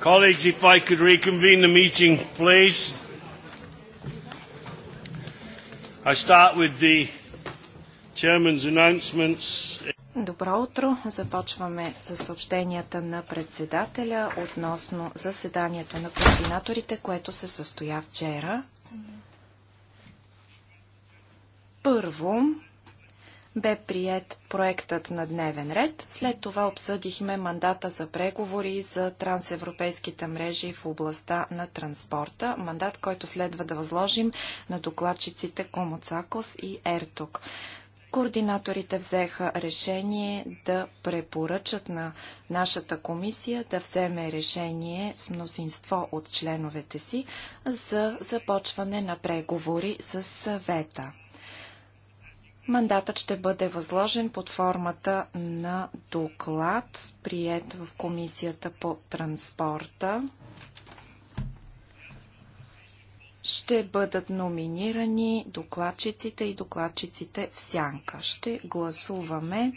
Colleagues, if I could reconvene the meeting, please. I start with the chairman's announcements. Добро утро! Започваме с съобщенията на председателя относно заседанието на координаторите, което се състоя вчера. Първо, бе прият проектът на дневен ред. След това обсъдихме мандата за преговори за трансевропейските мрежи в областта на транспорта, мандат, който следва да възложим на докладчиците Комоцакос и Ертук. Координаторите взеха решение да препоръчат на нашата комисия да вземе решение с мнозинство от членовете си за започване на преговори с съвета. Мандатът ще бъде възложен под формата на доклад, прият в Комисията по транспорта. Ще бъдат номинирани докладчиците и докладчиците в сянка. Ще гласуваме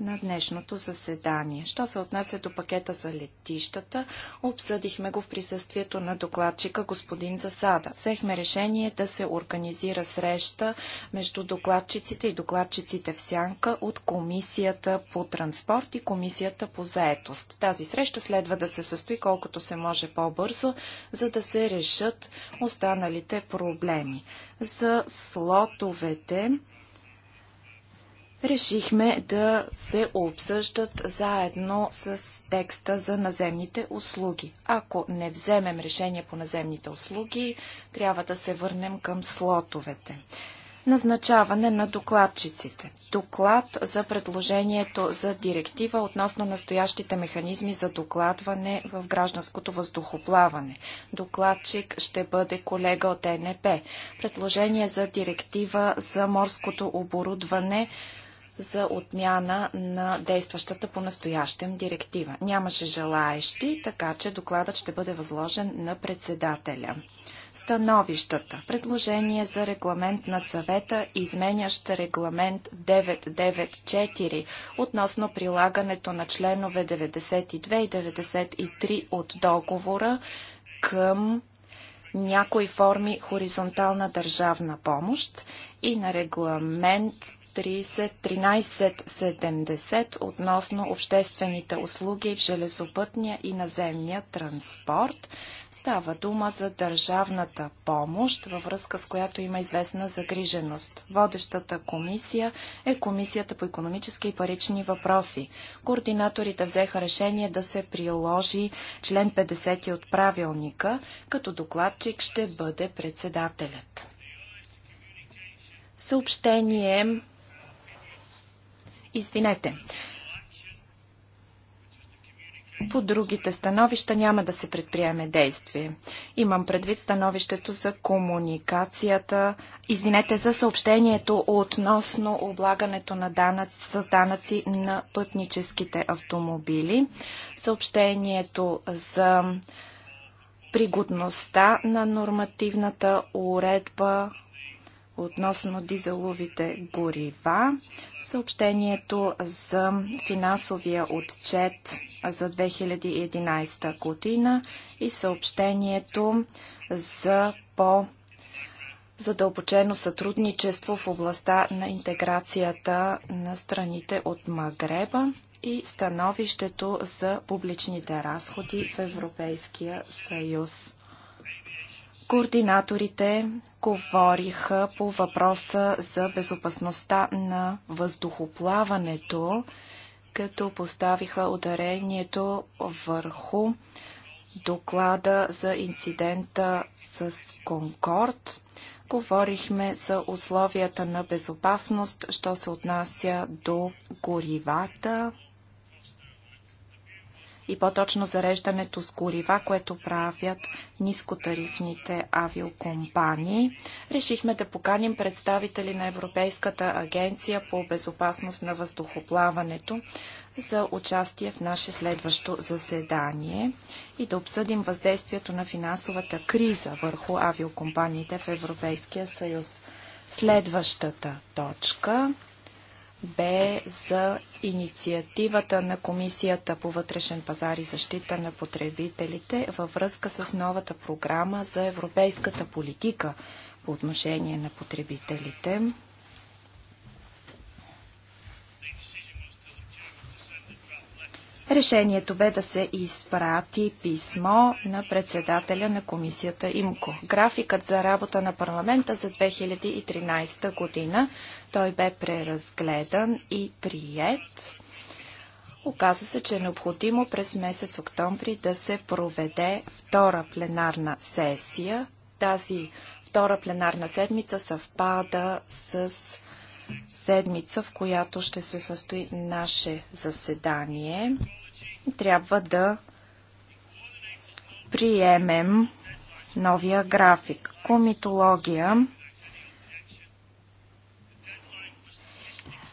на днешното заседание. Що се отнася до пакета за летищата, обсъдихме го в присъствието на докладчика господин Засада. Взехме решение да се организира среща между докладчиците и докладчиците в сянка от Комисията по транспорт и Комисията по заетост. Тази среща следва да се състои колкото се може по-бързо, за да се решат останалите проблеми. За слотовете решихме да се обсъждат заедно с текста за наземните услуги. Ако не вземем решение по наземните услуги, трябва да се върнем към слотовете. Назначаване на докладчиците. Доклад за предложението за директива относно настоящите механизми за докладване в гражданското въздухоплаване. Докладчик ще бъде колега от ЕНП. Предложение за директива за морското оборудване за отмяна на действащата по настоящем директива. Нямаше желаещи, така че докладът ще бъде възложен на председателя. Становищата. Предложение за регламент на съвета, изменящ регламент 994 относно прилагането на членове 92 и 93 от договора към някои форми хоризонтална държавна помощ и на регламент 301370 относно обществените услуги в железопътния и наземния транспорт. Става дума за държавната помощ, във връзка с която има известна загриженост. Водещата комисия е Комисията по економически и парични въпроси. Координаторите взеха решение да се приложи член 50 от правилника, като докладчик ще бъде председателят съобщение Извинете. По другите становища няма да се предприеме действие. Имам предвид становището за комуникацията, извинете, за съобщението относно облагането на данъци, с данъци на пътническите автомобили, съобщението за пригодността на нормативната уредба относно дизеловите горива, съобщението за финансовия отчет за 2011 година и съобщението за по задълбочено сътрудничество в областта на интеграцията на страните от Магреба и становището за публичните разходи в Европейския съюз. Координаторите говориха по въпроса за безопасността на въздухоплаването, като поставиха ударението върху доклада за инцидента с Конкорд. Говорихме за условията на безопасност, що се отнася до горивата, и по-точно зареждането с горива, което правят нискотарифните авиокомпании. Решихме да поканим представители на Европейската агенция по безопасност на въздухоплаването за участие в наше следващо заседание и да обсъдим въздействието на финансовата криза върху авиокомпаниите в Европейския съюз. Следващата точка бе за инициативата на Комисията по вътрешен пазар и защита на потребителите във връзка с новата програма за европейската политика по отношение на потребителите. Решението бе да се изпрати писмо на председателя на комисията ИМКО. Графикът за работа на парламента за 2013 година той бе преразгледан и прият. Оказа се, че е необходимо през месец октомври да се проведе втора пленарна сесия. Тази втора пленарна седмица съвпада с седмица, в която ще се състои наше заседание. Трябва да приемем новия график. Комитология.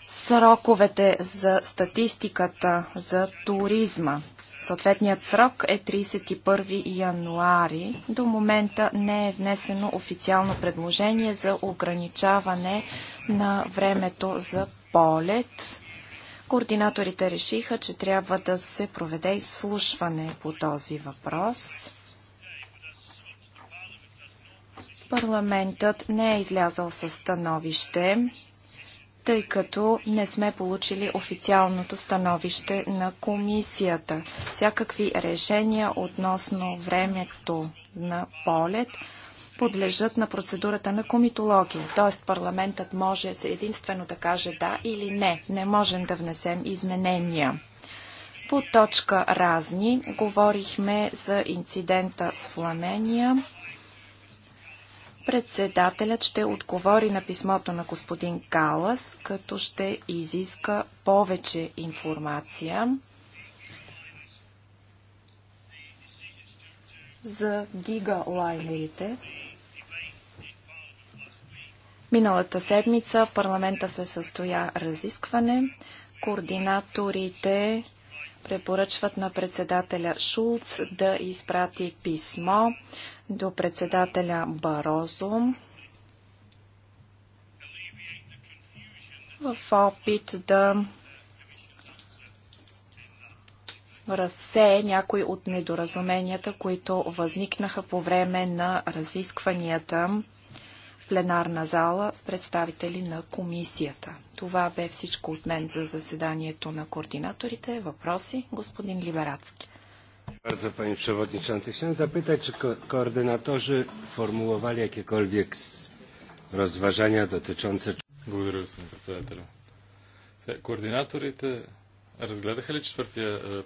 Сроковете за статистиката за туризма. Съответният срок е 31 януари. До момента не е внесено официално предложение за ограничаване на времето за полет. Координаторите решиха, че трябва да се проведе изслушване по този въпрос. Парламентът не е излязъл със становище тъй като не сме получили официалното становище на комисията. Всякакви решения относно времето на полет подлежат на процедурата на комитология, т.е. парламентът може единствено да каже да или не. Не можем да внесем изменения. По точка разни говорихме за инцидента с Фламения. Председателят ще отговори на писмото на господин Калас, като ще изиска повече информация за гигалайнерите. Миналата седмица в парламента се състоя разискване. Координаторите препоръчват на председателя Шулц да изпрати писмо до председателя Барозо в опит да разсее някои от недоразуменията, които възникнаха по време на разискванията пленарна зала с представители на комисията. Това бе всичко от мен за заседанието на координаторите. Въпроси, господин Либерацки. Bardzo Panie Przewodniczący. Chciałem zapytać, czy ko koordynatorzy formułowali jakiekolwiek rozważania dotyczące... Благодаря, panie przewodniczący. Koordynatorzy rozgledali czwarty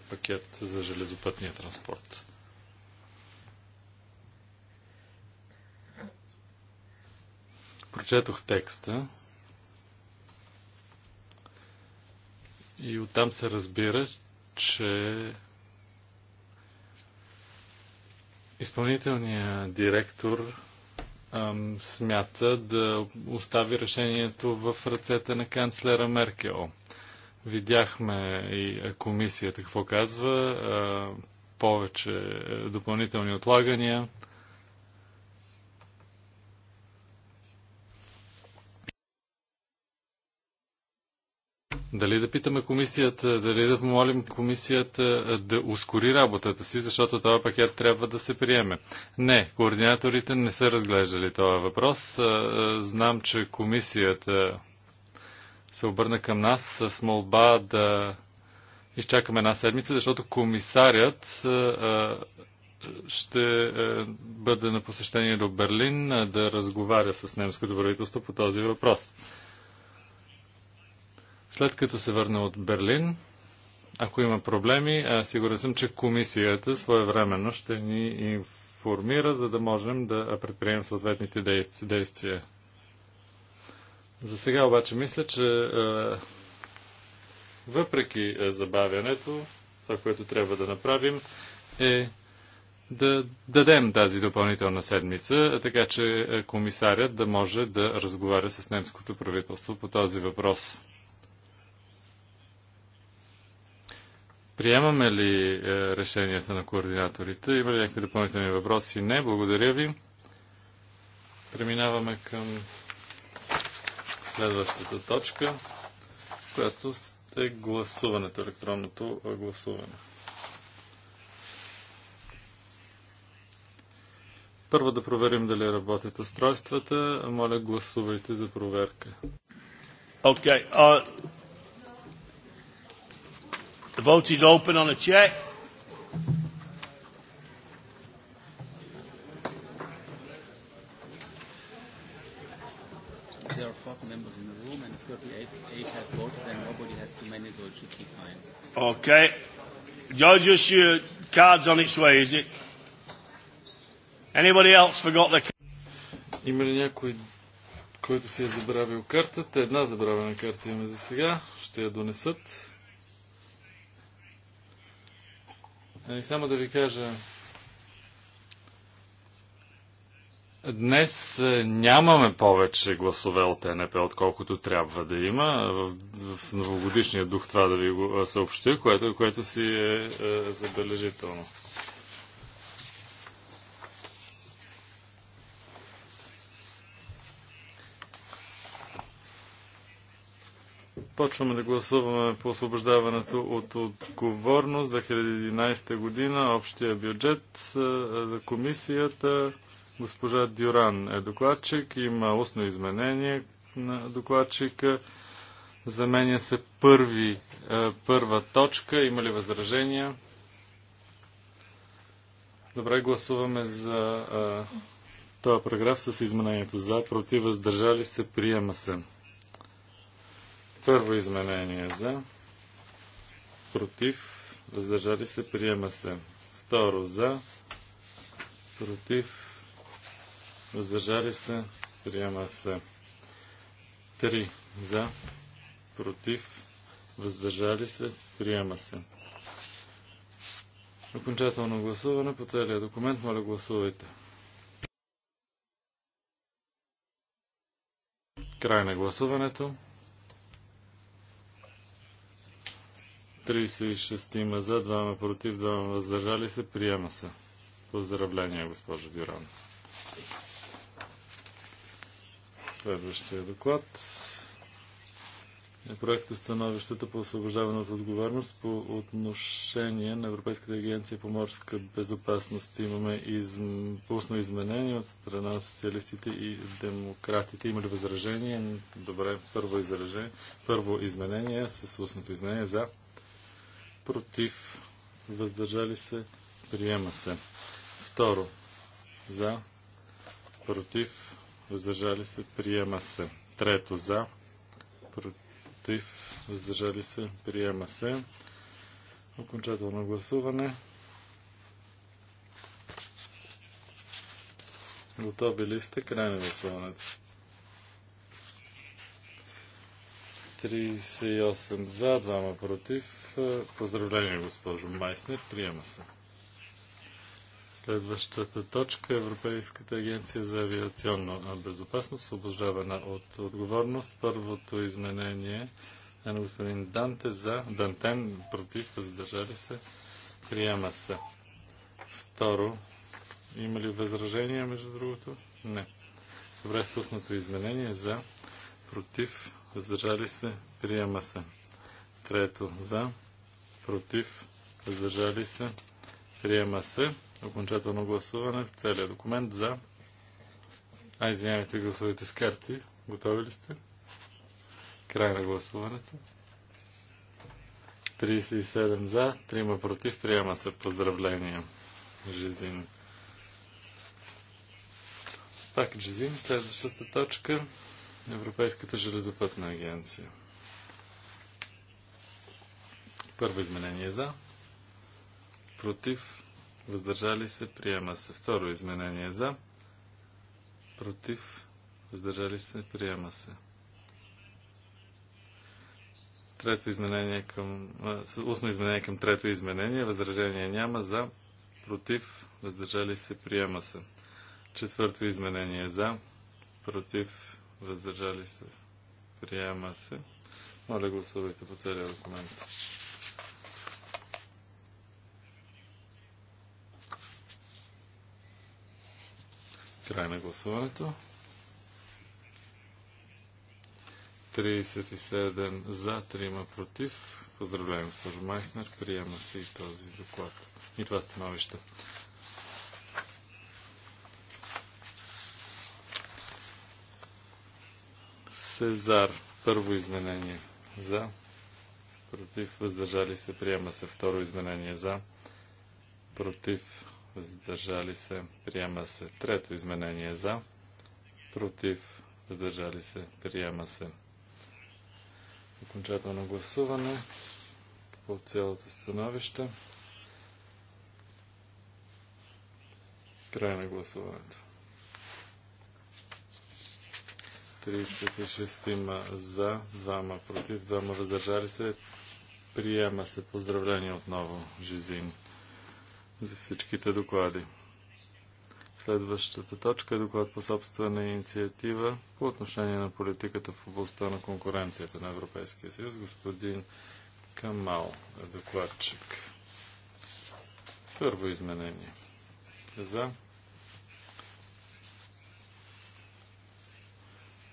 pakiet za за transport. прочетох текста и оттам се разбира, че изпълнителният директор ам, смята да остави решението в ръцете на канцлера Меркел. Видяхме и комисията какво казва, а, повече е, допълнителни отлагания – Дали да питаме комисията, дали да помолим комисията да ускори работата си, защото този пакет трябва да се приеме. Не, координаторите не са разглеждали това въпрос. Знам, че комисията се обърна към нас с молба да изчакаме една седмица, защото комисарят ще бъде на посещение до Берлин да разговаря с немското правителство по този въпрос. След като се върна от Берлин, ако има проблеми, а сигурен съм, че комисията своевременно ще ни информира, за да можем да предприемем съответните действия. За сега обаче мисля, че е, въпреки забавянето, това, което трябва да направим, е да дадем тази допълнителна седмица, така че комисарят да може да разговаря с немското правителство по този въпрос. Приемаме ли е, решенията на координаторите? Има ли някакви допълнителни въпроси? Не. Благодаря ви. Преминаваме към следващата точка, която е гласуването, електронното гласуване. Първо да проверим дали работят устройствата. Моля, гласувайте за проверка. Okay. Uh, The vote is open on a check. There are four members in the room and 38 have voted and nobody has too many, so it should be fine. Okay. George's your card's on its way, is it? Anybody else forgot the Има ли някой, който си е забравил картата? Една забравена карта имаме за сега. Ще я донесат. Е, само да ви кажа, Днес е, нямаме повече гласове от НП, отколкото трябва да има. Е, в, в новогодишния дух това да ви го съобщя, което, което си е, е забележително. Почваме да гласуваме по освобождаването от отговорност 2011 година, общия бюджет за комисията. Госпожа Дюран е докладчик, има устно изменение на докладчика. Заменя се първи, първа точка. Има ли възражения? Добре, гласуваме за този параграф с изменението за, против, въздържали се, приема се. Първо изменение за. Против. Въздържали се. Приема се. Второ за. Против. Въздържали се. Приема се. Три за. Против. Въздържали се. Приема се. Окончателно гласуване по целия документ. Моля гласувайте. Край на гласуването. 36 има за, 2 против, 2 въздържали се. Приема се. Поздравления, госпожо Дюран. Следващия доклад е проекта е становищата по освобождаване от отговорност по отношение на Европейската агенция по морска безопасност. Имаме изм... пусно изменение от страна на социалистите и демократите. Има ли възражение? Добре, първо, изражение... първо изменение с устното изменение за против, въздържали се, приема се. Второ, за, против, въздържали се, приема се. Трето, за, против, въздържали се, приема се. Окончателно гласуване. Готови ли сте? Край на гласуването. 38 за, двама против. Поздравление, госпожо Майснер. Приема се. Следващата точка Европейската агенция за авиационно безопасност, освобождавана от отговорност. Първото изменение е на господин Данте за Дантен против, въздържали се. Приема се. Второ, има ли възражения между другото? Не. Добре, сусното изменение за против, въздържали се, приема се. Трето за, против, въздържали се, приема се. Окончателно гласуване в целият документ за. А, извинявайте, гласувайте с карти. Готови ли сте? Край на гласуването. 37 за, 3 против, приема се. Поздравления, Жизин. Пак Джизин, следващата точка. Европейската железопътна агенция. Първо изменение за. Против. Въздържали се. Приема се. Второ изменение за. Против. Въздържали се. Приема се. Трето изменение към... Устно изменение към трето изменение. Възражение няма. За. Против. Въздържали се. Приема се. Четвърто изменение за. Против въздържали се, приема се. Моля, гласувайте по целия документ. Край на гласуването. 37 за, 3 против. Поздравляем, госпожо Майснер. Приема се и този доклад. И това становище. Сезар. Първо изменение. За. Против. Въздържали се. Приема се. Второ изменение. За. Против. Въздържали се. Приема се. Трето изменение. За. Против. Въздържали се. Приема се. Окончателно гласуване по цялото становище. Край на гласуването. 36 за, 2 против, 2 въздържали се. Приема се поздравление отново, Жизин, за всичките доклади. Следващата точка е доклад по собствена инициатива по отношение на политиката в областта на конкуренцията на Европейския съюз. Господин Камал е докладчик. Първо изменение. За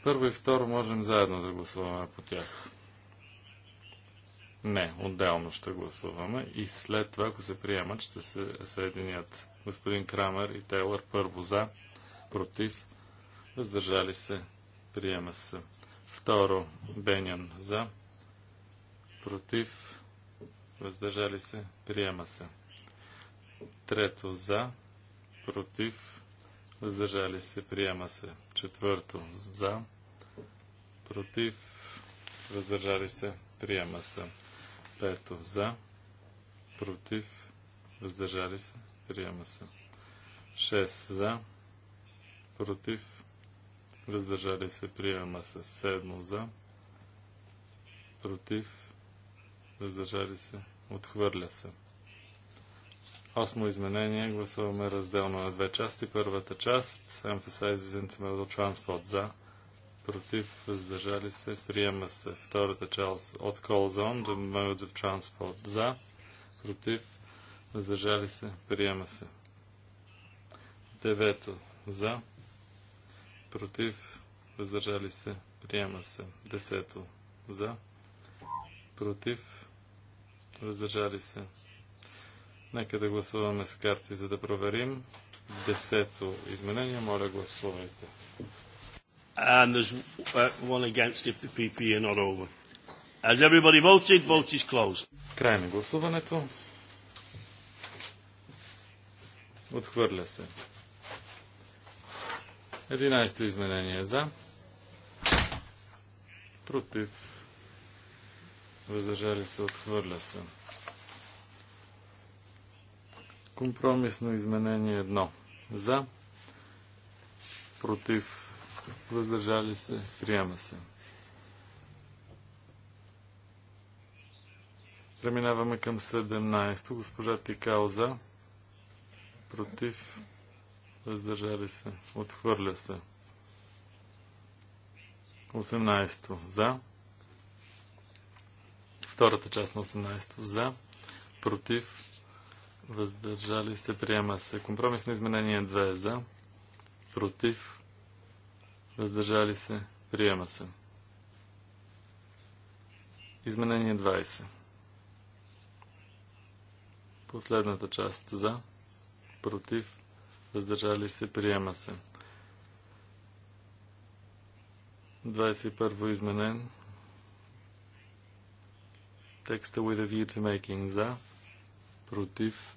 Първо и второ можем заедно да гласуваме по тях. Не, отделно ще гласуваме и след това, ако се приемат, ще се съединят господин Крамер и Тейлър първо за, против, въздържали се, приема се. Второ, Бенян за, против, въздържали се, приема се. Трето за, против, въздържали се, приема се четвърто за, против, въздържали се, приема се. Пето за, против, въздържали се, приема се. 6 за, против, въздържали се, приема се. Седмо за, против, въздържали се, отхвърля се. Осмо изменение. Гласуваме разделно на две части. Първата част. Emphasizes intermodal transport. За. Против. Въздържали се. Приема се. Втората част. От Calls on, the modes of transport. За. Против. Въздържали се. Приема се. Девето. За. Против. Въздържали се. Приема се. Десето. За. Против. Въздържали се. Нека да гласуваме с карти, за да проверим. Десето изменение, моля гласувайте. And there's uh, one against if the PP are not over. Has everybody voted? Vote is closed. Край на гласуването. Отхвърля се. Единайсто изменение за. Против. Въздържали се. Отхвърля се. Компромисно изменение едно. За. Против. Въздържали се. Приема се. Преминаваме към 17. Госпожа Тикао за. Против. Въздържали се. Отхвърля се. 18. За. Втората част на 18. За. Против въздържали се, приема се. Компромисно изменение 2 за, против, въздържали се, приема се. Изменение 20. Последната част за, против, въздържали се, приема се. 21 изменен. Текста with a view to making за, против,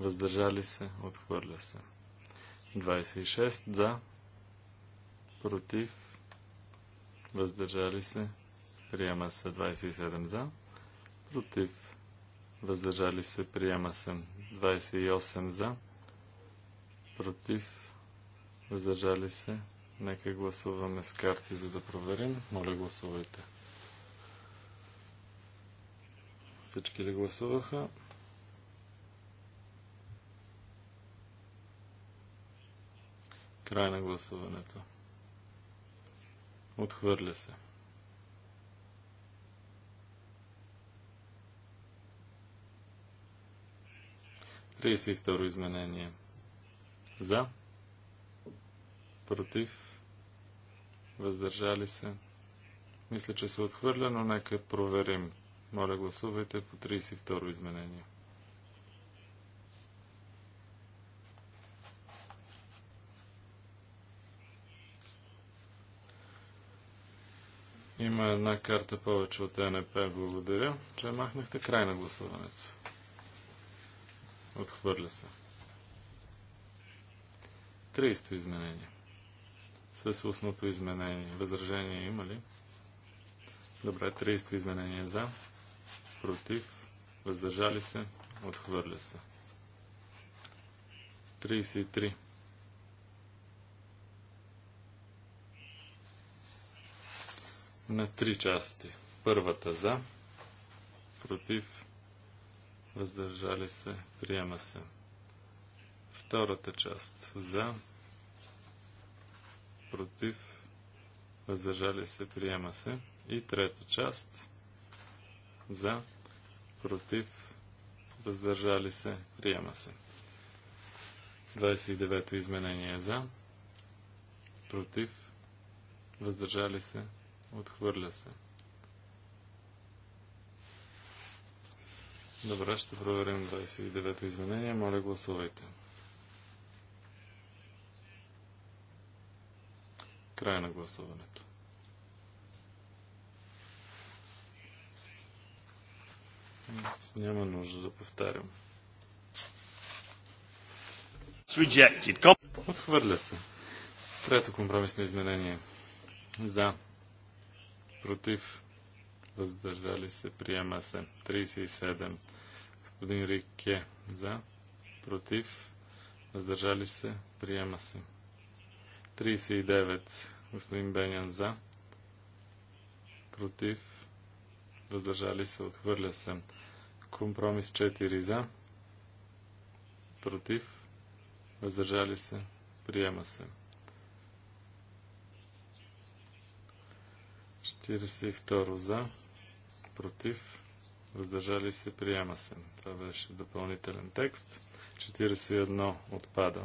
въздържали се, отхвърля се. 26 за, против, въздържали се, приема се 27 за, против, въздържали се, приема се 28 за, против, въздържали се. Нека гласуваме с карти, за да проверим. Моля, гласувайте. Всички ли гласуваха? Край на гласуването. Отхвърля се. Тридесет второ изменение. За. Против. Въздържали се. Мисля, че се отхвърля, но нека проверим. Моля, гласувайте по 32 изменение. Има една карта повече от ЕНП. Благодаря, че махнахте край на гласуването. Отхвърля се. 30 изменение. С устното изменение. Възражение има ли? Добре, 30 изменение за. Против. Въздържали се. Отхвърля се. 33 на три части. Първата за, против, въздържали се, приема се. Втората част за, против, въздържали се, приема се. И трета част за, против, въздържали се, приема се. 29-то изменение за, против, въздържали се, Отхвърля се. Добре, ще проверим 29-то изменение. Моля, гласувайте. Край на гласуването. Няма нужда да повтарям. Отхвърля се. Трето компромисно изменение. За против, въздържали се, приема се. 37. Господин Рике за, против, въздържали се, приема се. 39. Господин Бенян за, против, въздържали се, отхвърля се. Компромис 4 за, против, въздържали се, приема се. 42 за, против, въздържали се, приема се. Това беше допълнителен текст. 41 отпада.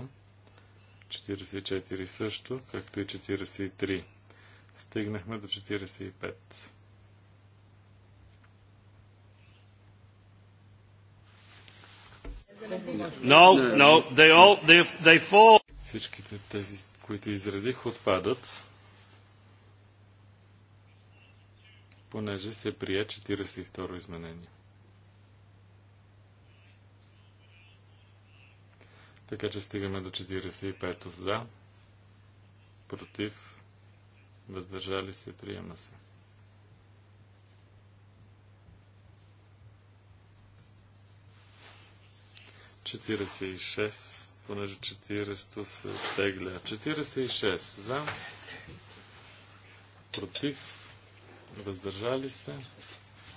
44 също, както и 43. Стигнахме до 45. No, no, they all, they, they fall. Всичките тези, които изредих, отпадат. понеже се прие 42 изменение. Така че стигаме до 45-то за, против, въздържали се, приема се. Четиридесет и шест, понеже 40 се и 46 за, против, въздържали се,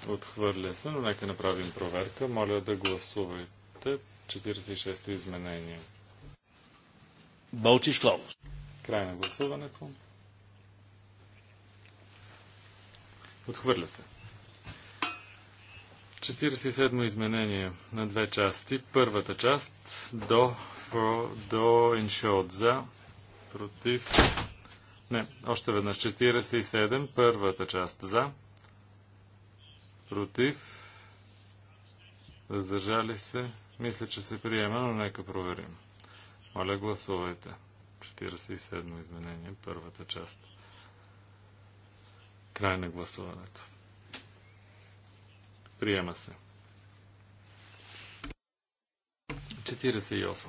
отхвърля се, но нека направим проверка. Моля да гласувайте 46-то изменение. Болчиш Клаус. Край на гласуването. Отхвърля се. 47-мо изменение на две части. Първата част до, for, до insured за, против, не, още веднъж 47, първата част за, против, въздържали се. Мисля, че се приема, но нека проверим. Моля, гласувайте. 47 изменение, първата част. Край на гласуването. Приема се. 48.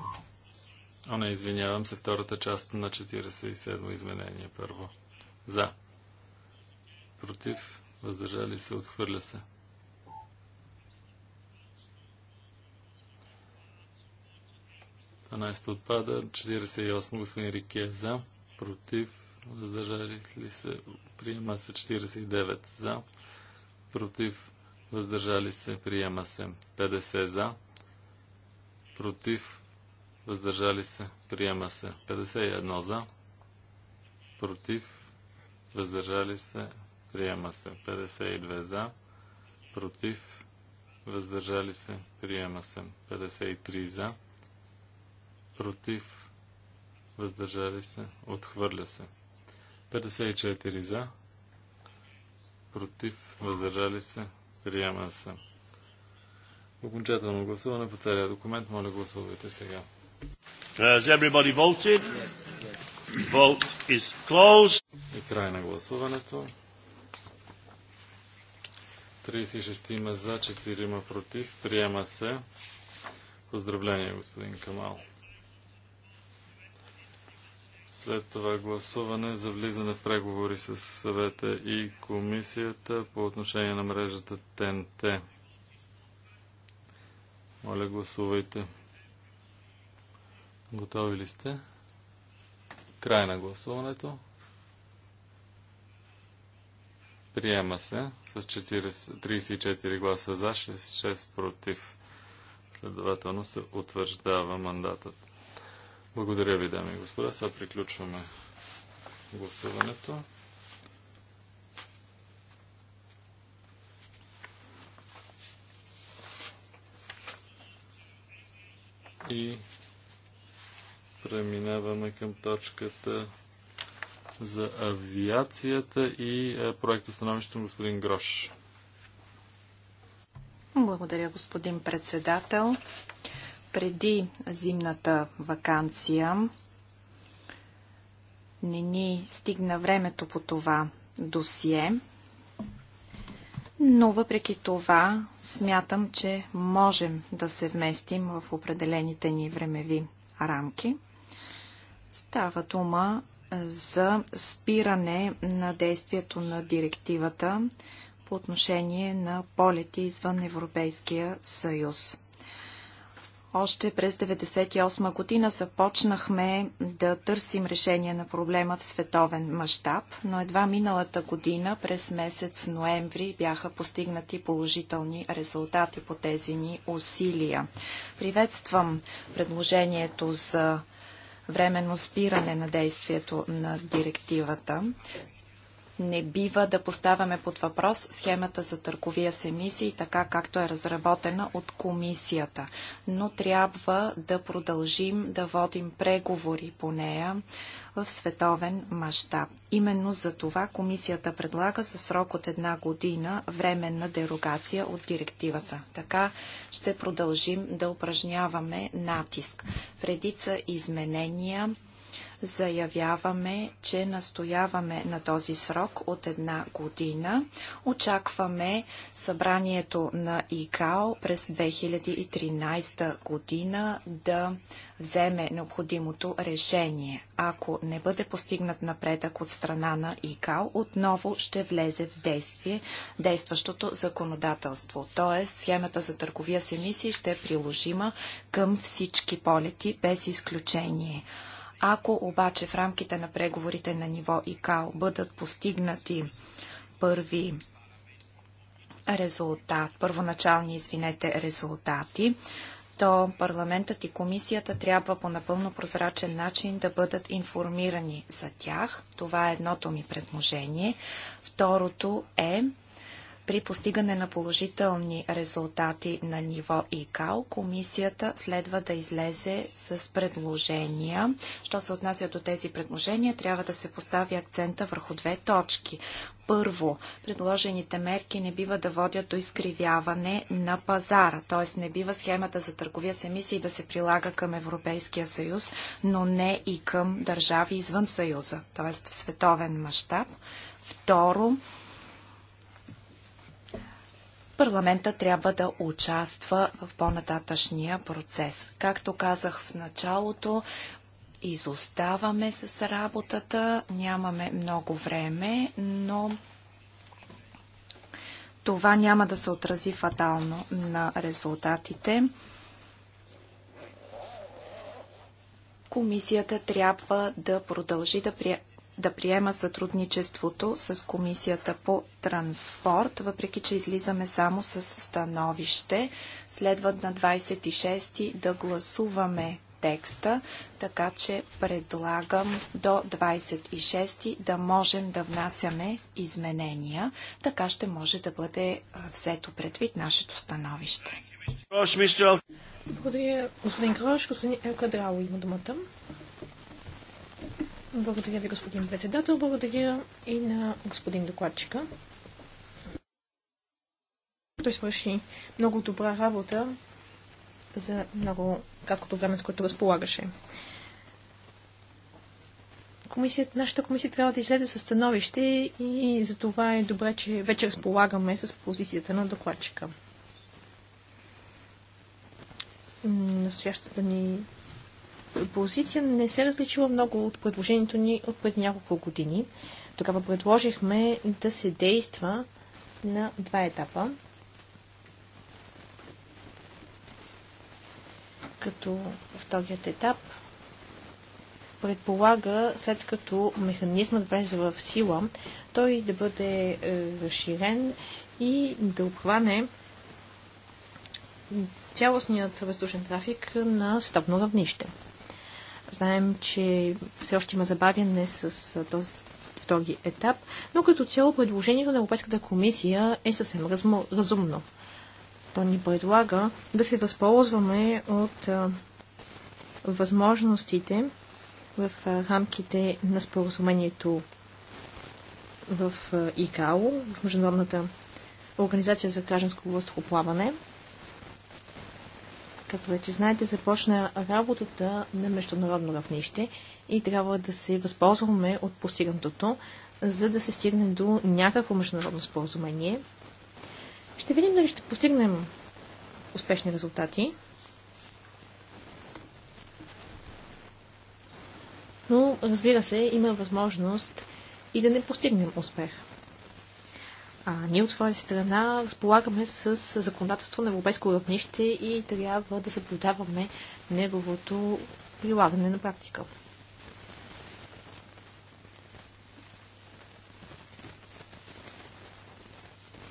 О, не, извинявам се, втората част на 47 изменение първо. За. Против. Въздържали се. Отхвърля се. Панайста отпада. 48 господин Рике за. Против. Въздържали се. Приема се. 49 за. Против. Въздържали се. Приема се. 50 за. Против въздържали се, приема се. 51 за, против, въздържали се, приема се. 52 за, против, въздържали се, приема се. 53 за, против, въздържали се, отхвърля се. 54 за, против, въздържали се, приема се. Окончателно гласуване по целия документ. Моля гласувайте сега. Has everybody voted? Vote is closed. И край на гласуването. 36 има за, 4 има против. Приема се. Поздравление, господин Камал. След това гласуване за влизане в преговори с съвета и комисията по отношение на мрежата ТНТ. Моля, гласувайте. Готови ли сте? Край на гласуването. Приема се с 40, 34 гласа за, 6, 6 против. Следователно се утвърждава мандатът. Благодаря ви, дами и господа. Сега приключваме гласуването. И Преминаваме към точката за авиацията и е, проекта становище на господин Грош. Благодаря, господин председател. Преди зимната вакансия не ни стигна времето по това досие, но въпреки това смятам, че можем да се вместим в определените ни времеви рамки – Става дума за спиране на действието на директивата по отношение на полети извън Европейския съюз. Още през 1998 година започнахме да търсим решение на проблема в световен мащаб, но едва миналата година, през месец ноември, бяха постигнати положителни резултати по тези ни усилия. Приветствам предложението за временно спиране на действието на директивата. Не бива да поставяме под въпрос схемата за търговия с емисии, така както е разработена от комисията. Но трябва да продължим да водим преговори по нея в световен мащаб. Именно за това комисията предлага със срок от една година временна дерогация от директивата. Така ще продължим да упражняваме натиск. В редица изменения заявяваме, че настояваме на този срок от една година. Очакваме събранието на ИКАО през 2013 година да вземе необходимото решение. Ако не бъде постигнат напредък от страна на ИКАО, отново ще влезе в действие действащото законодателство. Тоест, схемата за търговия с емисии ще е приложима към всички полети без изключение. Ако обаче в рамките на преговорите на ниво ИКАО бъдат постигнати първи резултат, първоначални, извинете, резултати, то парламентът и комисията трябва по напълно прозрачен начин да бъдат информирани за тях. Това е едното ми предложение. Второто е при постигане на положителни резултати на ниво ИКАО, комисията следва да излезе с предложения. Що се отнася до тези предложения, трябва да се постави акцента върху две точки. Първо, предложените мерки не бива да водят до изкривяване на пазара, т.е. не бива схемата за търговия с емисии да се прилага към Европейския съюз, но не и към държави извън съюза, т.е. в световен мащаб. Второ, парламента трябва да участва в по-нататъчния процес. Както казах в началото, изоставаме с работата, нямаме много време, но това няма да се отрази фатално на резултатите. Комисията трябва да продължи да, при да приема сътрудничеството с Комисията по транспорт, въпреки че излизаме само с становище. Следват на 26 да гласуваме текста, така че предлагам до 26 да можем да внасяме изменения. Така ще може да бъде взето предвид нашето становище. Благодаря, господин Крош. Господин Елка Драло има думата. Благодаря ви, господин председател. Благодаря и на господин докладчика. Той свърши много добра работа за много краткото време, с което разполагаше. Комисията, нашата комисия трябва да излезе със становище и за това е добре, че вече разполагаме с позицията на докладчика. Настоящата ни позиция не се различила много от предложението ни от пред няколко години. Тогава предложихме да се действа на два етапа. Като вторият етап предполага, след като механизмът влезе в сила, той да бъде е, разширен и да обхване цялостният въздушен трафик на световно равнище. Знаем, че все още има забавяне с този втори етап, но като цяло предложението на Европейската комисия е съвсем разумно. То ни предлага да се възползваме от възможностите в рамките на споразумението в ИКАО, в Международната организация за гражданско въздухоплаване, Както вече знаете, започна работата на международно равнище и трябва да се възползваме от постигнатото, за да се стигне до някакво международно споразумение. Ще видим дали ще постигнем успешни резултати. Но, разбира се, има възможност и да не постигнем успех. А ние от своя страна разполагаме с законодателство на европейско равнище и трябва да съблюдаваме неговото прилагане на практика.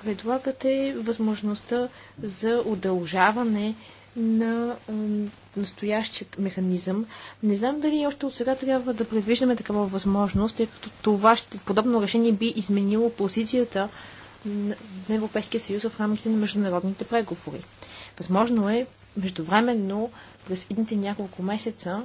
Предлагате възможността за удължаване на настоящият механизъм. Не знам дали още от сега трябва да предвиждаме такава възможност, тъй като това подобно решение би изменило позицията на Европейския съюз в рамките на международните преговори. Възможно е междувременно през идните няколко месеца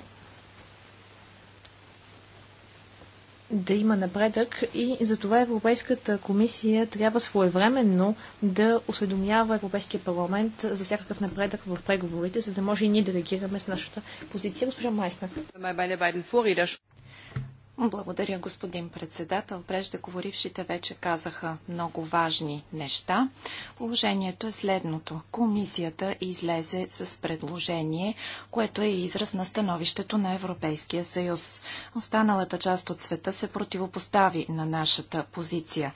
да има напредък и затова Европейската комисия трябва своевременно да осведомява Европейския парламент за всякакъв напредък в преговорите, за да може и ние да реагираме с нашата позиция. Госпожа Майсна. Благодаря, господин председател. Преждеговорившите вече казаха много важни неща. Положението е следното. Комисията излезе с предложение, което е израз на становището на Европейския съюз. Останалата част от света се противопостави на нашата позиция.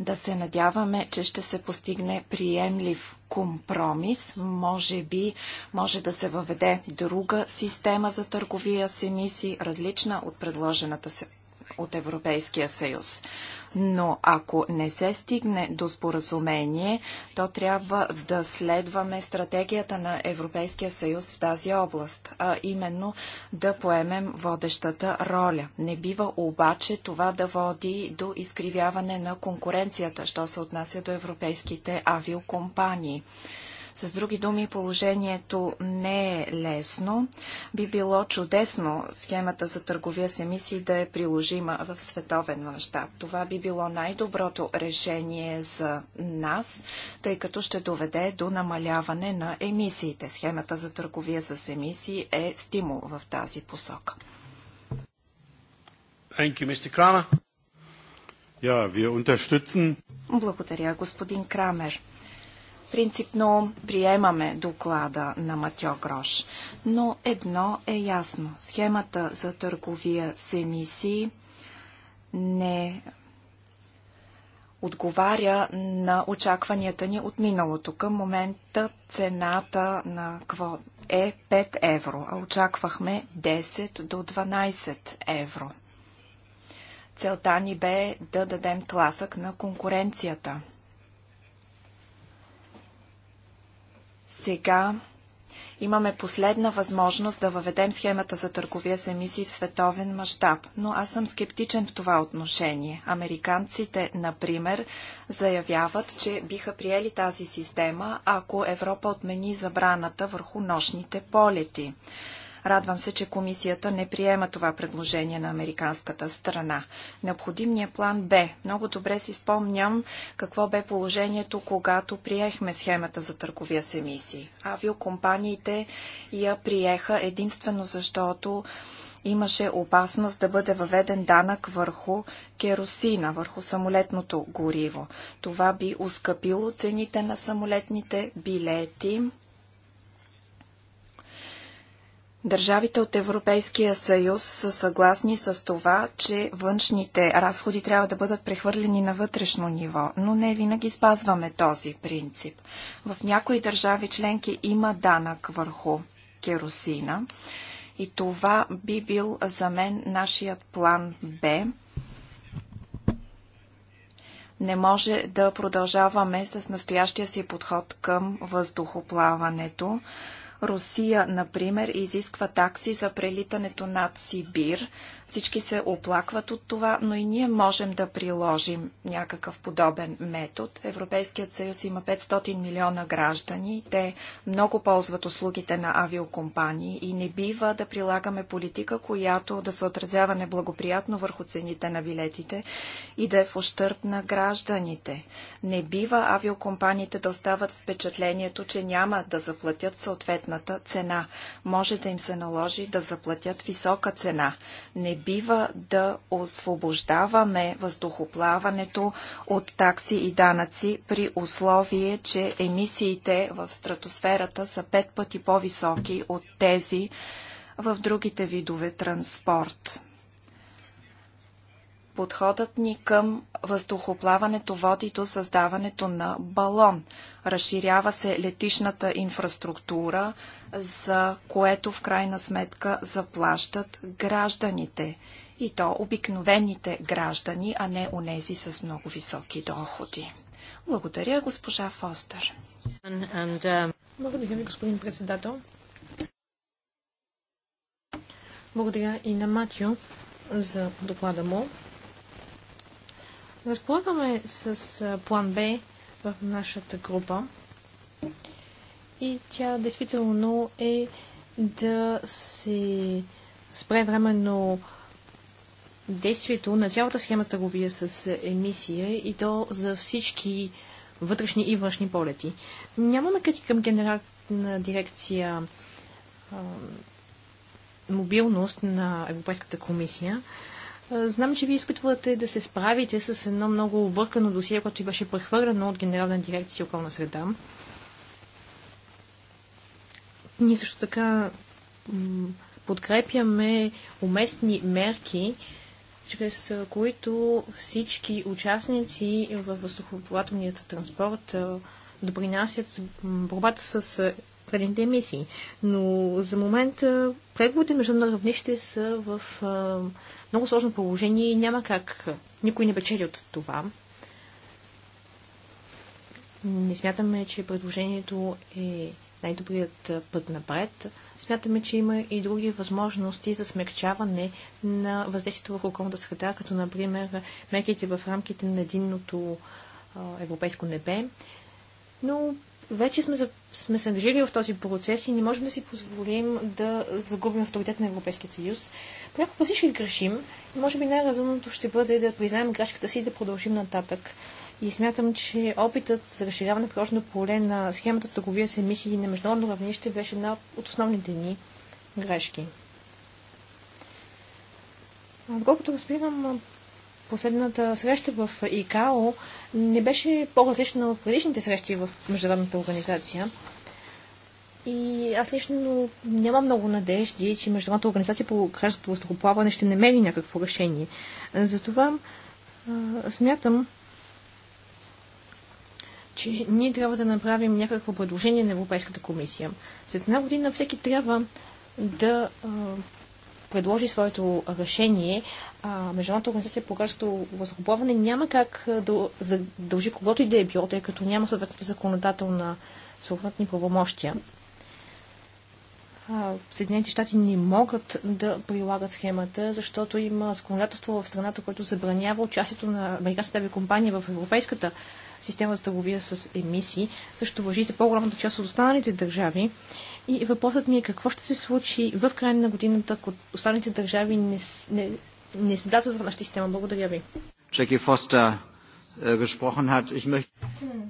Да се надяваме, че ще се постигне приемлив компромис. Може би може да се въведе друга система за търговия с емисии, различна от предложената се от Европейския съюз но ако не се стигне до споразумение, то трябва да следваме стратегията на Европейския съюз в тази област, а именно да поемем водещата роля. Не бива обаче това да води до изкривяване на конкуренцията, що се отнася до европейските авиокомпании. С други думи, положението не е лесно. Би било чудесно схемата за търговия с емисии да е приложима в световен мащаб. Това би било най-доброто решение за нас, тъй като ще доведе до намаляване на емисиите. Схемата за търговия с емисии е стимул в тази посока. Thank you, Mr. Kramer. Ja, wir unterstützen. Благодаря, господин Крамер. Принципно приемаме доклада на Матьо Грош, но едно е ясно. Схемата за търговия с емисии не отговаря на очакванията ни от миналото. Към момента цената на кво е 5 евро, а очаквахме 10 до 12 евро. Целта ни бе да дадем тласък на конкуренцията – Сега имаме последна възможност да въведем схемата за търговия с емисии в световен мащаб, но аз съм скептичен в това отношение. Американците, например, заявяват, че биха приели тази система, ако Европа отмени забраната върху нощните полети. Радвам се, че комисията не приема това предложение на американската страна. Необходимният е план Б. Много добре си спомням какво бе положението, когато приехме схемата за търговия с емисии. Авиокомпаниите я приеха единствено защото имаше опасност да бъде въведен данък върху керосина, върху самолетното гориво. Това би ускъпило цените на самолетните билети Държавите от Европейския съюз са съгласни с това, че външните разходи трябва да бъдат прехвърлени на вътрешно ниво, но не винаги спазваме този принцип. В някои държави членки има данък върху керосина и това би бил за мен нашият план Б. Не може да продължаваме с настоящия си подход към въздухоплаването Русия, например, изисква такси за прелитането над Сибир, всички се оплакват от това, но и ние можем да приложим някакъв подобен метод. Европейският съюз има 500 милиона граждани. Те много ползват услугите на авиокомпании и не бива да прилагаме политика, която да се отразява неблагоприятно върху цените на билетите и да е в ощърп на гражданите. Не бива авиокомпаниите да остават с впечатлението, че няма да заплатят съответната цена. Може да им се наложи да заплатят висока цена. Не бива да освобождаваме въздухоплаването от такси и данъци при условие, че емисиите в стратосферата са пет пъти по-високи от тези в другите видове транспорт. Подходът ни към въздухоплаването води до създаването на балон. Разширява се летишната инфраструктура, за което в крайна сметка заплащат гражданите. И то обикновените граждани, а не онези с много високи доходи. Благодаря, госпожа Фостер. Um, Благодаря ви, господин председател. Благодаря и на Матио за доклада му. Разполагаме с план Б в нашата група и тя действително е да се спре временно действието на цялата схема с търговия с емисия и то за всички вътрешни и външни полети. Нямаме къти към генерална дирекция а, мобилност на Европейската комисия. А, знам, че вие изпитвате да се справите с едно много объркано досие, което ви беше прехвърлено от Генерална дирекция околна среда. Ние също така подкрепяме уместни мерки, чрез които всички участници в въздухоплавателният транспорт допринасят за борбата с вредните емисии. Но за момента преговорите между наравнище равнище са в много сложно положение и няма как. Никой не печели от това. Не смятаме, че предложението е най-добрият път напред. Смятаме, че има и други възможности за смягчаване на въздействието върху околната среда, като например мерките в рамките на единното европейско небе. Но вече сме, сме се ангажирали в този процес и не можем да си позволим да загубим авторитет на Европейския съюз. Понякога всички грешим и може би най-разумното ще бъде да признаем грешката си и да продължим нататък и смятам, че опитът за разширяване на приложено поле на схемата с търговия с емисии на международно равнище беше една от основните ни грешки. Доколкото разбирам, последната среща в ИКАО не беше по-различна от предишните срещи в международната организация. И аз лично нямам много надежди, че Международната организация по гражданското въздухоплаване ще намери някакво решение. Затова а, смятам, че ние трябва да направим някакво предложение на Европейската комисия. След една година всеки трябва да а, предложи своето решение. А, Международната организация по гражданското възглобоване няма как да задължи когото и да е било, тъй като няма съответната законодателна съответни правомощия. Съединените щати не могат да прилагат схемата, защото има законодателство в страната, което забранява участието на американските авиакомпания в европейската система за търговия с емисии. Също въжи за по-голямата част от останалите държави. И въпросът ми е какво ще се случи в края на годината, ако останалите държави не, не, не се влязат в нашата система. Благодаря ви. Чеки Фостер е, gesprochen hat.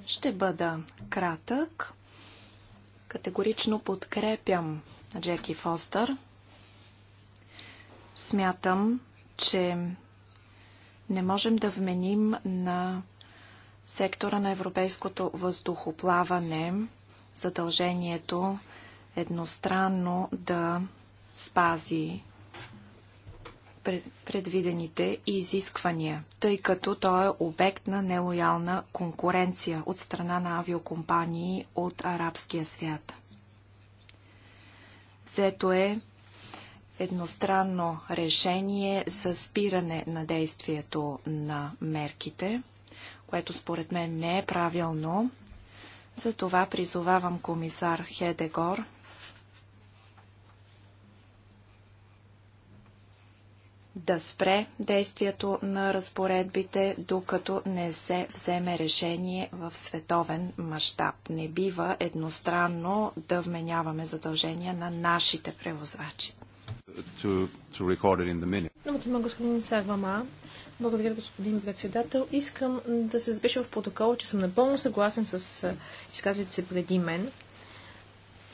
Ще бъда кратък. Категорично подкрепям Джеки Фостър. Смятам, че не можем да вменим на сектора на европейското въздухоплаване задължението едностранно да спази предвидените изисквания, тъй като той е обект на нелоялна конкуренция от страна на авиокомпании от арабския свят. Взето е едностранно решение за спиране на действието на мерките – което според мен не е правилно. Затова призовавам комисар Хедегор да спре действието на разпоредбите, докато не се вземе решение в световен мащаб. Не бива едностранно да вменяваме задължения на нашите превозвачи. Думата има господин благодаря, господин председател. Искам да се запиша в протокола, че съм напълно съгласен с изказалите се преди мен.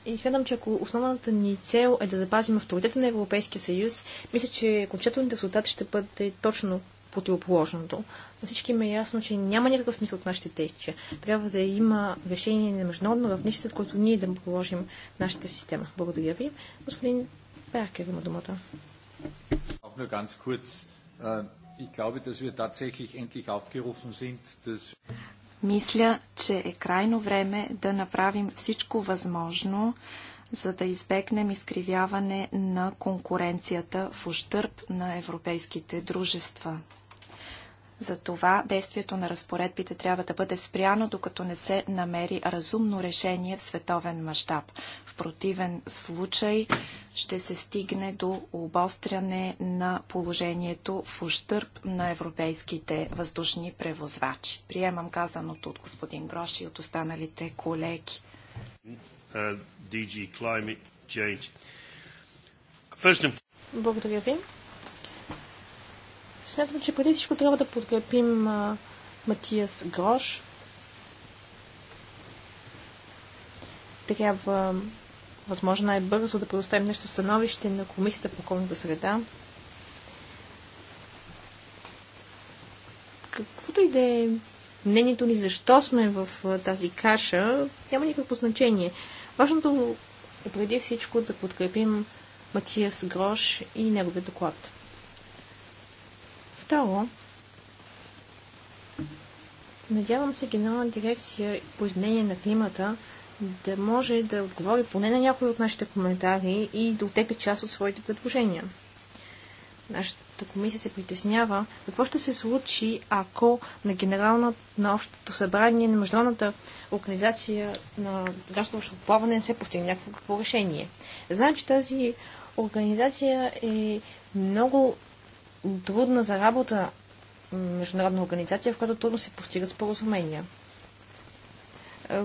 И смятам, че ако основната ни цел е да запазим авторитета на Европейския съюз, мисля, че окончателният резултат ще бъде точно противоположното. На всички ми е ясно, че няма никакъв смисъл от нашите действия. Трябва да има решение на международно равнище, след което ние да положим нашата система. Благодаря ви. Господин Беркер има думата. Мисля, че е крайно време да направим всичко възможно, за да избегнем изкривяване на конкуренцията в ущърп на европейските дружества. За това действието на разпоредбите трябва да бъде спряно, докато не се намери разумно решение в световен мащаб. В противен случай ще се стигне до обостряне на положението в ущърп на европейските въздушни превозвачи. Приемам казаното от господин Гроши и от останалите колеги. Uh, Благодаря ви. Смятам, че преди всичко трябва да подкрепим а, Матиас Грош. Трябва, възможно най-бързо, да предоставим нещо становище на Комисията по околната среда. Каквото и да е мнението ни защо сме в тази каша, няма никакво значение. Важното е преди всичко да подкрепим Матиас Грош и неговия доклад. Второ, надявам се генерална дирекция по изменение на климата да може да отговори поне на някои от нашите коментари и да отека част от своите предложения. Нашата комисия се притеснява какво ще се случи, ако на генерална, на Общото събрание на Международната организация на гражданството плаване не се постигне някакво решение. Знаем, че тази организация е много трудна за работа международна организация, в която трудно се постигат споразумения. Е,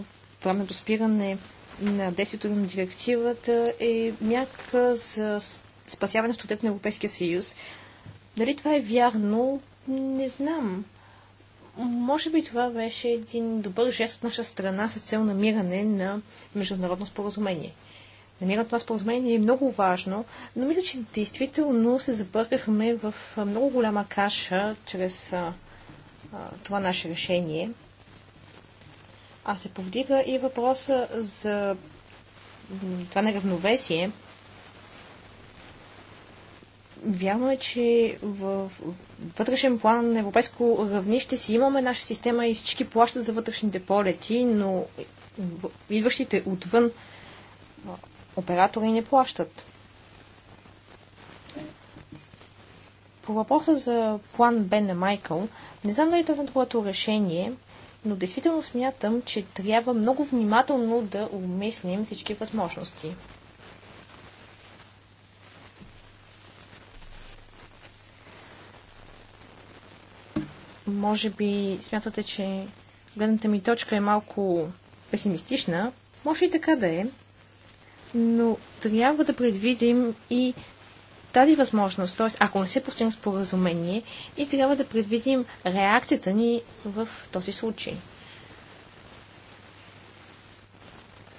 времето спиране на действието на директивата е мярка за спасяване авторитет на Европейския съюз. Дали това е вярно, не знам. Може би това беше един добър жест от наша страна с цел намиране на международно споразумение намирам това споразумение е много важно, но мисля, че действително се забъркахме в много голяма каша чрез а, това наше решение. А се повдига и въпроса за това неравновесие. Вярно е, че в вътрешен план на европейско равнище си имаме наша система и всички плащат за вътрешните полети, но идващите отвън оператори не плащат. По въпроса за план Б на Майкъл, не знам дали е твоето решение, но действително смятам, че трябва много внимателно да обмислим всички възможности. Може би смятате, че гледната ми точка е малко песимистична. Може и така да е, но трябва да предвидим и тази възможност, т.е. ако не се постигне споразумение, и трябва да предвидим реакцията ни в този случай.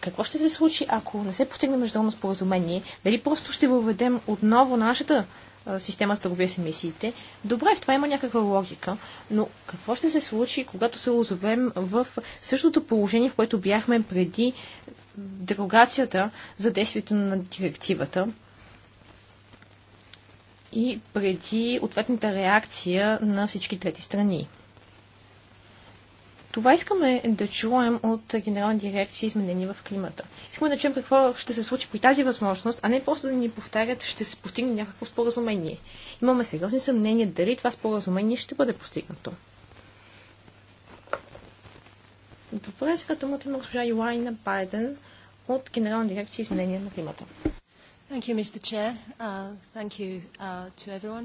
Какво ще се случи, ако не се постигне международно споразумение? Дали просто ще въведем отново нашата система с търговия с емисиите? Добре, в това има някаква логика, но какво ще се случи, когато се озовем в същото положение, в което бяхме преди дерогацията за действието на директивата и преди ответната реакция на всички трети страни. Това искаме да чуем от Генерална дирекция изменения в климата. Искаме да чуем какво ще се случи при тази възможност, а не просто да ни повтарят, ще се постигне някакво споразумение. Имаме сериозни съмнения дали това споразумение ще бъде постигнато. Добре, сега думата има госпожа Йоайна Байден от Генерална дирекция изменения на климата. Uh, uh,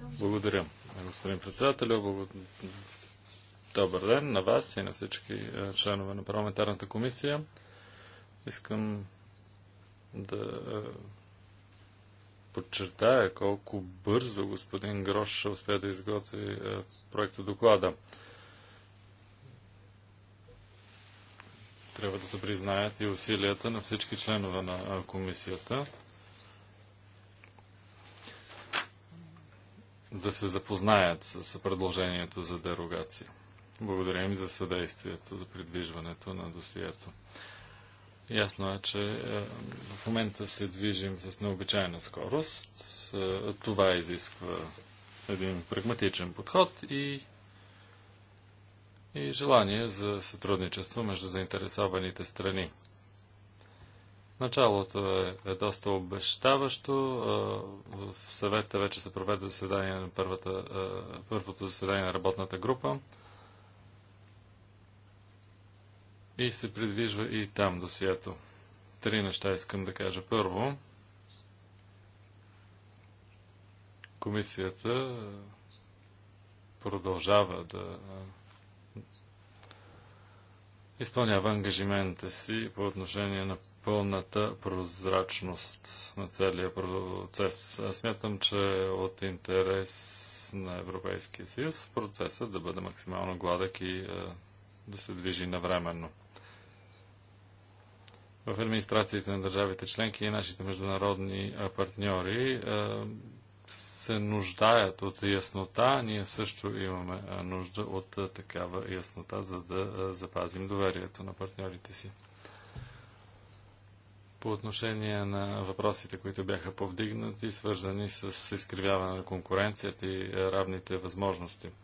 Благодаря, господин председател. Добър ден на вас и на всички е, членове на парламентарната комисия. Искам да е, подчертая колко бързо господин Грош успя да изготви е, проекта доклада. Трябва да се признаят и усилията на всички членове на комисията да се запознаят с предложението за дерогация. Благодаря им за съдействието, за придвижването на досието. Ясно е, че е, в момента се движим с необичайна скорост. Е, това изисква един прагматичен подход и и желание за сътрудничество между заинтересованите страни. Началото е, е доста обещаващо. В съвета вече се проведе заседание на първата, първото заседание на работната група и се придвижва и там досието. Три неща искам да кажа. Първо, комисията продължава да изпълнява ангажимента си по отношение на пълната прозрачност на целия процес. Смятам, че е от интерес на Европейския съюз процесът да бъде максимално гладък и е, да се движи навременно. В администрациите на държавите членки и нашите международни партньори е, се нуждаят от яснота. Ние също имаме нужда от такава яснота, за да запазим доверието на партньорите си. По отношение на въпросите, които бяха повдигнати, свързани с изкривяване на конкуренцията и равните възможности –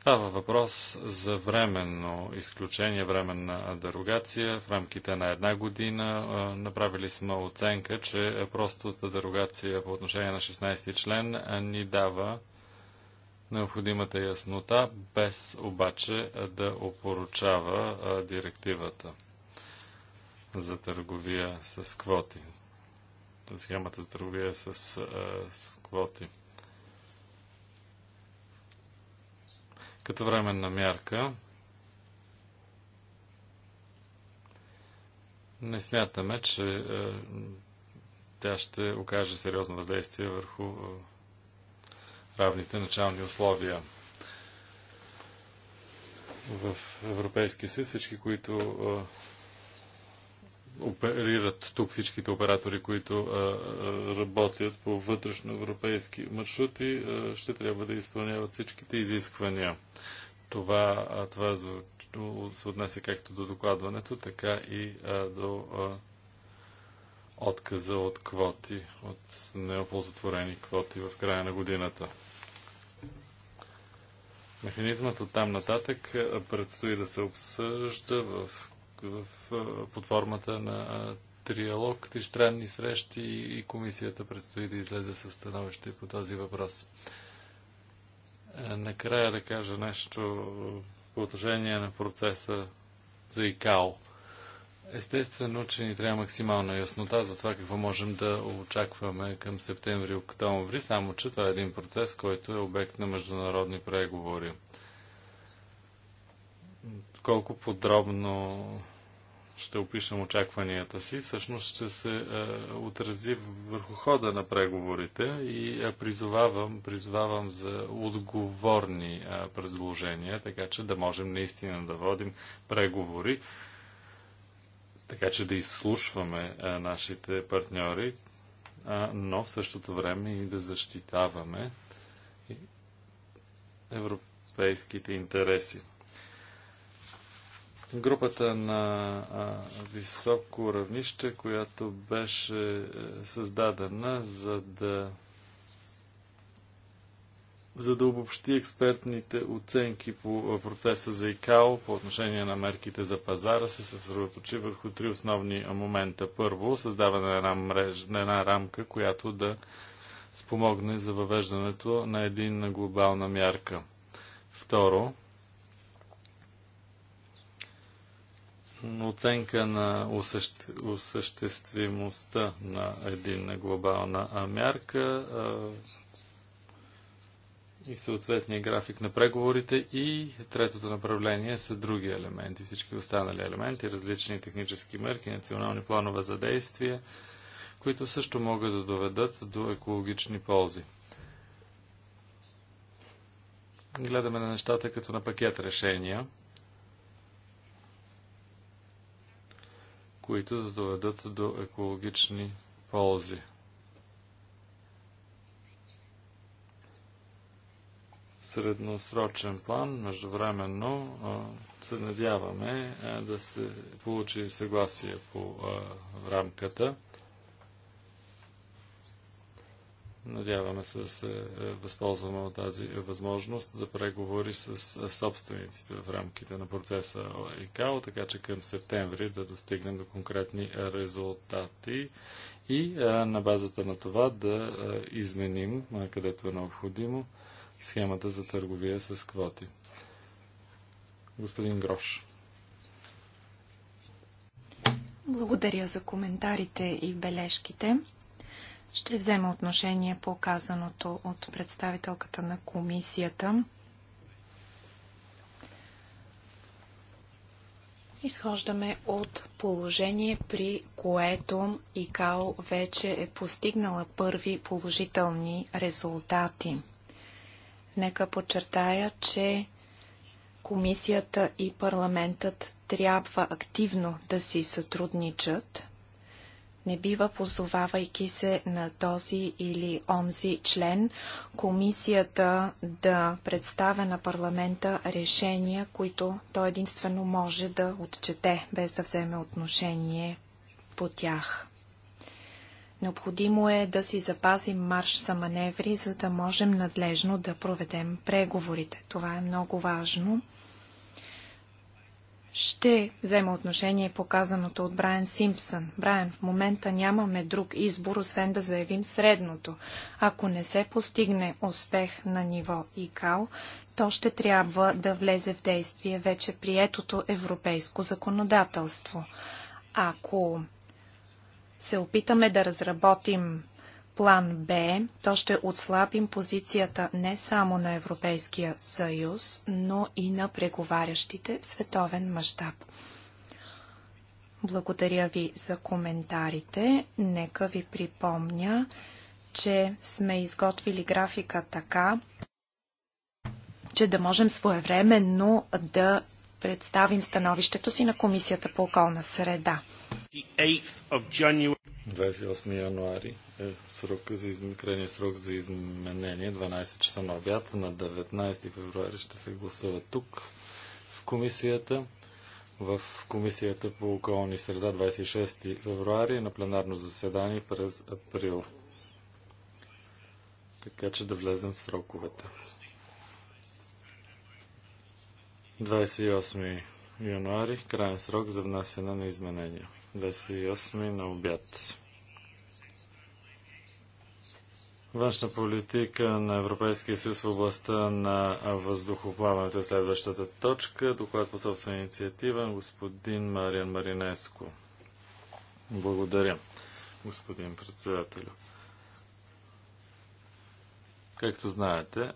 Става въпрос за временно изключение, временна дерогация. В рамките на една година направили сме оценка, че простота дерогация по отношение на 16 член ни дава необходимата яснота, без обаче да опоручава директивата за търговия с квоти. Схемата за търговия с, с квоти. като временна мярка. Не смятаме, че е, тя ще окаже сериозно въздействие върху е, равните начални условия в Европейския съюз. Всички, които е, оперират тук всичките оператори, които а, работят по вътрешноевропейски маршрути, а, ще трябва да изпълняват всичките изисквания. Това, а, това се отнася както до докладването, така и а, до а, отказа от квоти, от неоползотворени квоти в края на годината. Механизмът от там нататък предстои да се обсъжда в в, под формата на триалог, тристранни срещи и комисията предстои да излезе със становище по този въпрос. Накрая да кажа нещо по отношение на процеса за ИКАО. Естествено, че ни трябва максимална яснота за това какво можем да очакваме към септември-октомври, само че това е един процес, който е обект на международни преговори. Колко подробно ще опишем очакванията си, всъщност ще се а, е, отрази върху хода на преговорите и а, е, призовавам, призовавам за отговорни а, е, предложения, така че да можем наистина да водим преговори, така че да изслушваме а, нашите партньори, а, но в същото време и да защитаваме европейските интереси групата на а, високо равнище, която беше е, създадена за да за да обобщи експертните оценки по процеса за ИКАО по отношение на мерките за пазара, се съсредоточи върху три основни момента. Първо, създаване на една, мреж, на една рамка, която да спомогне за въвеждането на един глобална мярка. Второ, оценка на осъществимостта на един глобална мярка и съответния график на преговорите и третото направление са други елементи, всички останали елементи, различни технически мерки, национални планове за действие, които също могат да доведат до екологични ползи. Гледаме на нещата като на пакет решения – които да доведат до екологични ползи. В средносрочен план, междувременно, се надяваме да се получи съгласие по рамката. Надяваме се да се е, възползваме от тази възможност за преговори с е, собствениците в рамките на процеса ИКАО, така че към септември да достигнем до конкретни резултати и е, на базата на това да изменим, където е необходимо, схемата за търговия с квоти. Господин Грош. Благодаря за коментарите и бележките. Ще взема отношение по казаното от представителката на комисията. Изхождаме от положение, при което ИКАО вече е постигнала първи положителни резултати. Нека подчертая, че комисията и парламентът трябва активно да си сътрудничат не бива, позовавайки се на този или онзи член, комисията да представя на парламента решения, които той единствено може да отчете, без да вземе отношение по тях. Необходимо е да си запазим марш за маневри, за да можем надлежно да проведем преговорите. Това е много важно. Ще взема отношение по казаното от Брайан Симпсън. Брайан, в момента нямаме друг избор, освен да заявим средното. Ако не се постигне успех на ниво ИКАО, то ще трябва да влезе в действие вече приетото европейско законодателство. Ако се опитаме да разработим план Б, то ще отслабим позицията не само на Европейския съюз, но и на преговарящите в световен мащаб. Благодаря ви за коментарите. Нека ви припомня, че сме изготвили графика така, че да можем своевременно да представим становището си на Комисията по околна среда. 28 януари е срока за изм... крайния срок за изменение, 12 часа на обяд. На 19 февруари ще се гласува тук, в комисията. В комисията по околни среда 26 февруари на пленарно заседание през април. Така че да влезем в сроковете. 28 януари, крайен срок за внасяне на изменения. 28 на обяд. Външна политика на Европейския съюз в областта на въздухоплаването е следващата точка. Доклад по собствена инициатива на господин Мариан Маринеско. Благодаря, господин председателю. Както знаете,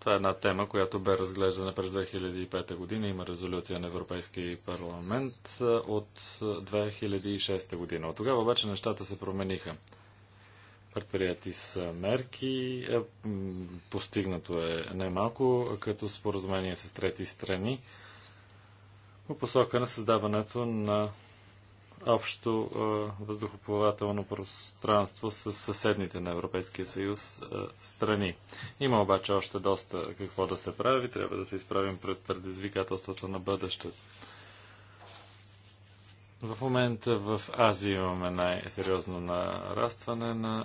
това е една тема, която бе разглеждана през 2005 година. Има резолюция на Европейския парламент от 2006 година. От тогава обаче нещата се промениха. Предприяти са мерки, е, постигнато е най-малко като споразумение с трети страни по посока на създаването на общо е, въздухоплавателно пространство с съседните на Европейския съюз е, страни. Има обаче още доста какво да се прави. Трябва да се изправим пред предизвикателствата на бъдещето. В момента в Азия имаме най-сериозно нарастване на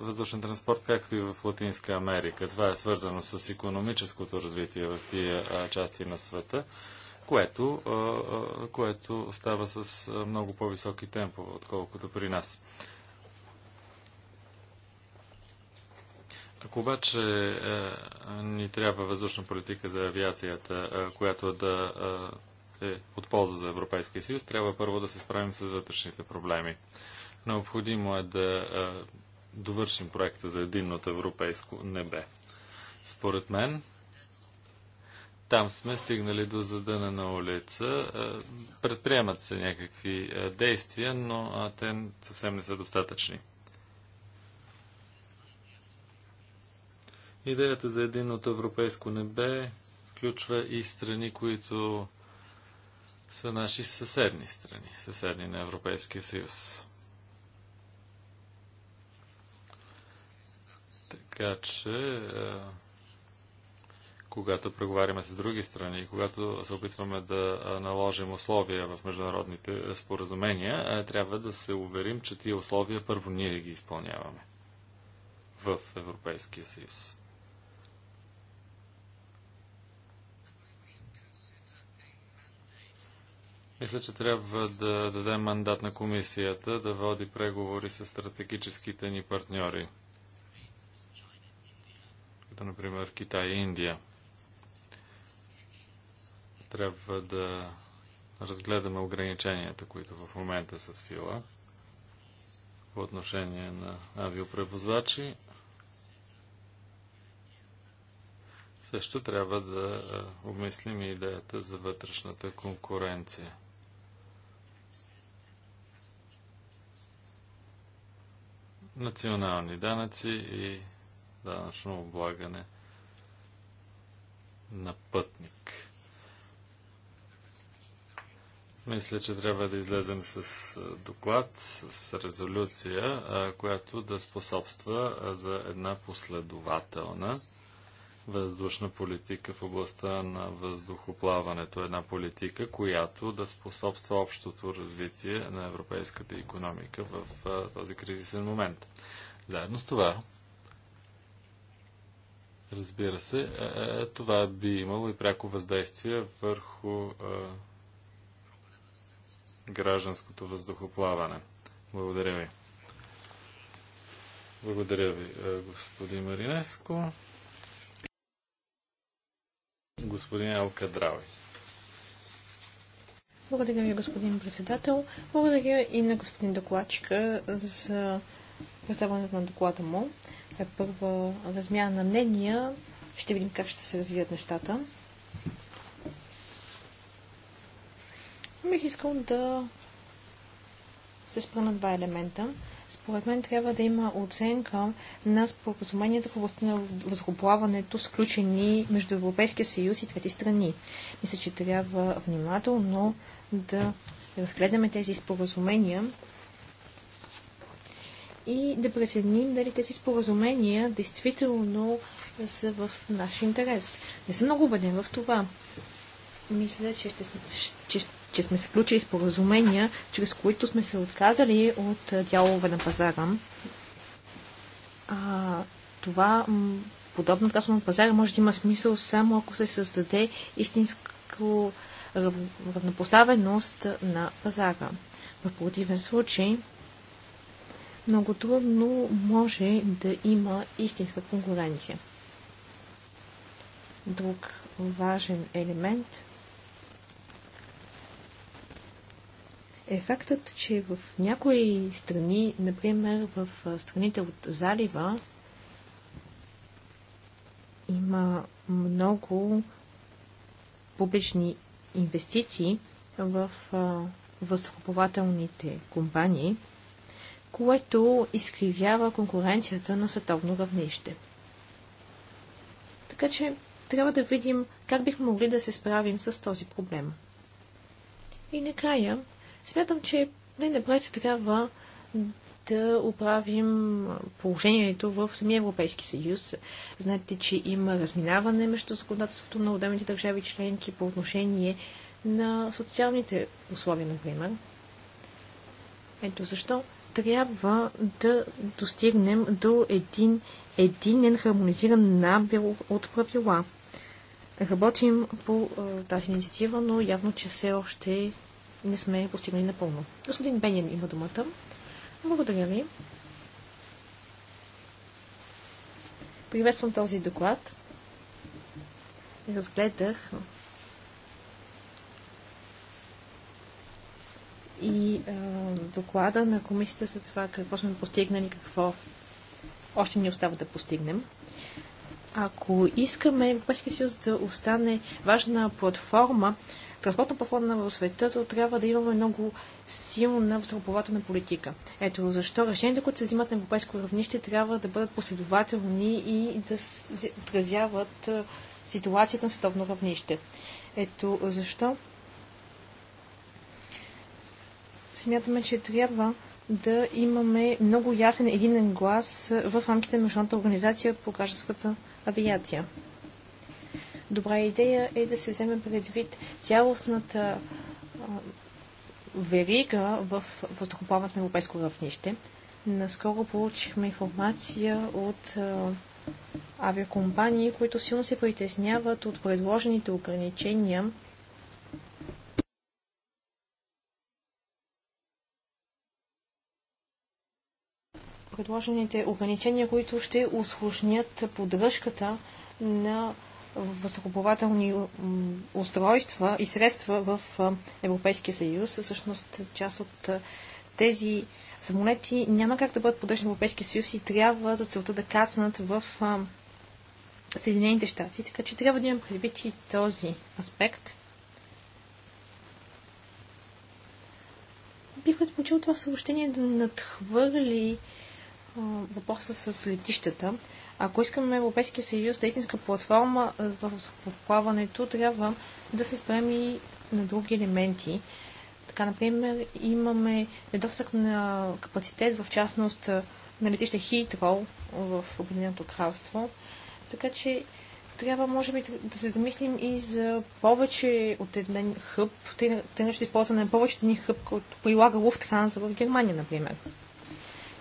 въздушен транспорт, както и в Латинска Америка. Това е свързано с економическото развитие в тия части на света, което, което става с много по-високи темпове, отколкото при нас. Ако обаче ни трябва въздушна политика за авиацията, която да е от полза за Европейския съюз, трябва първо да се справим с вътрешните проблеми. Необходимо е да довършим проекта за единното европейско небе. Според мен, там сме стигнали до задъна на улица. Предприемат се някакви действия, но те съвсем не са достатъчни. Идеята за единното европейско небе включва и страни, които са наши съседни страни, съседни на Европейския съюз. Така че, е, когато преговаряме с други страни, когато се опитваме да е, наложим условия в международните споразумения, е, трябва да се уверим, че тия условия първо ние ги изпълняваме в Европейския съюз. Мисля, че трябва да дадем мандат на комисията да води преговори с стратегическите ни партньори, като например Китай и Индия. Трябва да разгледаме ограниченията, които в момента са в сила по отношение на авиопревозвачи. Също трябва да обмислим и идеята за вътрешната конкуренция. национални данъци и данъчно облагане на пътник. Мисля, че трябва да излезем с доклад, с резолюция, която да способства за една последователна въздушна политика в областта на въздухоплаването. Една политика, която да способства общото развитие на европейската економика в този кризисен момент. Заедно с това, разбира се, е, е, е, това би имало и пряко въздействие върху гражданското въздухоплаване. Благодаря ви. Благодаря ви, господин Маринеско господин Алка Драви. Благодаря ви, господин председател. Благодаря и на господин докладчика за представянето на доклада му. Е първа размяна на мнения. Ще видим как ще се развият нещата. Бих искал да се спра на два елемента. Според мен трябва да има оценка на споразуменията в областта на възглоплаването, сключени между Европейския съюз и трети страни. Мисля, че трябва внимателно да разгледаме тези споразумения и да преценим дали тези споразумения действително са в наш интерес. Не съм много убеден в това. Мисля, че ще, ще, че сме сключили споразумения, чрез които сме се отказали от дялове на пазара. А, това подобно казвам, на пазара може да има смисъл само ако се създаде истинско равнопоставеност на пазара. В противен случай много трудно може да има истинска конкуренция. Друг важен елемент е фактът, че в някои страни, например в страните от залива, има много публични инвестиции в въздухоплавателните компании, което изкривява конкуренцията на световно равнище. Така че трябва да видим как бихме могли да се справим с този проблем. И накрая Смятам, че най направите трябва да оправим положението в самия Европейски съюз. Знаете, че има разминаване между законодателството на отделните държави членки по отношение на социалните условия, например. Ето защо трябва да достигнем до един единен хармонизиран набор от правила. Работим по е, тази инициатива, но явно, че все още не сме постигнали напълно. Господин Бенин има думата. Благодаря ви. Приветствам този доклад. Разгледах и е, доклада на комисията за това какво сме постигнали, какво още ни остава да постигнем. Ако искаме Европейския съюз да остане важна платформа транспортна платформа в света, то трябва да имаме много силна въздухоплавателна политика. Ето защо решенията, които се взимат на европейско равнище, трябва да бъдат последователни и да отразяват ситуацията на световно равнище. Ето защо смятаме, че трябва да имаме много ясен единен глас в рамките на Международната организация по гражданската авиация добра идея е да се вземе предвид цялостната верига в въздухоплаването на европейско равнище. Наскоро получихме информация от авиакомпании, които силно се притесняват от предложените ограничения предложените ограничения, които ще усложнят поддръжката на въздухоплавателни устройства и средства в Европейския съюз. Всъщност част от тези самолети няма как да бъдат поддържани в Европейския съюз и трябва за целта да каснат в Съединените щати, така че трябва да имам предвид и този аспект. Бих предпочел това съобщение да надхвърли въпроса с летищата. Ако искаме Европейския съюз да е истинска платформа в плаването, трябва да се спрем и на други елементи. Така, например, имаме недостъг на капацитет, в частност на летище Хитрол в Обединеното кралство. Така че трябва, може би, да се замислим и за повече от един хъб, тъй наречено ще използваме повечето ни хъб, който прилага Луфтранс в Германия, например.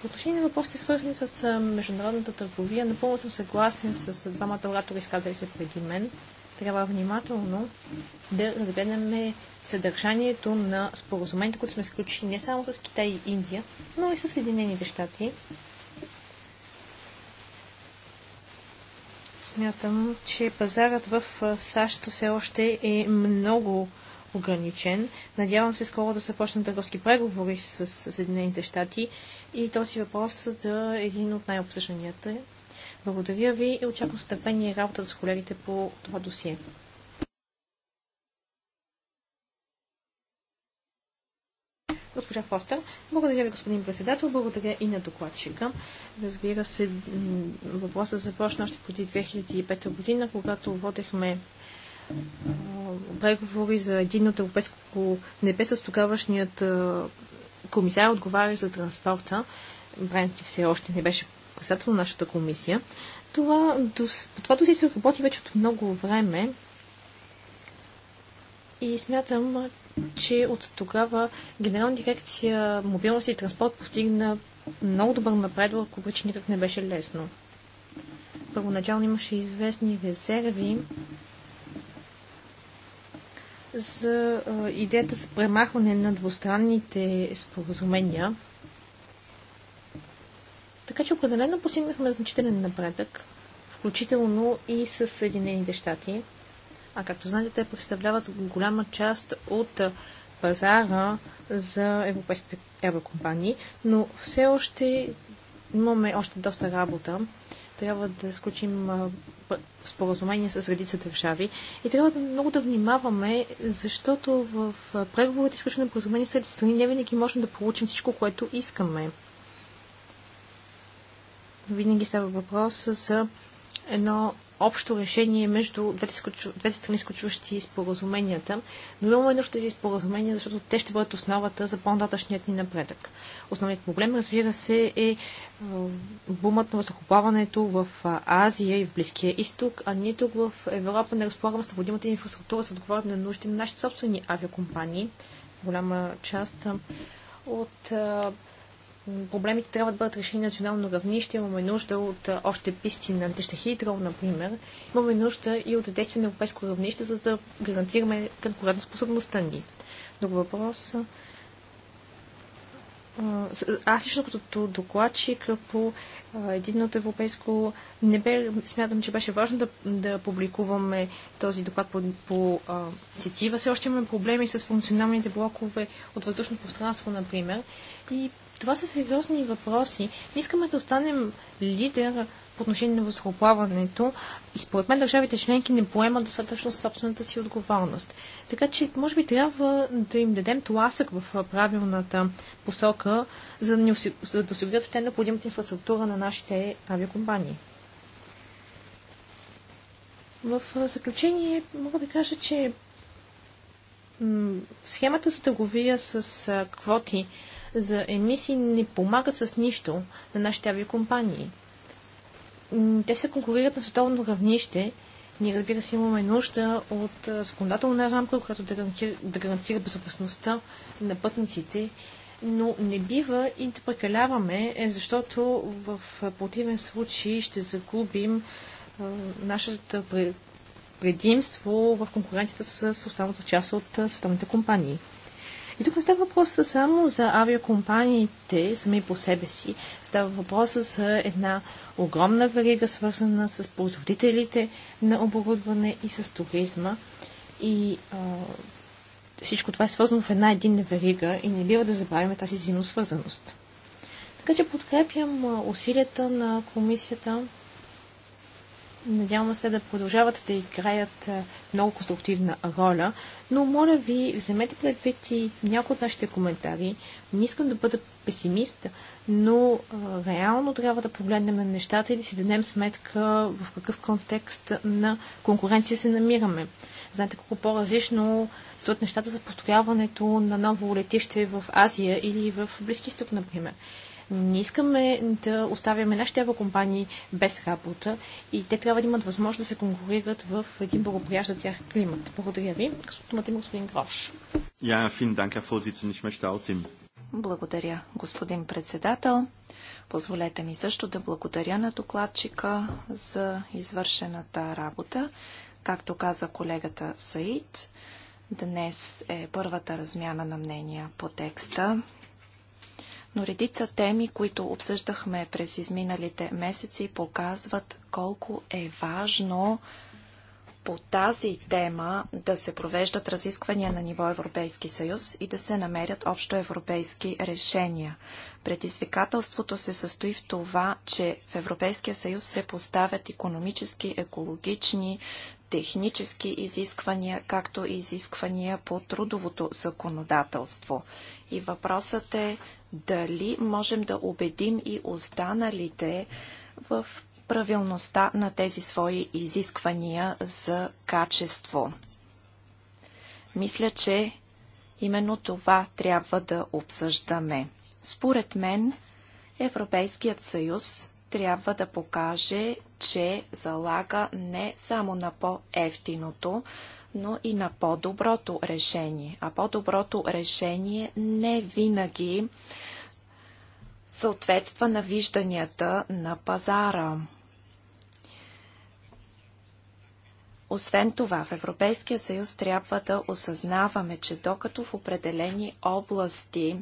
По отношение на въпросите, свързани с международната търговия, напълно съм съгласен с двамата оратори, изказали се преди мен. Трябва внимателно да разгледаме съдържанието на споразумените, които сме сключили не само с Китай и Индия, но и с Съединените щати. Смятам, че пазарът в САЩ все още е много ограничен. Надявам се скоро да започнат търговски преговори с Съединените щати и този въпрос да е един от най-обсъжданията. Благодаря ви и очаквам с търпение работата с колегите по това досие. Госпожа Фостер, благодаря ви, господин председател, благодаря и на докладчика. Разбира се, въпросът започна още преди 2005 година, когато водехме преговори за единното европейско небе с тогавашният комисар отговаря за транспорта, Бренки все още не беше председател на нашата комисия, това, по това доси се работи вече от много време и смятам, че от тогава Генерална дирекция мобилност и транспорт постигна много добър напредък, обаче никак не беше лесно. Първоначално имаше известни резерви за идеята за премахване на двустранните споразумения. Така че определено постигнахме значителен напредък, включително и с Съединените щати. А както знаете, те представляват голяма част от пазара за европейските еврокомпании, но все още имаме още доста работа. Трябва да сключим споразумение с редица държави и трябва да много да внимаваме, защото в преговорите изключване на поразумение с трети страни не винаги можем да получим всичко, което искаме. Винаги става въпрос за едно общо решение между двете, страни, изключващи споразуменията, но имаме нужда тези споразумения, защото те ще бъдат основата за по-нататъчният ни напредък. Основният проблем, разбира се, е, е бумът на възхоплаването в Азия и в Близкия изток, а ние тук в Европа не разполагаме с необходимата инфраструктура, за да отговорим на нужди на нашите собствени авиакомпании. Голяма част от проблемите трябва да бъдат решени национално равнище. Имаме нужда от още писти на летище Хитро, например. Имаме нужда и от действие на европейско равнище, за да гарантираме конкурентоспособността ни. Друг въпрос. Аз лично като докладчик по един от европейско бе, смятам, че беше важно да, да публикуваме този доклад по, по а, сетива. Все още имаме проблеми с функционалните блокове от въздушно пространство, например. И това са сериозни въпроси. Не искаме да останем лидер по отношение на възхоплаването и според мен държавите членки не поемат достатъчно собствената си отговорност. Така че, може би трябва да им дадем тласък в правилната посока, за да, ни, за да осигурят те необходимата инфраструктура на нашите авиакомпании. В заключение мога да кажа, че схемата за търговия с квоти за емисии не помагат с нищо на нашите авиакомпании. Те се конкурират на световно равнище. Ние, разбира се, имаме нужда от законодателна рамка, която да гарантира, да гарантира безопасността на пътниците, но не бива и да прекаляваме, е, защото в противен случай ще загубим нашата предимство в конкуренцията с останалата част от световните компании. И тук не става въпрос само за авиакомпаниите сами по себе си. Става въпрос за една огромна верига, свързана с производителите на оборудване и с туризма. И а, всичко това е свързано в една единна верига и не бива да забравяме тази взаимосвързаност. Така че подкрепям усилията на комисията Надявам се да продължават да играят е, много конструктивна роля, но моля ви, вземете предвид и някои от нашите коментари. Не искам да бъда песимист, но е, реално трябва да погледнем на нещата и да си дадем сметка в какъв контекст на конкуренция се намираме. Знаете колко по-различно стоят нещата за построяването на ново летище в Азия или в Близки изток, например. Не искаме да оставяме нашите авиокомпании без работа и те трябва да имат възможност да се конкурират в един благоприящ за тях климат. Благодаря ви. Думата има господин Грош. Благодаря, господин председател. Позволете ми също да благодаря на докладчика за извършената работа. Както каза колегата Саид, днес е първата размяна на мнения по текста но редица теми, които обсъждахме през изминалите месеци, показват колко е важно по тази тема да се провеждат разисквания на ниво Европейски съюз и да се намерят общо европейски решения. Предизвикателството се състои в това, че в Европейския съюз се поставят економически, екологични, технически изисквания, както и изисквания по трудовото законодателство. И въпросът е дали можем да убедим и останалите в правилността на тези свои изисквания за качество. Мисля, че именно това трябва да обсъждаме. Според мен, Европейският съюз трябва да покаже, че залага не само на по-ефтиното, но и на по-доброто решение. А по-доброто решение не винаги съответства на вижданията на пазара. Освен това, в Европейския съюз трябва да осъзнаваме, че докато в определени области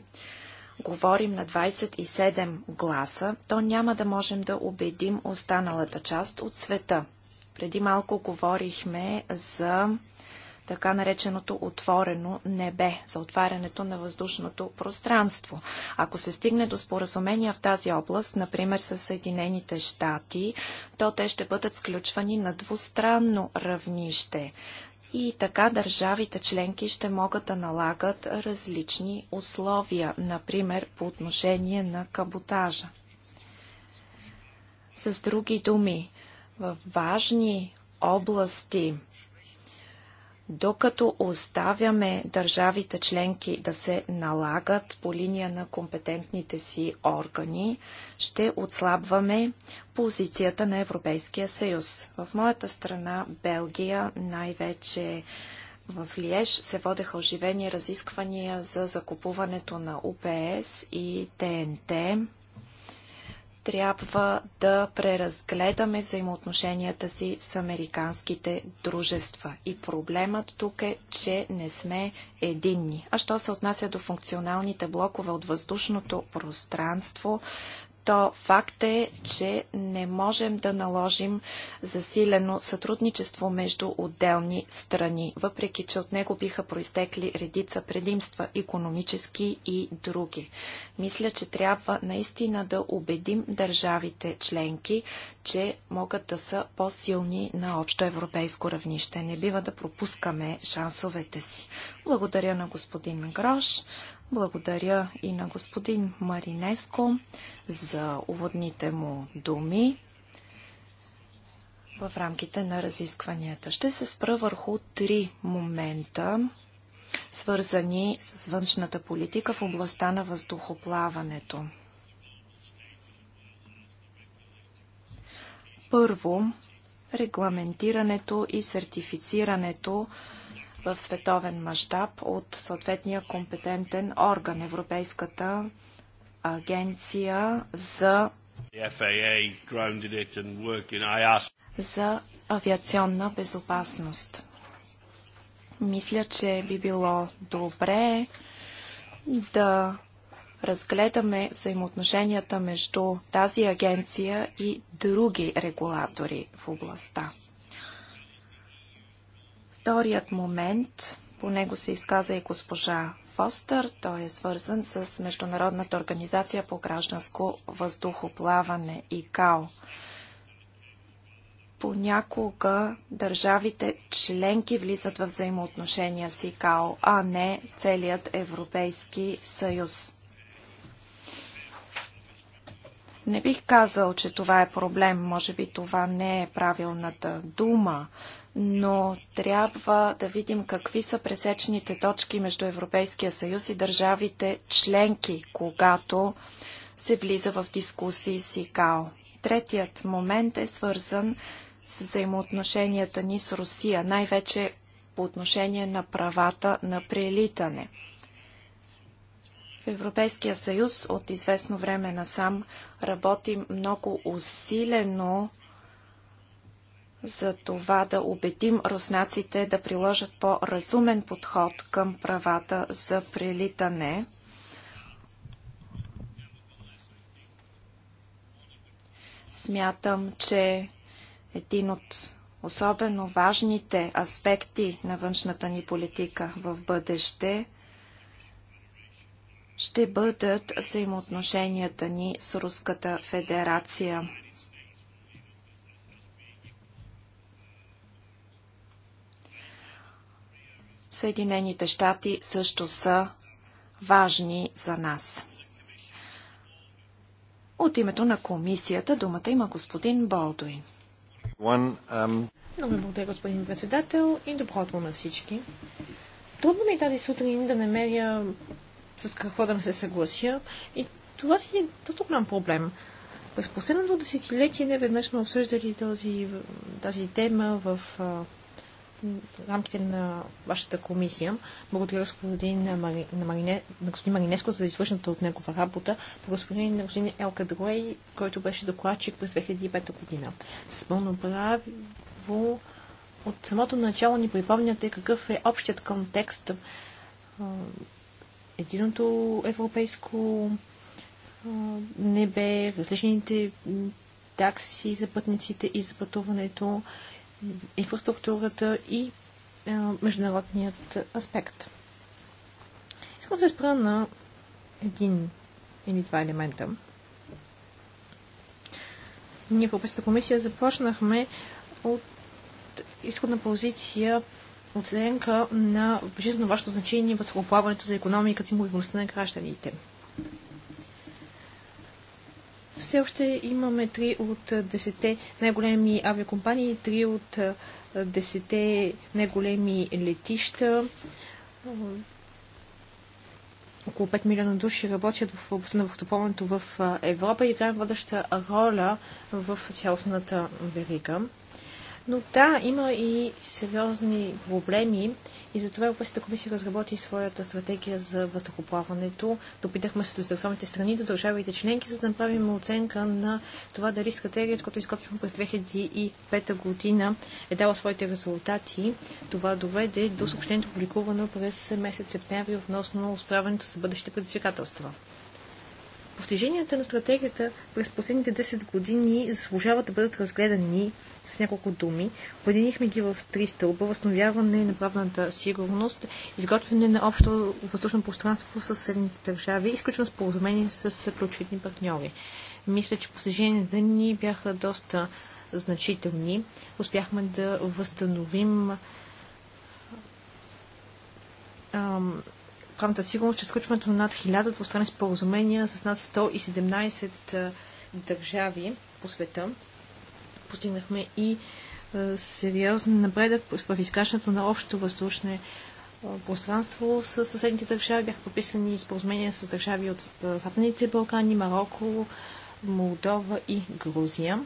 говорим на 27 гласа, то няма да можем да убедим останалата част от света. Преди малко говорихме за така нареченото отворено небе, за отварянето на въздушното пространство. Ако се стигне до споразумения в тази област, например с Съединените щати, то те ще бъдат сключвани на двустранно равнище. И така държавите членки ще могат да налагат различни условия, например по отношение на каботажа. С други думи, в важни области докато оставяме държавите членки да се налагат по линия на компетентните си органи, ще отслабваме позицията на Европейския съюз. В моята страна, Белгия, най-вече в Лиеж се водеха оживени разисквания за закупуването на УПС и ТНТ трябва да преразгледаме взаимоотношенията си с американските дружества. И проблемът тук е, че не сме единни. А що се отнася до функционалните блокове от въздушното пространство, то факт е, че не можем да наложим засилено сътрудничество между отделни страни, въпреки че от него биха проистекли редица предимства, економически и други. Мисля, че трябва наистина да убедим държавите членки, че могат да са по-силни на общо европейско равнище. Не бива да пропускаме шансовете си. Благодаря на господин Грош. Благодаря и на господин Маринеско за уводните му думи в рамките на разискванията. Ще се спра върху три момента, свързани с външната политика в областта на въздухоплаването. Първо, регламентирането и сертифицирането в световен мащаб от съответния компетентен орган, Европейската агенция за за авиационна безопасност. Мисля, че би било добре да разгледаме взаимоотношенията между тази агенция и други регулатори в областта. Вторият момент, по него се изказа и госпожа Фостър, той е свързан с Международната организация по гражданско въздухоплаване ИКАО. Понякога държавите членки влизат в взаимоотношения с ИКАО, а не целият Европейски съюз. Не бих казал, че това е проблем. Може би това не е правилната дума, но трябва да видим какви са пресечните точки между Европейския съюз и държавите членки, когато се влиза в дискусии с ИКАО. Третият момент е свързан с взаимоотношенията ни с Русия, най-вече по отношение на правата на прелитане. В Европейския съюз от известно време насам работим много усилено за това да убедим руснаците да приложат по-разумен подход към правата за прелитане. Смятам, че един от особено важните аспекти на външната ни политика в бъдеще ще бъдат взаимоотношенията ни с Руската федерация. Съединените щати също са важни за нас. От името на комисията думата има господин Болдуин. Um, Много благодаря, господин председател, и добро на всички. Трудно ми е тази сутрин да намеря с какво да не се съглася. И това си е доста голям проблем. През последното десетилетие не веднъж сме обсъждали този, тази тема в рамките на вашата комисия. Благодаря господин на, Мари, на, Марине, на господин Маринеско за извършната от негова работа, по господин на господин Елка Дрой, който беше докладчик през 2005 година. С пълно право от самото начало ни припомняте какъв е общият контекст единото европейско небе, различните такси за пътниците и за пътуването, инфраструктурата и международният аспект. Искам да се спра на един или два елемента. Ние в Европейската комисия започнахме от изходна позиция оценка на жизненно важно значение възхоплаването за економиката и мобилността на гражданите. Все още имаме три от десете най-големи авиакомпании, три от десете най-големи летища. Около 5 милиона души работят в областта на въздухоплаването в Европа и играят водеща роля в цялостната верига. Но да, има и сериозни проблеми и затова Европейската комисия разработи своята стратегия за въздухоплаването. Допитахме се до здравословните страни, до държавите членки, за да направим оценка на това дали стратегията, която изготвихме през 2005 година, е дала своите резултати. Това доведе до съобщението, публикувано през месец септември относно справянето с бъдещите предизвикателства. Постиженията на стратегията през последните 10 години заслужават да бъдат разгледани с няколко думи. Поединихме ги в три стълба. Възстановяване на правната сигурност, изготвяне на общо въздушно пространство с съседните държави и сключване споразумение с ключовите партньори. Мисля, че постиженията ни бяха доста значителни. Успяхме да възстановим ам, правната сигурност, че сключването на над 1000 двустранни споразумения с над 117 държави по света постигнахме и е, сериозен напредък в изграждането на общото въздушно е, пространство с съседните държави. Бяха подписани споразумения с държави от е, Западните Балкани, Марокко, Молдова и Грузия.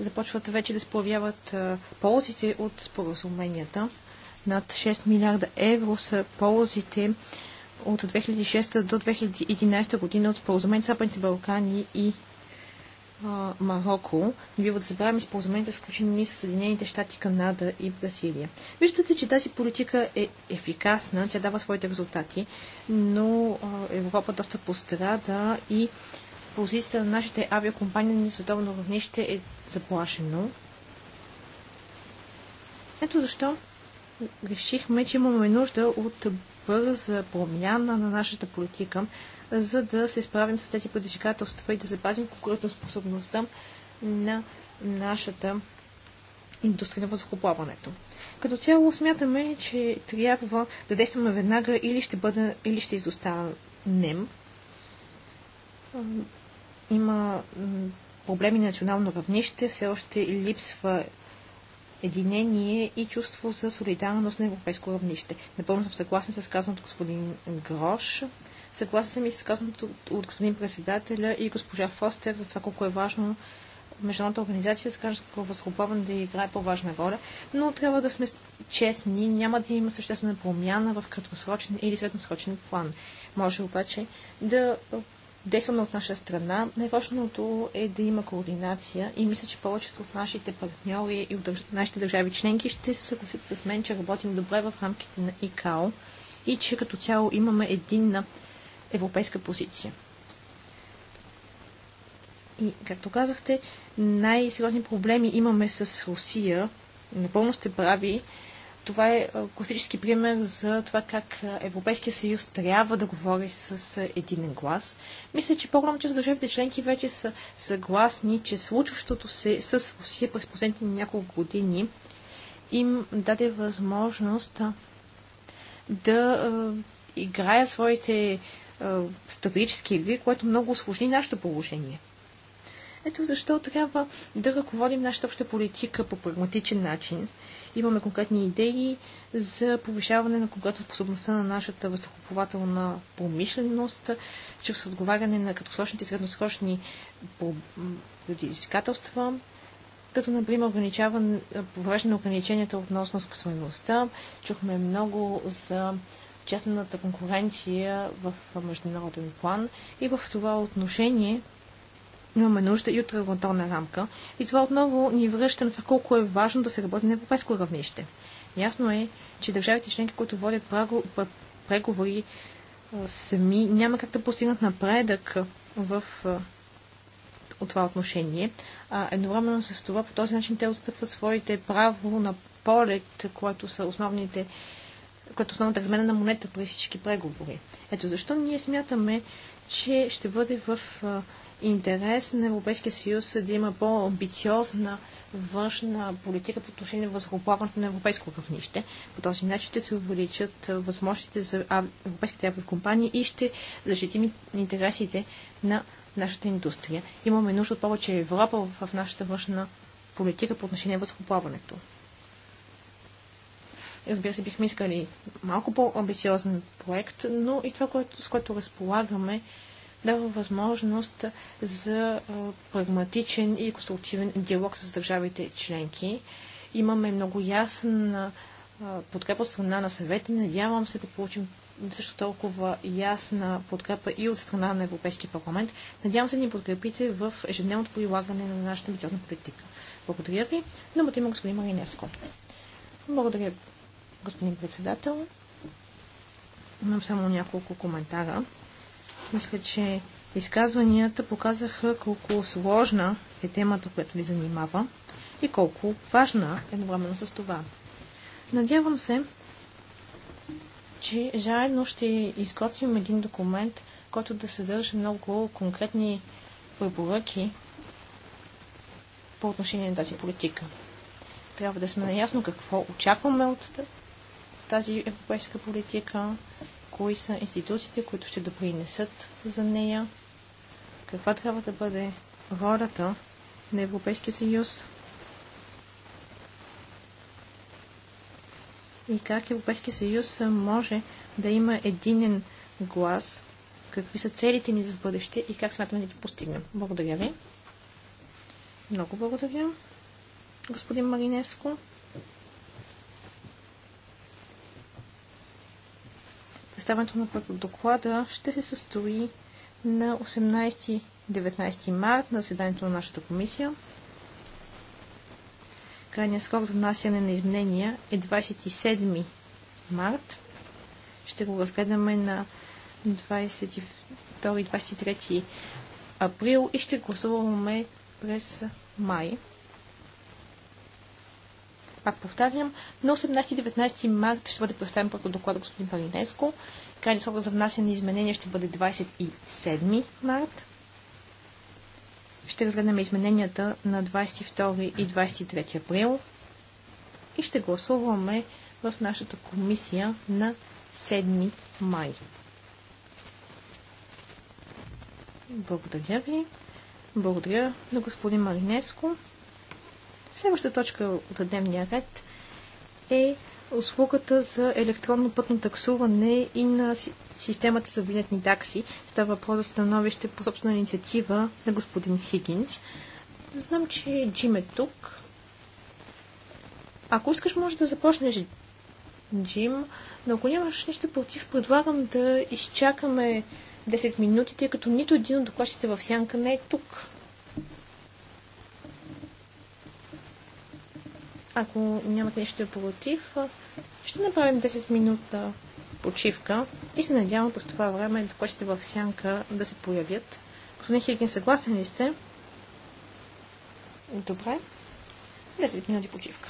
Започват вече да се появяват ползите от споразуменията. Над 6 милиарда евро са ползите от 2006 до 2011 година от споразумение Западните Балкани и Марокко, не бива да забравяме споразуменията, сключени с Съединените щати, Канада и Бразилия. Виждате, че тази политика е ефикасна, тя дава своите резултати, но Европа доста пострада и позицията на нашите авиакомпании на световно равнище е заплашено. Ето защо решихме, че имаме нужда от бърза промяна на нашата политика, за да се справим с тези предизвикателства и да запазим конкурентоспособността на нашата индустрия на въздухоплаването. Като цяло смятаме, че трябва да действаме веднага или ще, бъде, или ще изостанем. Има проблеми на национално равнище, все още липсва единение и чувство за солидарност на европейско равнище. Напълно съм съгласен с казаното господин Грош. Съгласен съм и с казаното от господин председателя и госпожа Фостер за това колко е важно Международната организация за гражданско е възхлопаване да играе по-важна роля, но трябва да сме честни, няма да има съществена промяна в краткосрочен или средносрочен план. Може обаче да действаме от наша страна. Най-важното е да има координация и мисля, че повечето от нашите партньори и от нашите държави членки ще се съгласят с мен, че работим добре в рамките на ИКАО и че като цяло имаме един на европейска позиция. И, както казахте, най-сериозни проблеми имаме с Русия. Напълно сте прави. Това е класически пример за това как Европейския съюз трябва да говори с един глас. Мисля, че по-голяма част от държавите членки вече са съгласни, че случващото се с Русия през последните няколко години им даде възможност да играят своите стратегически игри, което много осложни нашето положение. Ето защо трябва да ръководим нашата обща политика по прагматичен начин. Имаме конкретни идеи за повишаване на способността на нашата въздухоплавателна промишленост, чрез отговаряне на краткосрочните и средносрочни предизвикателства, като, например, ограничаване, повреждане на ограниченията относно способността, Чухме много за Честната конкуренция в международен план и в това отношение имаме нужда и от регулаторна рамка. И това отново ни връща на това колко е важно да се работи на европейско равнище. Ясно е, че държавите членки, които водят преговори сами, няма как да постигнат напредък в от това отношение. А, едновременно с това, по този начин те отстъпват своите право на полет, което са основните като основната размена на монета при всички преговори. Ето защо ние смятаме, че ще бъде в интерес на Европейския съюз да има по-амбициозна външна политика по отношение на възхоплаването на европейско равнище. По този начин ще се увеличат възможностите за европейските авиокомпании и ще защитим интересите на нашата индустрия. Имаме нужда от повече Европа в нашата външна политика по отношение на възхоплаването. Разбира се, бихме искали малко по-амбициозен проект, но и това, което, с което разполагаме, дава възможност за прагматичен и конструктивен диалог с държавите членки. Имаме много ясна подкрепа от страна на съвет и надявам се да получим също толкова ясна подкрепа и от страна на Европейския парламент. Надявам се да ни подкрепите в ежедневното прилагане на нашата амбициозна политика. Благодаря ви. Думата има господин Маринеско. Благодаря, господин председател. Имам само няколко коментара. Мисля, че изказванията показаха колко сложна е темата, която ви занимава и колко важна е едновременно с това. Надявам се, че заедно ще изготвим един документ, който да съдържа много конкретни препоръки по отношение на тази политика. Трябва да сме наясно какво очакваме от тази европейска политика, кои са институциите, които ще допринесат за нея, каква трябва да бъде ролята на Европейския съюз и как Европейския съюз може да има единен глас, какви са целите ни за бъдеще и как смятаме да ги постигнем. Благодаря ви. Много благодаря, господин Маринеско. представянето на доклада ще се състои на 18-19 март на заседанието на нашата комисия. Крайният срок за внасяне на изменения е 27 март. Ще го разгледаме на 22-23 април и ще гласуваме през май пак повтарям, на 18-19 март ще бъде представен проект доклад господин Паринеско. Крайният срок за внасяне на изменения ще бъде 27 март. Ще разгледаме измененията на 22 и 23 април и ще гласуваме в нашата комисия на 7 май. Благодаря ви. Благодаря на господин Маринеско. Следващата точка от дневния ред е услугата за електронно пътно таксуване и на системата за винетни такси. Става въпрос за становище по собствена инициатива на господин Хигинс. Знам, че Джим е тук. Ако искаш, може да започнеш, Джим, но ако нямаш нищо против, предлагам да изчакаме 10 минути, тъй като нито един от докладчите в сянка не е тук. Ако нямате нещо против, ще направим 10 минута почивка и се надявам през това време да докладчите в сянка да се появят. Господин Хигин, съгласен ли сте? Добре. 10 минути почивка.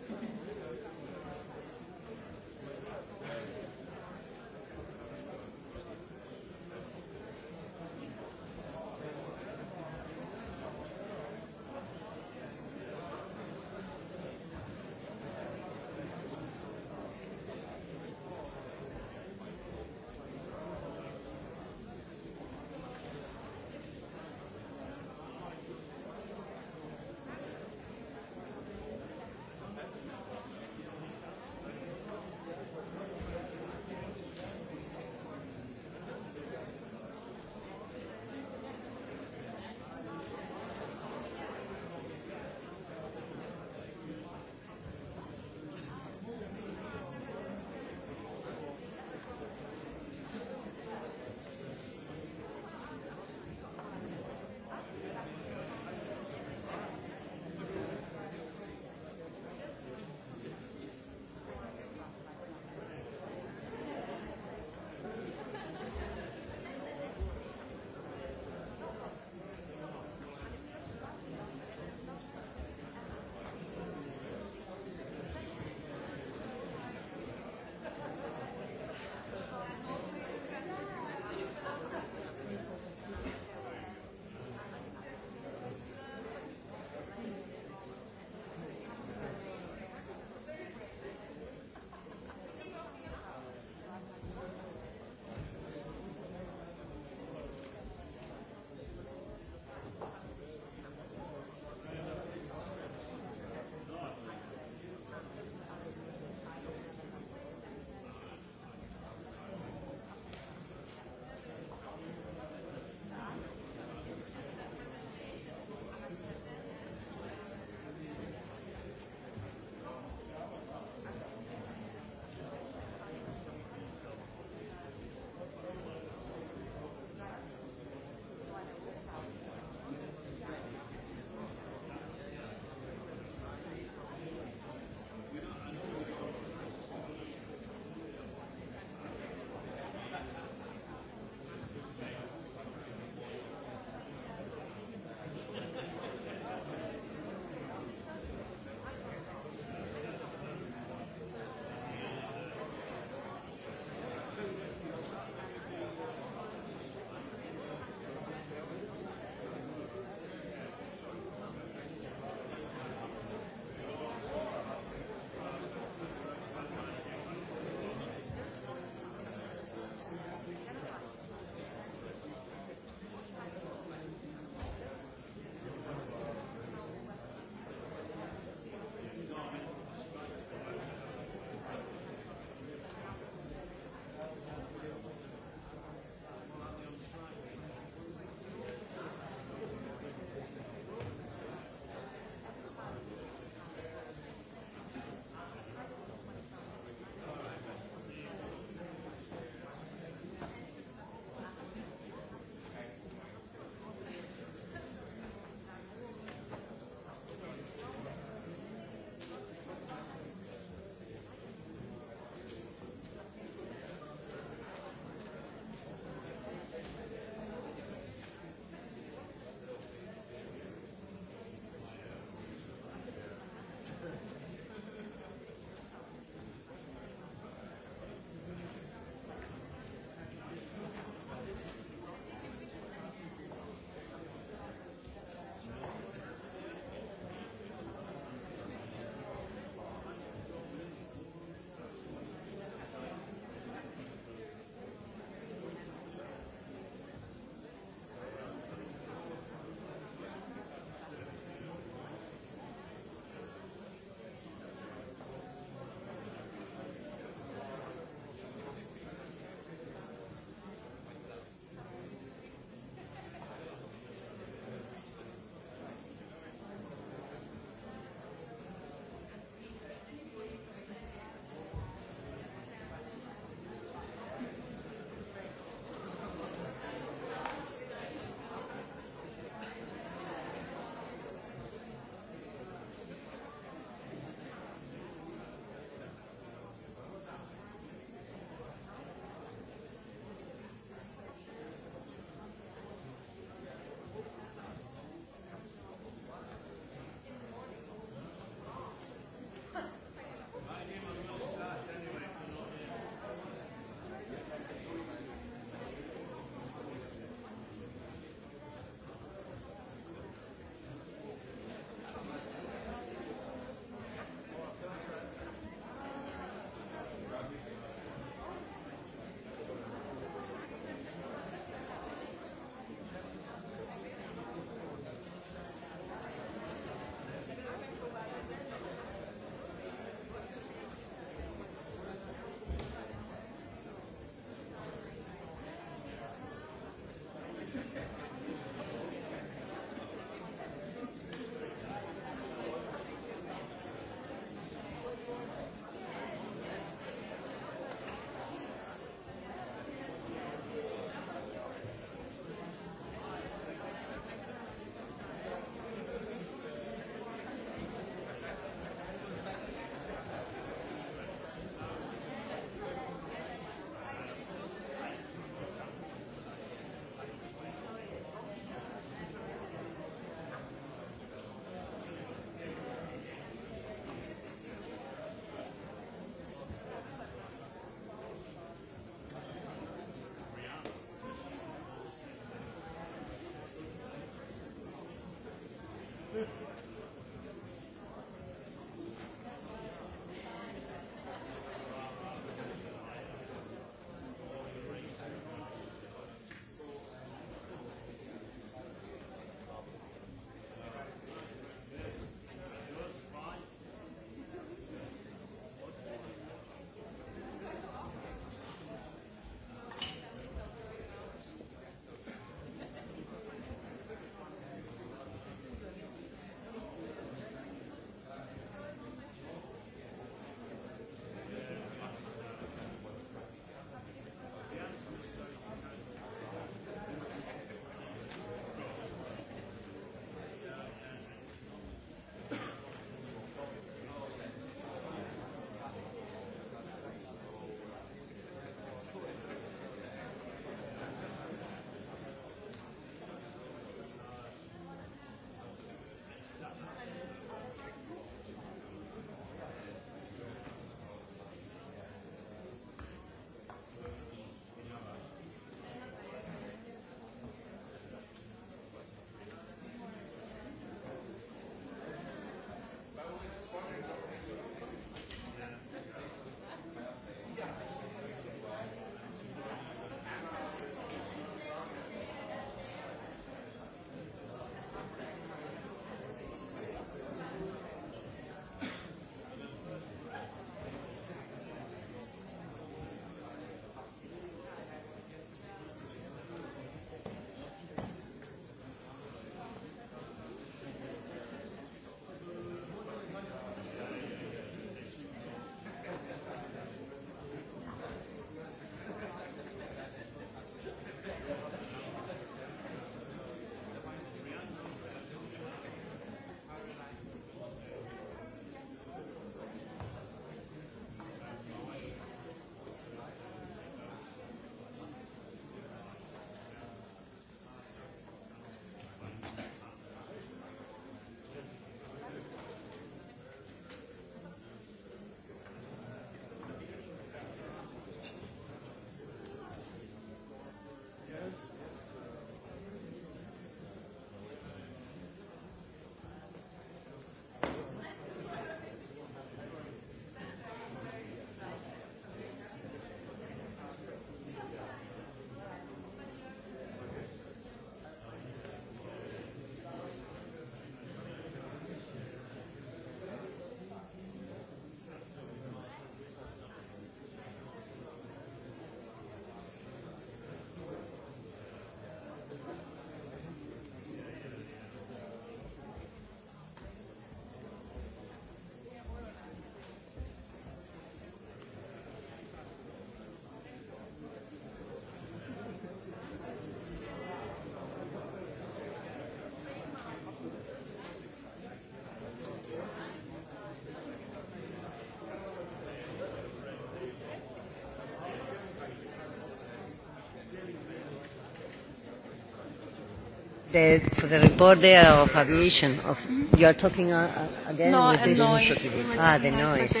the, for the report there of aviation. Of, you are talking uh, again no, with this noise. Ah, the noise.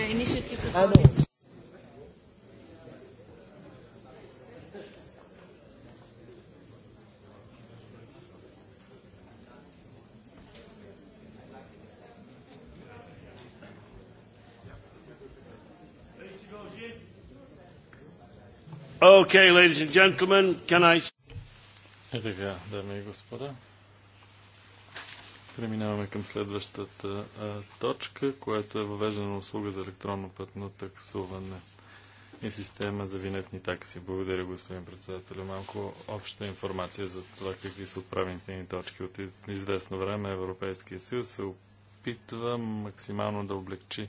Okay, ladies and gentlemen, can I... И е така, дами и господа, преминаваме към следващата а, точка, която е въвеждана на услуга за електронно пътно таксуване и система за винетни такси. Благодаря, господин председател. Малко обща информация за това какви са отправените ни точки. От известно време Европейския съюз се опитва максимално да облегчи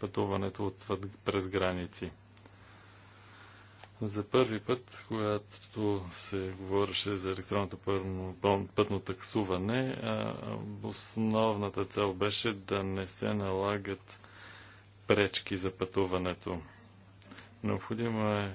пътуването от, през граници. За първи път, когато се говореше за електронното пътно, пътно таксуване, основната цел беше да не се налагат пречки за пътуването. Необходимо е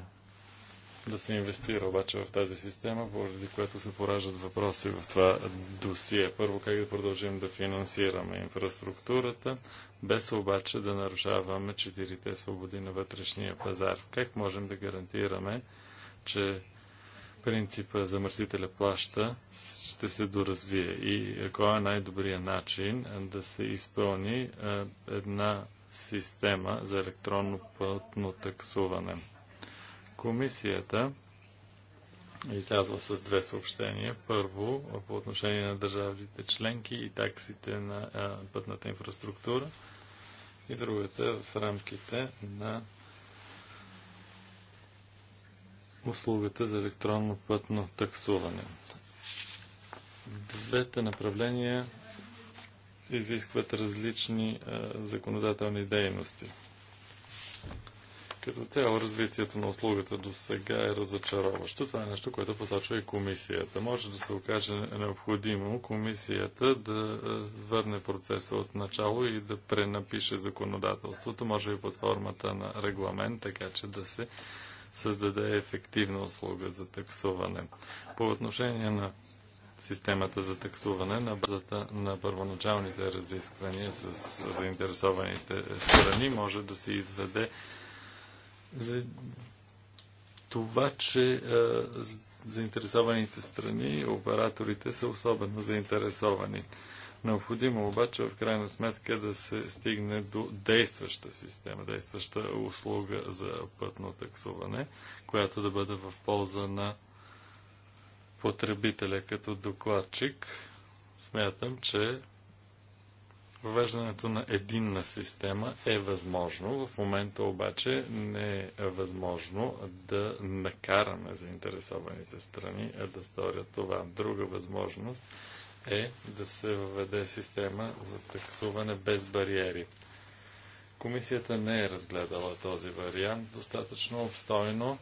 да се инвестира обаче в тази система, поради което се пораждат въпроси в това досие. Първо, как да продължим да финансираме инфраструктурата, без обаче да нарушаваме четирите свободи на вътрешния пазар. Как можем да гарантираме, че принципа замърсителя плаща ще се доразвие и кой е най-добрият начин да се изпълни една система за електронно пътно таксуване. Комисията излязва с две съобщения. Първо, по отношение на държавите членки и таксите на а, пътната инфраструктура. И другата е в рамките на услугата за електронно пътно таксуване. Двете направления изискват различни а, законодателни дейности. Като цяло развитието на услугата до сега е разочароващо. Това е нещо, което посочва и комисията. Може да се окаже необходимо комисията да е, върне процеса от начало и да пренапише законодателството, може и под формата на регламент, така че да се създаде ефективна услуга за таксуване. По отношение на системата за таксуване на базата на първоначалните разисквания с заинтересованите страни може да се изведе за това, че заинтересованите страни, операторите са особено заинтересовани. Необходимо обаче в крайна сметка да се стигне до действаща система, действаща услуга за пътно таксуване, която да бъде в полза на потребителя като докладчик. Смятам, че Въвеждането на единна система е възможно, в момента обаче не е възможно да накараме заинтересованите страни да сторят това. Друга възможност е да се въведе система за таксуване без бариери. Комисията не е разгледала този вариант достатъчно обстойно,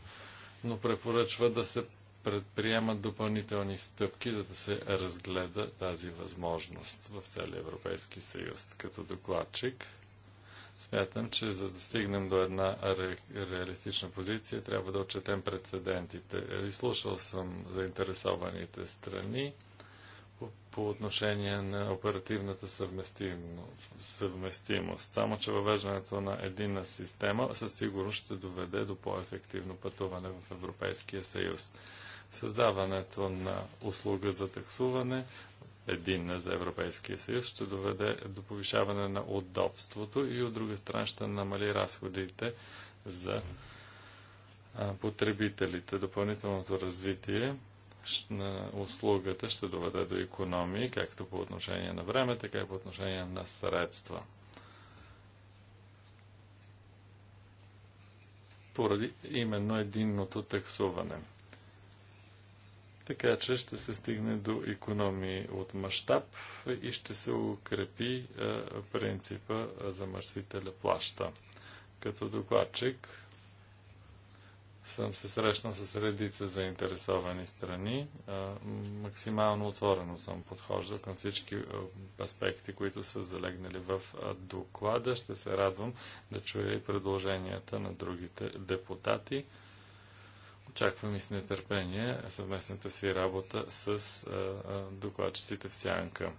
но препоръчва да се предприемат допълнителни стъпки, за да се разгледа тази възможност в целия Европейски съюз. Като докладчик, смятам, че за да стигнем до една ре, реалистична позиция, трябва да отчетем прецедентите. Изслушал съм заинтересованите страни по, по отношение на оперативната съвместимост. Само, че въвеждането на единна система със сигурност ще доведе до по-ефективно пътуване в Европейския съюз. Създаването на услуга за таксуване, единна за Европейския съюз, ще доведе до повишаване на удобството и от друга страна ще намали разходите за потребителите. Допълнителното развитие на услугата ще доведе до економии, както по отношение на време, така и по отношение на средства. Поради именно единното таксуване така че ще се стигне до економии от мащаб и ще се укрепи принципа замърсителя плаща. Като докладчик съм се срещнал с редица заинтересовани страни. Максимално отворено съм подхождал към всички аспекти, които са залегнали в доклада. Ще се радвам да чуя и предложенията на другите депутати. Очаквам и с нетърпение съвместната си работа с а, а, докладчиците в Сянка.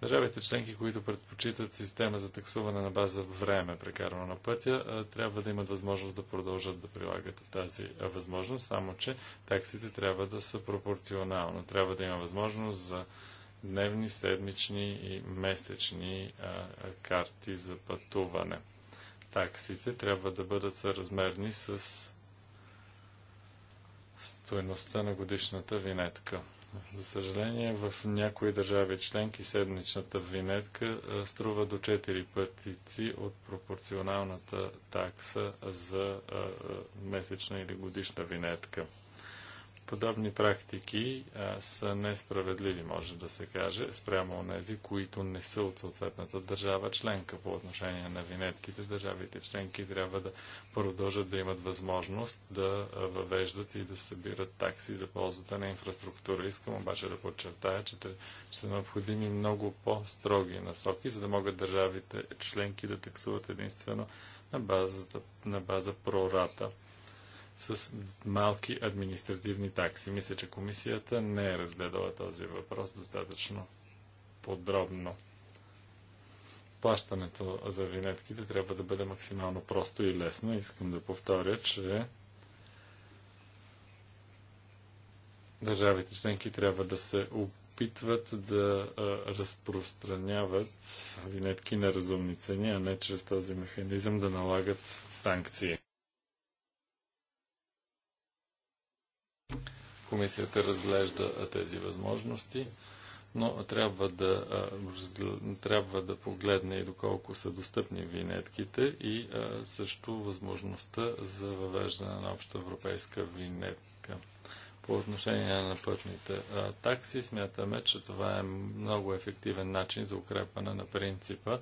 Държавите членки, които предпочитат система за таксуване на база време, прекарано на пътя, трябва да имат възможност да продължат да прилагат тази възможност, само че таксите трябва да са пропорционални. Трябва да има възможност за дневни, седмични и месечни а, карти за пътуване. Таксите трябва да бъдат съразмерни с стоеността на годишната винетка. За съжаление, в някои държави членки седмичната винетка струва до 4 пътици от пропорционалната такса за месечна или годишна винетка подобни практики а, са несправедливи, може да се каже, спрямо тези, които не са от съответната държава членка по отношение на винетките. Държавите членки трябва да продължат да имат възможност да въвеждат и да събират такси за ползата на инфраструктура. Искам обаче да подчертая, че, че са необходими много по-строги насоки, за да могат държавите членки да таксуват единствено на, базата, на база прората с малки административни такси. Мисля, че комисията не е разгледала този въпрос достатъчно подробно. Плащането за винетките трябва да бъде максимално просто и лесно. Искам да повторя, че държавите членки трябва да се опитват да разпространяват винетки на разумни цени, а не чрез този механизъм да налагат санкции. Комисията разглежда тези възможности, но трябва да, трябва да погледне и доколко са достъпни винетките и също възможността за въвеждане на обща европейска винетка. По отношение на пътните такси, смятаме, че това е много ефективен начин за укрепване на принципа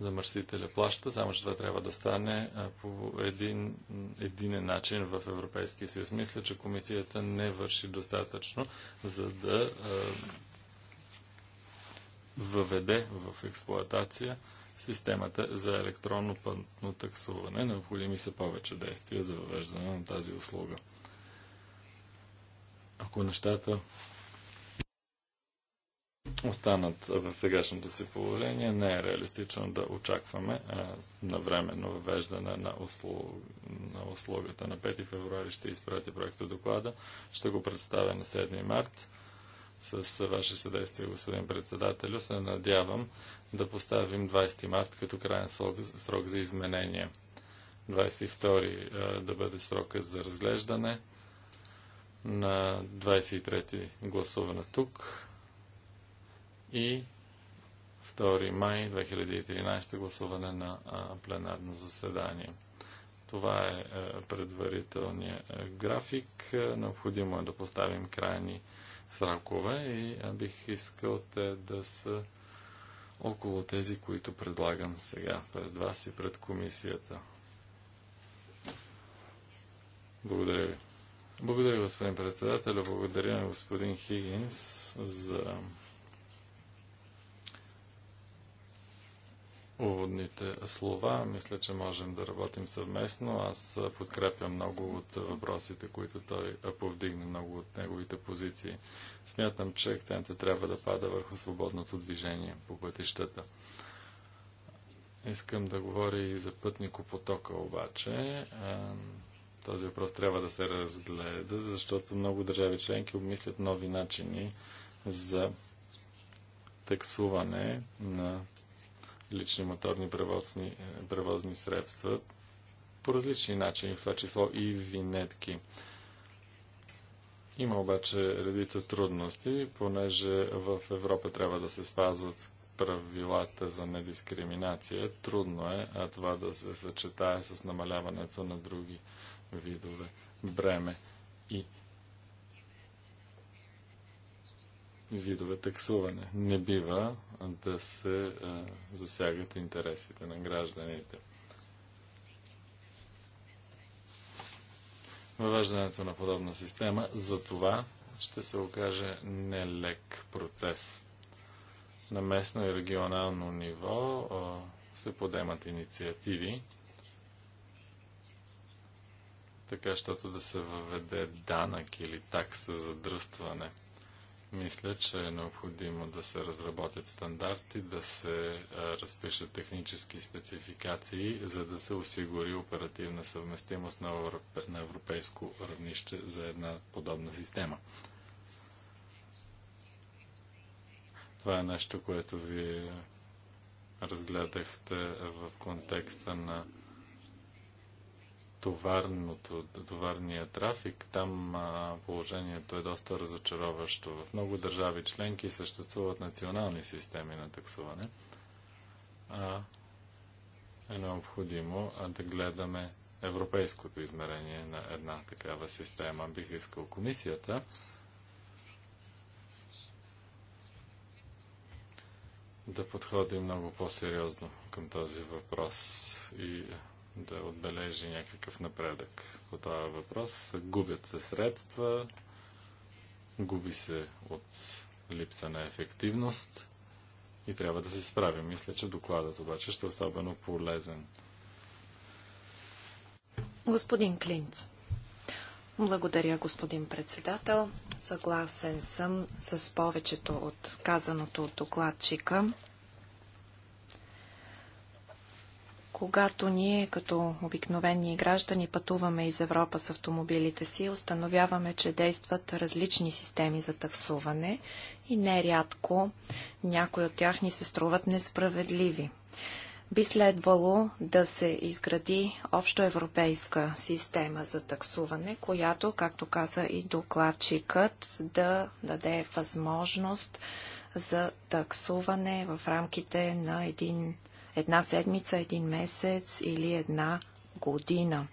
замърсителя плаща, само че това трябва да стане по един единен начин в Европейския съюз. Мисля, че комисията не върши достатъчно, за да е, въведе в експлоатация системата за електронно пътно таксуване. Необходими са повече действия за въвеждане на тази услуга. Ако нещата останат в сегашното си положение, не е реалистично да очакваме а, навременно въвеждане на, услуг, на услугата. На 5 февруари ще изпрати проекта доклада, ще го представя на 7 март. С ваше съдействие, господин председателю, се надявам да поставим 20 март като крайен срок, срок за изменение. 22 да бъде срока за разглеждане на 23 гласуване тук и 2 май 2013 гласуване на пленарно заседание. Това е, е предварителният е, график. Е, необходимо е да поставим крайни сракове и бих искал те да са около тези, които предлагам сега пред вас и пред комисията. Благодаря ви. Благодаря, господин председател. Благодаря на господин Хигинс за уводните слова. Мисля, че можем да работим съвместно. Аз подкрепям много от въпросите, които той повдигна, много от неговите позиции. Смятам, че акцента трябва да пада върху свободното движение по пътищата. Искам да говоря и за пътникопотока обаче. Този въпрос трябва да се разгледа, защото много държави членки обмислят нови начини за таксуване на лични моторни превозни, е, превозни средства по различни начини, в това число и винетки. Има обаче редица трудности, понеже в Европа трябва да се спазват правилата за недискриминация. Трудно е а това да се съчетае с намаляването на други видове бреме. видове таксуване. Не бива да се а, е, засягат интересите на гражданите. Въвеждането на подобна система за това ще се окаже нелек процес. На местно и регионално ниво а, е, се подемат инициативи, така, щото да се въведе данък или такса за дръстване. Мисля, че е необходимо да се разработят стандарти, да се разпишат технически спецификации, за да се осигури оперативна съвместимост на европейско равнище за една подобна система. Това е нещо, което вие разгледахте в контекста на товарното, товарния трафик, там а, положението е доста разочароващо. В много държави членки съществуват национални системи на таксуване. А, е необходимо а, да гледаме европейското измерение на една такава система. Бих искал комисията да подходи много по-сериозно към този въпрос и да отбележи някакъв напредък по това въпрос. Губят се средства, губи се от липса на ефективност и трябва да се справим. Мисля, че докладът обаче ще е особено полезен. Господин Клинц. Благодаря, господин председател. Съгласен съм с повечето от казаното от докладчика. Когато ние като обикновени граждани пътуваме из Европа с автомобилите си, установяваме, че действат различни системи за таксуване и нерядко някои от тях ни се струват несправедливи. Би следвало да се изгради общоевропейска система за таксуване, която, както каза и докладчикът, да даде възможност за таксуване в рамките на един една седмица, един месец или една година.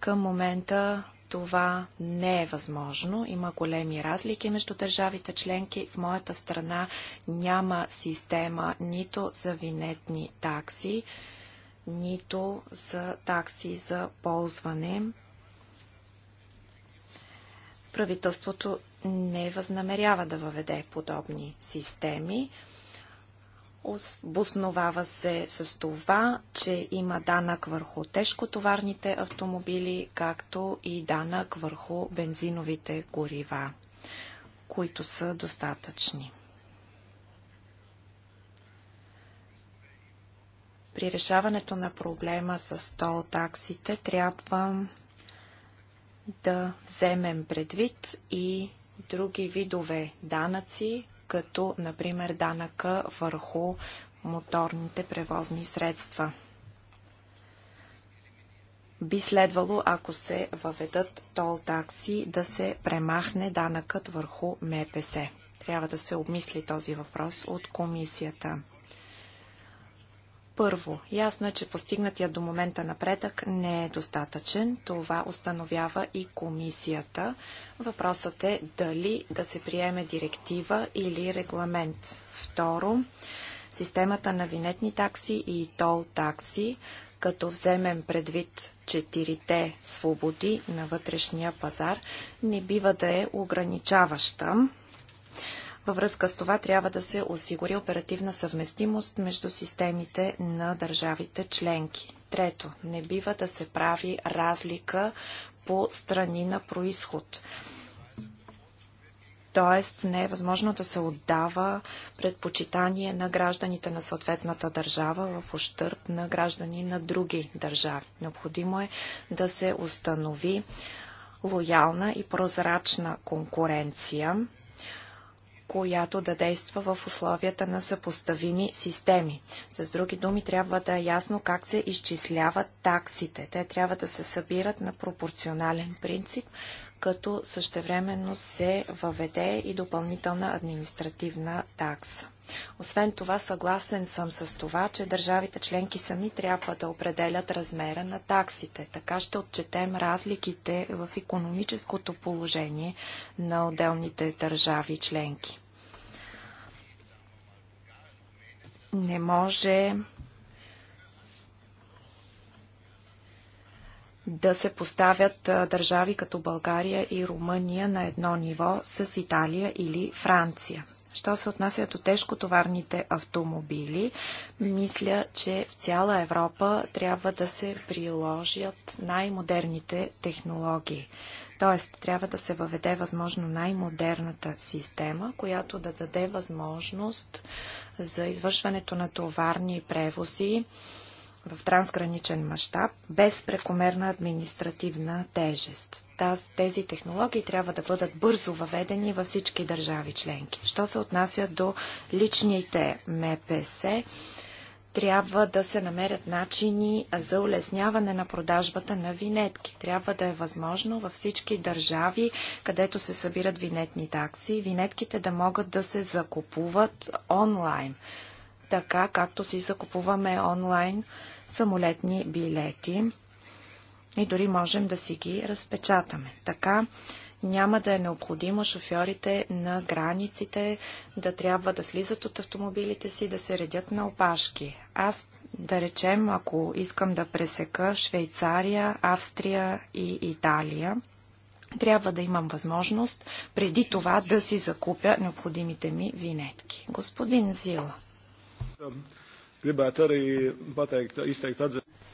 Към момента това не е възможно. Има големи разлики между държавите членки. В моята страна няма система нито за винетни такси, нито за такси за ползване. Правителството не възнамерява да въведе подобни системи. Обосновава се с това, че има данък върху тежкотоварните автомобили, както и данък върху бензиновите горива, които са достатъчни. При решаването на проблема с тол таксите трябва да вземем предвид и други видове данъци, като например данъка върху моторните превозни средства. Би следвало, ако се въведат тол такси, да се премахне данъкът върху МПС. Трябва да се обмисли този въпрос от комисията. Първо, ясно е, че постигнатия до момента напредък не е достатъчен. Това установява и комисията. Въпросът е дали да се приеме директива или регламент. Второ, системата на винетни такси и тол такси, като вземем предвид четирите свободи на вътрешния пазар, не бива да е ограничаваща. Във връзка с това трябва да се осигури оперативна съвместимост между системите на държавите членки. Трето, не бива да се прави разлика по страни на происход. Тоест не е възможно да се отдава предпочитание на гражданите на съответната държава в ущърп на граждани на други държави. Необходимо е да се установи лоялна и прозрачна конкуренция която да действа в условията на съпоставими системи. С други думи, трябва да е ясно как се изчисляват таксите. Те трябва да се събират на пропорционален принцип, като същевременно се въведе и допълнителна административна такса. Освен това, съгласен съм с това, че държавите членки сами трябва да определят размера на таксите. Така ще отчетем разликите в економическото положение на отделните държави членки. Не може да се поставят държави като България и Румъния на едно ниво с Италия или Франция. Що се отнася до тежкотоварните автомобили, мисля, че в цяла Европа трябва да се приложат най-модерните технологии. Тоест, трябва да се въведе възможно най-модерната система, която да даде възможност за извършването на товарни превози в трансграничен мащаб без прекомерна административна тежест тези технологии трябва да бъдат бързо въведени във всички държави членки. Що се отнася до личните МПС, трябва да се намерят начини за улесняване на продажбата на винетки. Трябва да е възможно във всички държави, където се събират винетни такси, винетките да могат да се закупуват онлайн. Така, както си закупуваме онлайн самолетни билети и дори можем да си ги разпечатаме. Така няма да е необходимо шофьорите на границите да трябва да слизат от автомобилите си, да се редят на опашки. Аз, да речем, ако искам да пресека Швейцария, Австрия и Италия, трябва да имам възможност преди това да си закупя необходимите ми винетки. Господин Зила.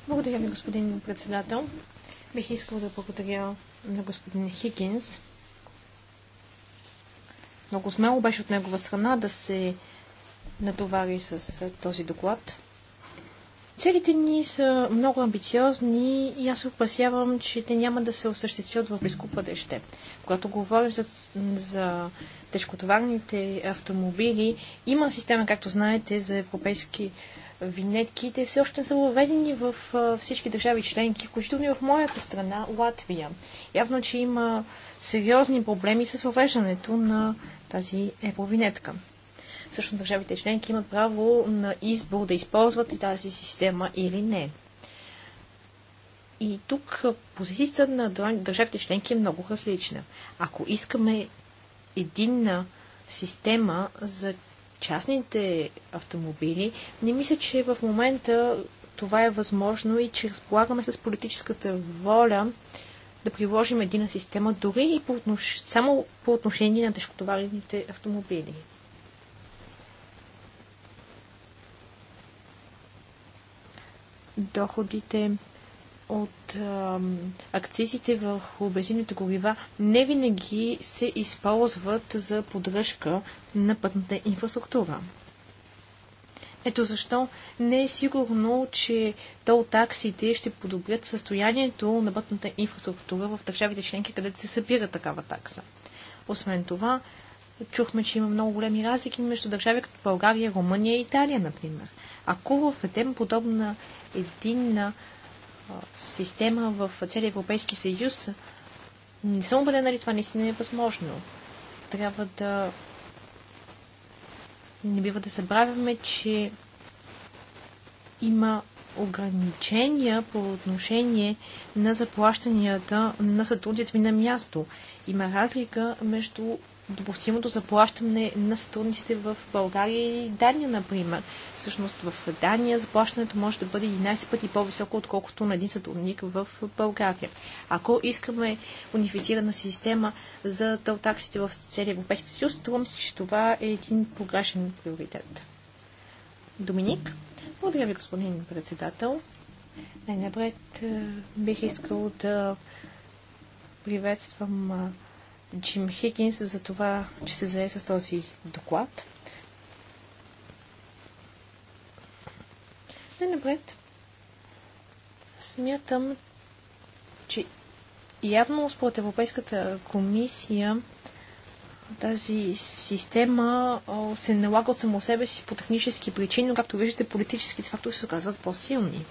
Благодаря ви, господин председател. Бих искал да благодаря на господин Хигинс. Много смело беше от негова страна да се натовари с този доклад. Целите ни са много амбициозни и аз се опасявам, че те няма да се осъществят в близко бъдеще. Когато говорим за, за тежкотоварните автомобили, има система, както знаете, за европейски винетките все още не са въведени в всички държави членки, включително и в моята страна, Латвия. Явно, че има сериозни проблеми с въвеждането на тази евровинетка. Всъщност държавите членки имат право на избор да използват и тази система или не. И тук позицията на държавите членки е много различна. Ако искаме единна система за частните автомобили, не мисля, че в момента това е възможно и че разполагаме с политическата воля да приложим едина система дори и по отнош... само по отношение на тежкотоварните автомобили. Доходите от а, акцизите върху бензините горива не винаги се използват за поддръжка на пътната инфраструктура. Ето защо не е сигурно, че тол таксите ще подобрят състоянието на пътната инфраструктура в държавите членки, където се събира такава такса. Освен това, чухме, че има много големи разлики между държави като България, Румъния и Италия, например. Ако въведем подобна единна система в целия Европейски съюз, не съм убедена ли нали, това наистина е възможно. Трябва да не бива да забравяме, че има ограничения по отношение на заплащанията на сътрудите ми на място. Има разлика между допустимото заплащане на сътрудниците в България и Дания, например. Всъщност в Дания заплащането може да бъде 11 пъти по-високо, отколкото на един сътрудник в България. Ако искаме унифицирана система за тълтаксите в целия Европейски съюз, струвам се, че това е един погашен приоритет. Доминик, благодаря ви, господин председател. Най-напред е, бих искал да приветствам е, Джим Хикинс за това, че се зае с този доклад. Не, напред. Смятам, че явно според Европейската комисия тази система се налага от само себе си по технически причини, но както виждате политическите фактори се оказват по-силни.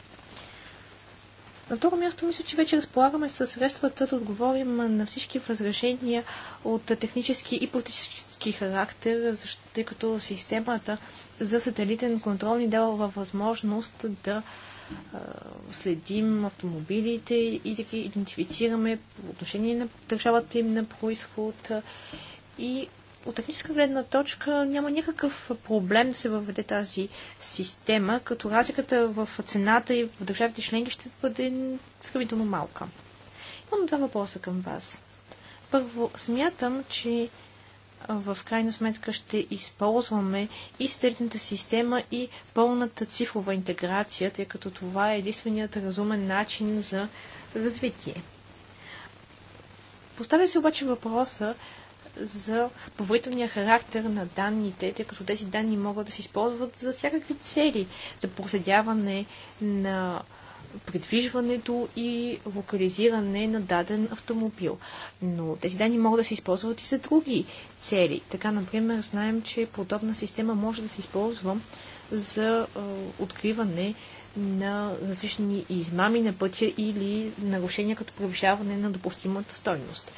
На второ място мисля, че вече разполагаме с средствата да отговорим на всички възражения от технически и политически характер, защото, тъй като системата за сателитен контрол ни дава възможност да следим автомобилите и да ги идентифицираме по отношение на държавата им на происход и от техническа гледна точка няма никакъв проблем да се въведе тази система, като разликата в цената и в държавите членки ще бъде сравнително малка. Имам два въпроса към вас. Първо, смятам, че в крайна сметка ще използваме и стеритната система и пълната цифрова интеграция, тъй като това е единственият разумен начин за развитие. Поставя се обаче въпроса за поверителния характер на данните, тъй като тези данни могат да се използват за всякакви цели, за проследяване на предвижването и локализиране на даден автомобил. Но тези данни могат да се използват и за други цели. Така, например, знаем, че подобна система може да се използва за е, откриване на различни измами на пътя или нарушения като превишаване на допустимата стойност.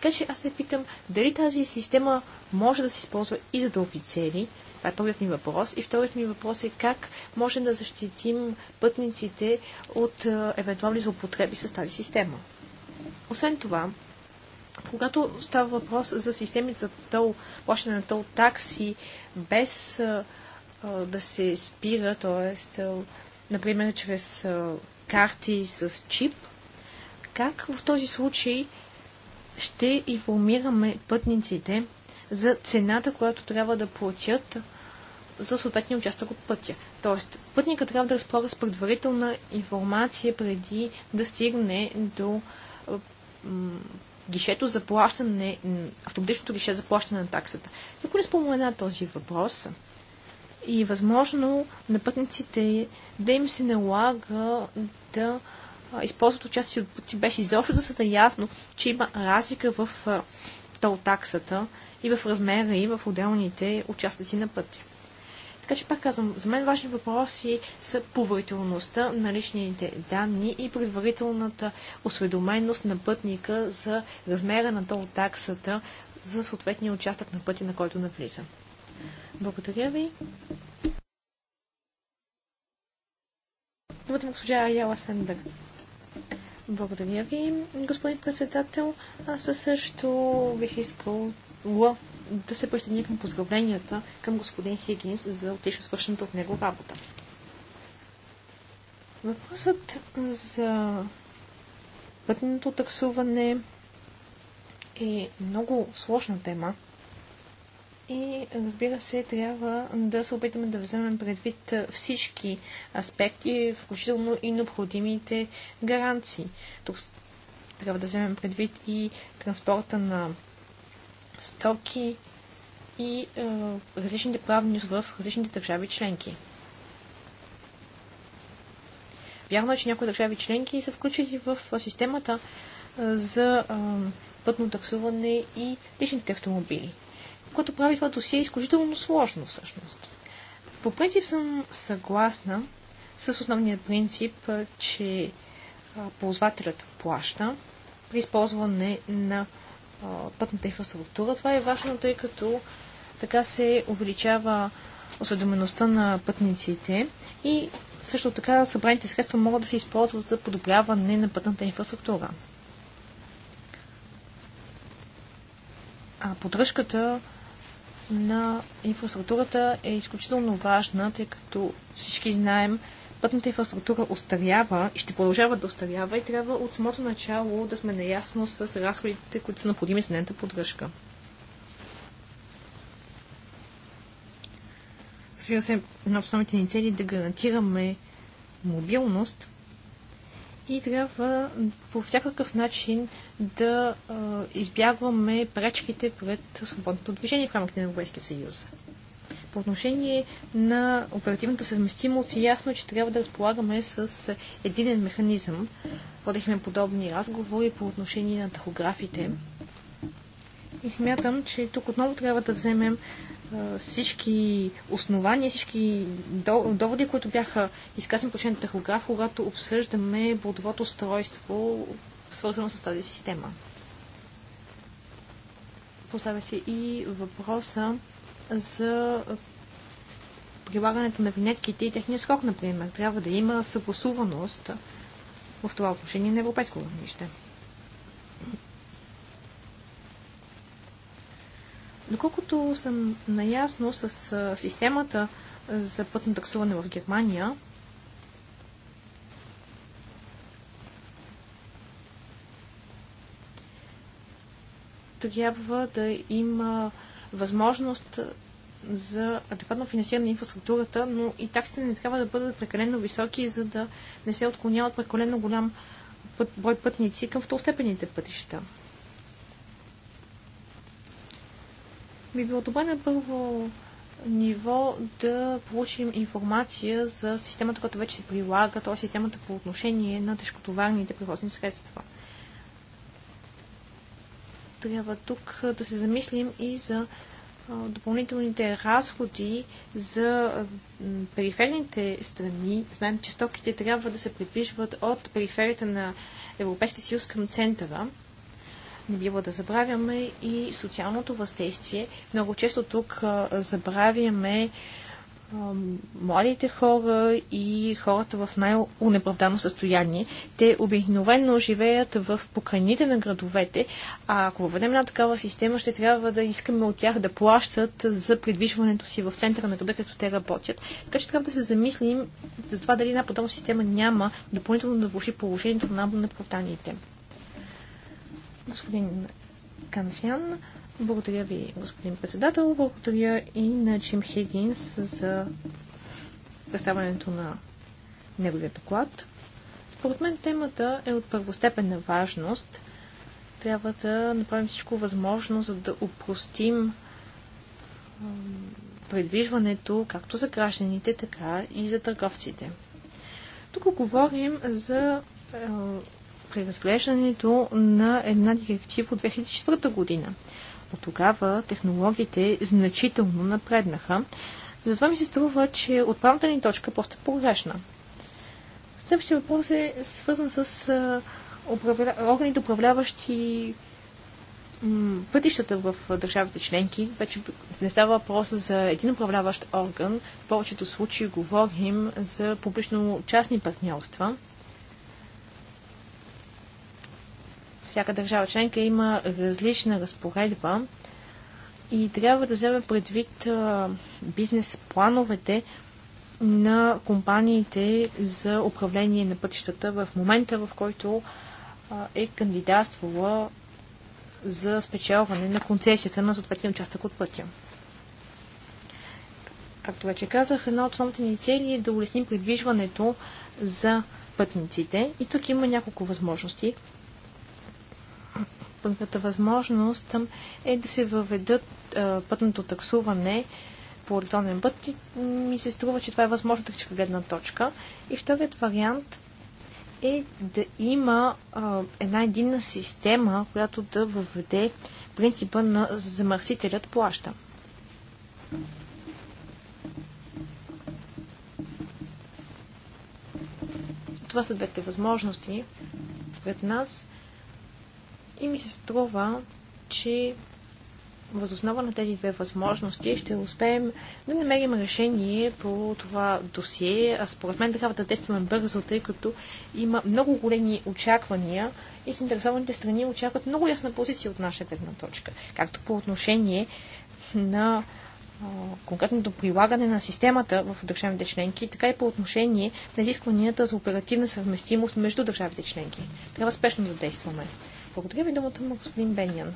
Така че аз се питам дали тази система може да се използва и за други цели. Това е първият ми въпрос. И вторият ми въпрос е как можем да защитим пътниците от евентуални злоупотреби с тази система. Освен това, когато става въпрос за системи за тол, плащане на тол такси, без а, да се спира, т.е. например чрез а, карти с чип, как в този случай ще информираме пътниците за цената, която трябва да платят за съответния участък от пътя. Тоест, пътника трябва да разполага с предварителна информация преди да стигне до гишето за плащане, автоматичното гише за плащане на таксата. Никой не спомена този въпрос и възможно на пътниците да им се налага да използват участие от пъти беше изобщо да са ясно, че има разлика в тол таксата и в размера и в отделните участъци на пътя. Така че пак казвам, за мен важни въпроси са поверителността на личните данни и предварителната осведоменост на пътника за размера на тол таксата за съответния участък на пътя, на който навлиза. Благодаря ви. Думата госпожа Аяла Сендър. Благодаря ви, господин председател. Аз също бих искал да се присъединя към поздравленията към господин Хигинс за отлично свършената от него работа. Въпросът за пътното таксуване е много сложна тема и разбира се, трябва да се опитаме да вземем предвид всички аспекти, включително и необходимите гаранции. Тук трябва да вземем предвид и транспорта на стоки и е, различните правни в различните държави членки. Вярно е, че някои държави членки са включили в системата за е, пътно таксуване и личните автомобили което прави това досие изключително сложно всъщност. По принцип съм съгласна с основния принцип, че ползвателят плаща при използване на пътната инфраструктура. Това е важно, тъй като така се увеличава осведомеността на пътниците и също така събраните средства могат да се използват за подобряване на пътната инфраструктура. А поддръжката на инфраструктурата е изключително важна, тъй като всички знаем, пътната инфраструктура оставява и ще продължава да оставява, и трябва от самото начало да сме наясно с разходите, които са необходими за нейната поддръжка. Разбира се, една от основните ни цели е да гарантираме мобилност, и трябва по всякакъв начин да избягваме пречките пред свободното движение в рамките на Европейския съюз. По отношение на оперативната съвместимост, ясно е, че трябва да разполагаме с единен механизъм. Водихме подобни разговори по отношение на тахографите. И смятам, че тук отново трябва да вземем всички основания, всички доводи, които бяха изказани по на тахограф, когато обсъждаме бодовото устройство, свързано с тази система. Поставя се и въпроса за прилагането на винетките и техния скок, например. Трябва да има съгласуваност в това отношение на европейско равнище. Доколкото съм наясно с системата за пътно таксуване в Германия, трябва да има възможност за адекватно финансиране на инфраструктурата, но и таксите не трябва да бъдат прекалено високи, за да не се отклоняват прекалено голям брой пътници към второстепените пътища. би било добре на първо ниво да получим информация за системата, която вече се прилага, т.е. системата по отношение на тежкотоварните превозни средства. Трябва тук да се замислим и за допълнителните разходи за периферните страни. Знаем, че стоките трябва да се припишват от периферията на Европейския съюз към центъра. Не бива да забравяме и социалното въздействие. Много често тук забравяме младите хора и хората в най-унеправдано състояние. Те обикновено живеят в поканите на градовете, а ако въведем една такава система, ще трябва да искаме от тях да плащат за придвижването си в центъра на града, като те работят. Така че трябва да се замислим за това дали една подобна система няма допълнително да влуши положението на неправданите. Господин Кансян, благодаря ви, господин председател. Благодаря и на Джим Хигинс за представянето на неговия доклад. Според мен темата е от първостепенна важност. Трябва да направим всичко възможно, за да упростим предвижването както за гражданите, така и за търговците. Тук говорим за преразглеждането на една директива от 2004 година. От тогава технологиите значително напреднаха. Затова ми се струва, че отправната ни точка е просто погрешна. Следващия въпрос е свързан с управля... органите, управляващи пътищата в държавите членки. Вече не става въпрос за един управляващ орган. В повечето случаи говорим за публично-частни партньорства. всяка държава членка има различна разпоредба и трябва да вземе предвид бизнес плановете на компаниите за управление на пътищата в момента, в който е кандидатствала за спечелване на концесията на съответния участък от пътя. Както вече казах, една от основните ни цели е да улесним предвижването за пътниците. И тук има няколко възможности единствената възможност е да се въведат пътното таксуване по електронен път и ми се струва, че това е възможно така гледна точка. И вторият вариант е да има а, една единна система, която да въведе принципа на замърсителят плаща. Това са двете възможности пред нас и ми се струва, че възоснова на тези две възможности ще успеем да намерим решение по това досие. А според мен трябва да действаме бързо, тъй като има много големи очаквания и заинтересованите страни очакват много ясна позиция от наша гледна точка. Както по отношение на конкретното прилагане на системата в държавите членки, така и по отношение на изискванията за оперативна съвместимост между държавите членки. Трябва спешно да действаме. Благодаря ви думата на господин Бенян.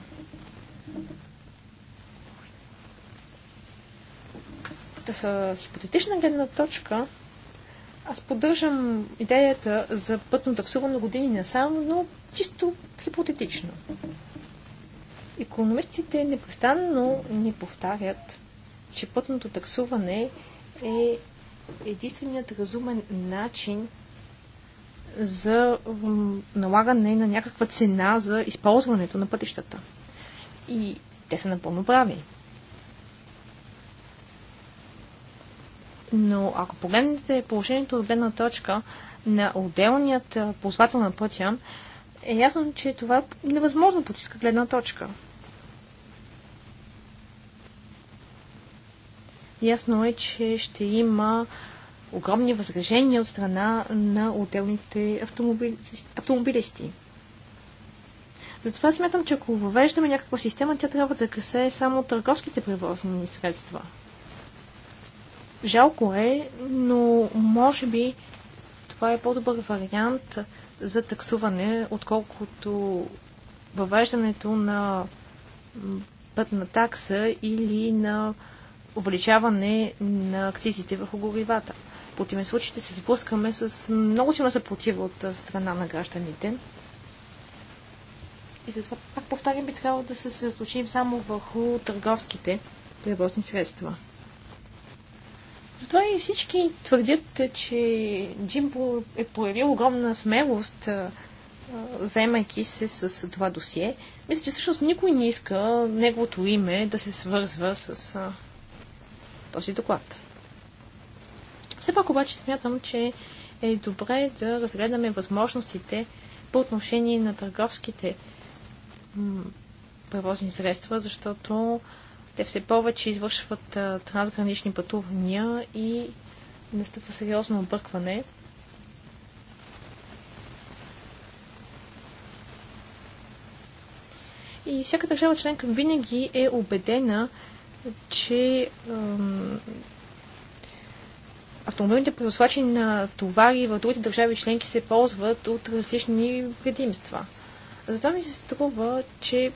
хипотетична гледна точка, аз поддържам идеята за пътно таксуване години само, но чисто хипотетично. Економистите непрестанно ни повтарят, че пътното таксуване е единственият разумен начин за налагане на някаква цена за използването на пътищата. И те са напълно прави. Но ако погледнете положението от гледна точка на отделният ползвател на пътя, е ясно, че това е невъзможно потиска гледна точка. Ясно е, че ще има огромни възражения от страна на отделните автомобили... автомобилисти. Затова смятам, че ако въвеждаме някаква система, тя трябва да касае само търговските превозни средства. Жалко е, но може би това е по-добър вариант за таксуване, отколкото въвеждането на пътна такса или на увеличаване на акцизите върху горивата противен случай ще се сблъскаме с много силна съпротива от страна на гражданите. И затова, пак повтарям, би трябвало да се съсредоточим само върху търговските превозни средства. Затова и всички твърдят, е, че Джимбо е проявил огромна смелост, заемайки се с това досие. Мисля, че всъщност никой не иска неговото име да се свързва с този доклад. Все пак обаче смятам, че е добре да разгледаме възможностите по отношение на търговските превозни средства, защото те все повече извършват трансгранични пътувания и настъпва сериозно объркване. И всяка държава членка винаги е убедена, че автомобилните превозвачи на товари в другите държави членки се ползват от различни предимства. Затова ми се струва, че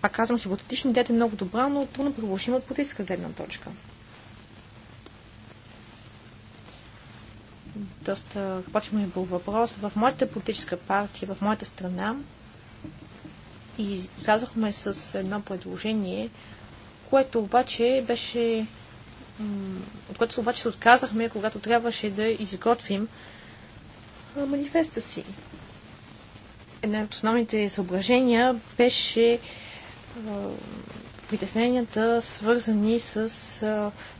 пак казвам, хипотетично идеята е много добра, но трудно приложима от политическа гледна точка. Доста работихме по въпрос. В моята политическа партия, в моята страна, излязохме с едно предложение, което обаче беше от което обаче се отказахме, когато трябваше да изготвим манифеста си. Една от основните съображения беше притесненията, свързани с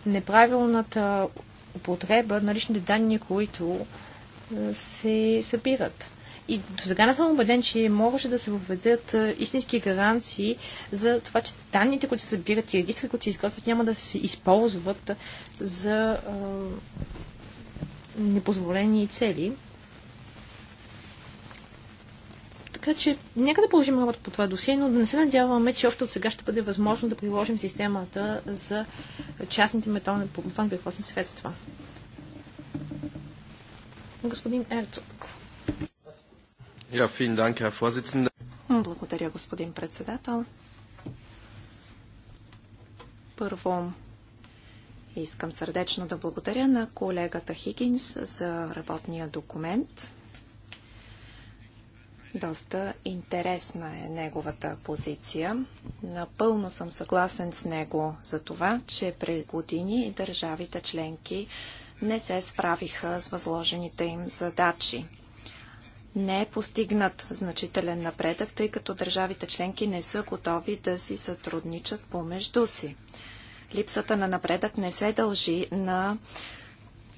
неправилната употреба на личните данни, които се събират. И до сега не съм убеден, че можеше да се въведат истински гаранции за това, че данните, които се събират и регистри, които се изготвят, няма да се използват за а, непозволени цели. Така че, нека да положим работа по това досие, но да не се надяваме, че още от сега ще бъде възможно да приложим системата за частните метални превозни средства. Господин Ерцог. Благодаря, господин председател. Първо, искам сърдечно да благодаря на колегата Хигинс за работния документ. Доста интересна е неговата позиция. Напълно съм съгласен с него за това, че през години държавите членки не се справиха с възложените им задачи не е постигнат значителен напредък, тъй като държавите членки не са готови да си сътрудничат помежду си. Липсата на напредък не се дължи на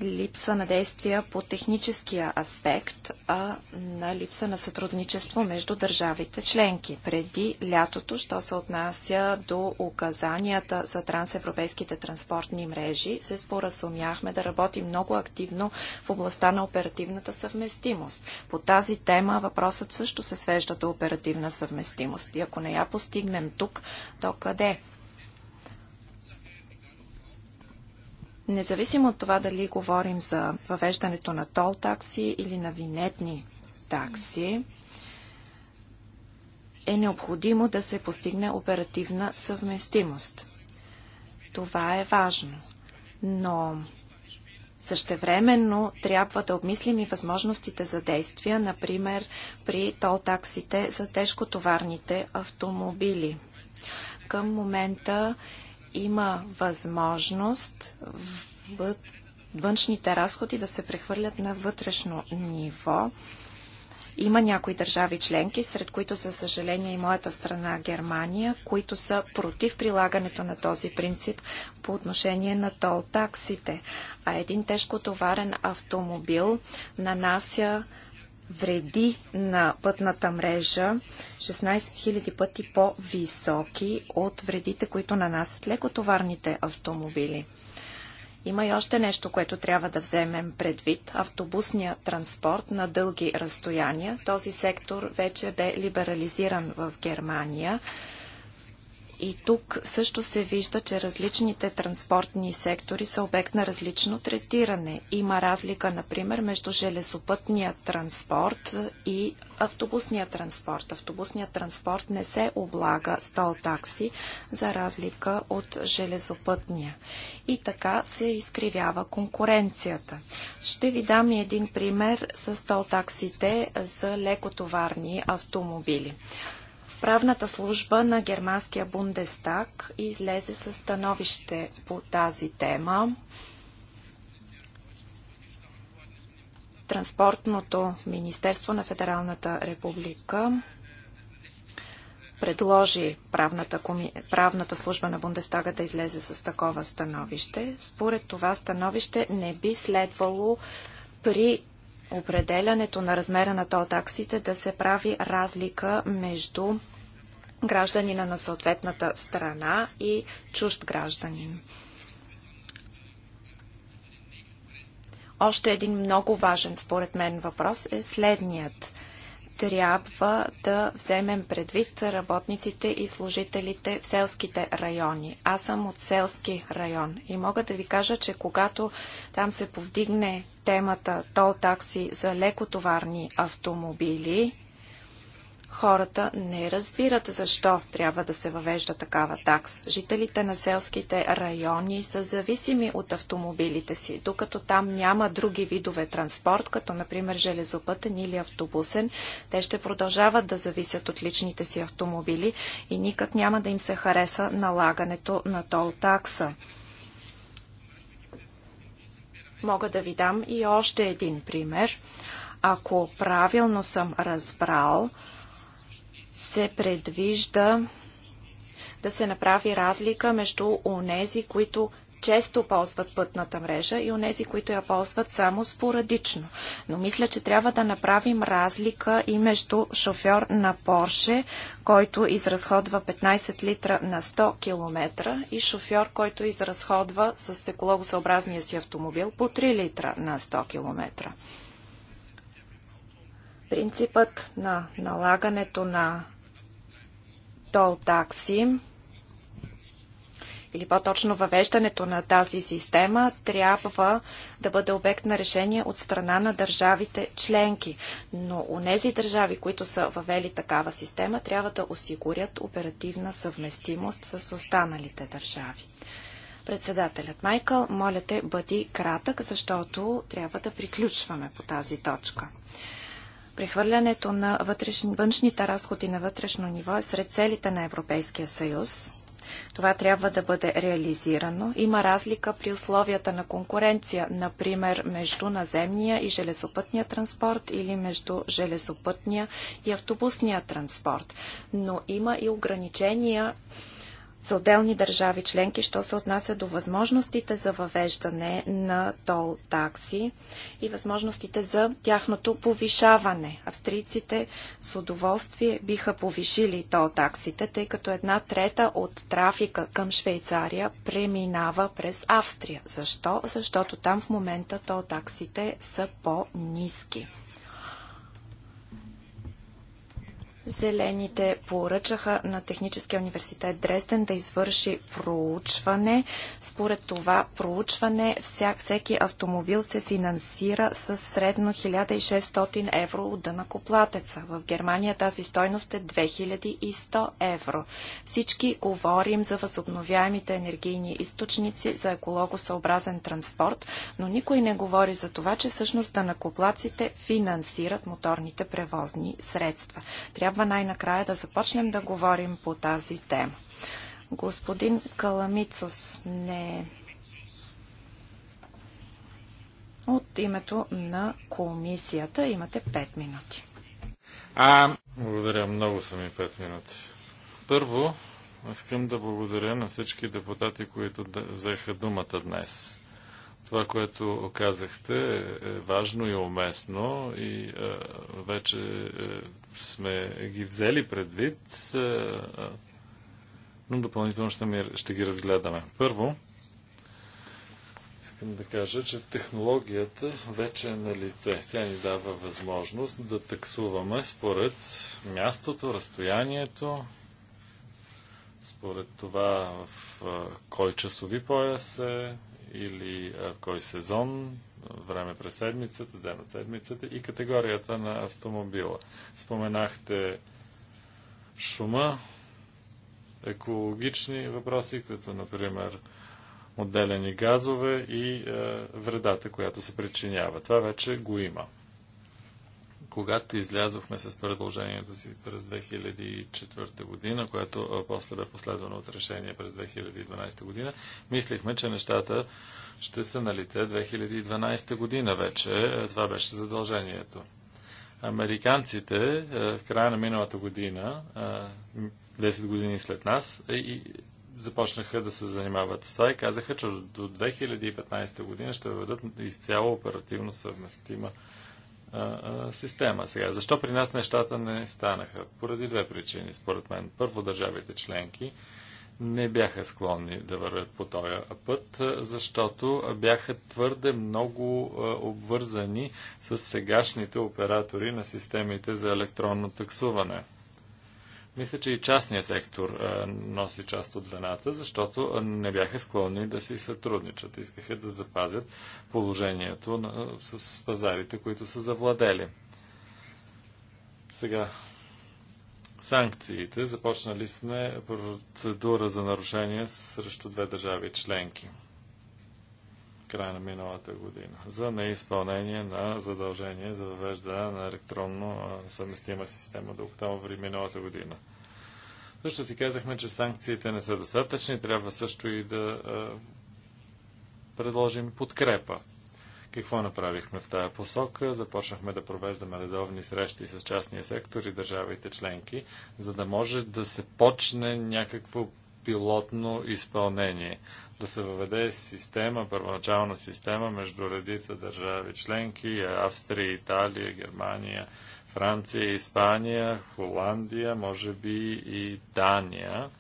липса на действия по техническия аспект, а на липса на сътрудничество между държавите членки. Преди лятото, що се отнася до указанията за трансевропейските транспортни мрежи, се споразумяхме да работим много активно в областта на оперативната съвместимост. По тази тема въпросът също се свежда до оперативна съвместимост. И ако не я постигнем тук, то къде? Независимо от това дали говорим за въвеждането на тол такси или на винетни такси, е необходимо да се постигне оперативна съвместимост. Това е важно. Но същевременно трябва да обмислим и възможностите за действия, например при тол таксите за тежкотоварните автомобили. Към момента има възможност външните разходи да се прехвърлят на вътрешно ниво. Има някои държави членки, сред които за съжаление и моята страна Германия, които са против прилагането на този принцип по отношение на тол таксите. А един тежкотоварен автомобил нанася вреди на пътната мрежа 16 000 пъти по-високи от вредите, които нанасят лекотоварните автомобили. Има и още нещо, което трябва да вземем предвид. Автобусния транспорт на дълги разстояния. Този сектор вече бе либерализиран в Германия. И тук също се вижда, че различните транспортни сектори са обект на различно третиране. Има разлика, например, между железопътния транспорт и автобусния транспорт. Автобусният транспорт не се облага с тол такси, за разлика от железопътния. И така се изкривява конкуренцията. Ще ви дам и един пример с тол таксите за лекотоварни автомобили. Правната служба на германския Бундестаг излезе със становище по тази тема. Транспортното министерство на Федералната република предложи правната, коми... правната служба на Бундестага да излезе с такова становище. Според това становище не би следвало при определянето на размера на тол таксите да се прави разлика между гражданина на съответната страна и чужд гражданин. Още един много важен, според мен, въпрос е следният – трябва да вземем предвид работниците и служителите в селските райони. Аз съм от селски район и мога да ви кажа, че когато там се повдигне темата тол такси за лекотоварни автомобили, Хората не разбират защо трябва да се въвежда такава такс. Жителите на селските райони са зависими от автомобилите си, докато там няма други видове транспорт, като например железопътен или автобусен. Те ще продължават да зависят от личните си автомобили и никак няма да им се хареса налагането на тол такса. Мога да ви дам и още един пример. Ако правилно съм разбрал, се предвижда да се направи разлика между онези, които често ползват пътната мрежа и онези, които я ползват само спорадично. Но мисля, че трябва да направим разлика и между шофьор на Порше, който изразходва 15 литра на 100 км и шофьор, който изразходва с екологосъобразния си автомобил по 3 литра на 100 км. Принципът на налагането на тол такси или по-точно въвеждането на тази система трябва да бъде обект на решение от страна на държавите членки. Но у нези държави, които са въвели такава система, трябва да осигурят оперативна съвместимост с останалите държави. Председателят Майкъл, моля те, бъди кратък, защото трябва да приключваме по тази точка. Прехвърлянето на вътрешни, външните разходи на вътрешно ниво е сред целите на Европейския съюз. Това трябва да бъде реализирано. Има разлика при условията на конкуренция, например между наземния и железопътния транспорт или между железопътния и автобусния транспорт. Но има и ограничения за отделни държави членки, що се отнася до възможностите за въвеждане на тол такси и възможностите за тяхното повишаване. Австрийците с удоволствие биха повишили тол таксите, тъй като една трета от трафика към Швейцария преминава през Австрия. Защо? Защото там в момента тол таксите са по-низки. Зелените поръчаха на Техническия университет Дрезден да извърши проучване. Според това проучване всяк, всеки автомобил се финансира с средно 1600 евро от дънакоплатеца. В Германия тази стойност е 2100 евро. Всички говорим за възобновяемите енергийни източници, за екологосъобразен транспорт, но никой не говори за това, че всъщност дънакоплаците финансират моторните превозни средства. Трябва трябва най-накрая да започнем да говорим по тази тема. Господин Каламицос не е от името на комисията имате 5 минути. А... Благодаря, много са ми 5 минути. Първо, искам да благодаря на всички депутати, които взеха думата днес. Това, което казахте, е важно и уместно и е, вече е, сме ги взели предвид, е, е, но допълнително ще, ми, ще ги разгледаме. Първо, искам да кажа, че технологията вече е на лице. Тя ни дава възможност да таксуваме според мястото, разстоянието, според това в е, кой часови пояс е или в кой сезон време през седмицата, ден от седмицата и категорията на автомобила. Споменахте шума, екологични въпроси, като например отделени газове и е, вредата, която се причинява. Това вече го има когато излязохме с предложението си през 2004 година, което после бе последвано от решение през 2012 година, мислихме, че нещата ще са на лице 2012 година вече. Това беше задължението. Американците в края на миналата година, 10 години след нас, е, и започнаха да се занимават с това и казаха, че до 2015 година ще въведат изцяло оперативно съвместима система. Сега, защо при нас нещата не станаха? Поради две причини, според мен. Първо, държавите членки не бяха склонни да вървят по този път, защото бяха твърде много обвързани с сегашните оператори на системите за електронно таксуване – мисля, че и частният сектор а, носи част от вената, защото не бяха склонни да си сътрудничат. Искаха да запазят положението на, с пазарите, които са завладели. Сега, санкциите. Започнали сме процедура за нарушение срещу две държави членки края на миналата година за неизпълнение на задължение за въвеждане на електронно съвместима система до октомври миналата година. Също си казахме, че санкциите не са достатъчни, трябва също и да а, предложим подкрепа. Какво направихме в тая посока? Започнахме да провеждаме редовни срещи с частния сектор и държавите членки, за да може да се почне някакво пилотно изпълнение. Да се въведе система, първоначална система между редица държави членки, Австрия, Италия, Германия, Франция, Испания, Холандия, може би и Дания.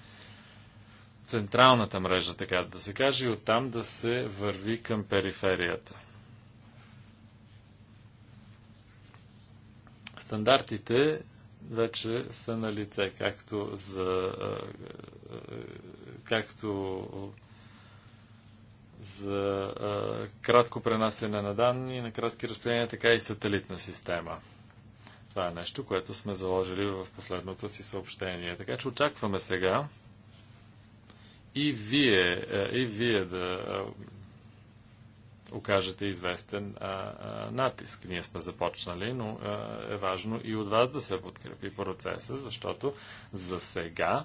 Централната мрежа, така да се каже, и оттам да се върви към периферията. Стандартите вече са на лице, както за, както за кратко пренасене на данни на кратки разстояния, така и сателитна система. Това е нещо, което сме заложили в последното си съобщение. Така че очакваме сега и вие, и вие да окажете известен а, а, натиск. Ние сме започнали, но а, е важно и от вас да се подкрепи процеса, защото за сега,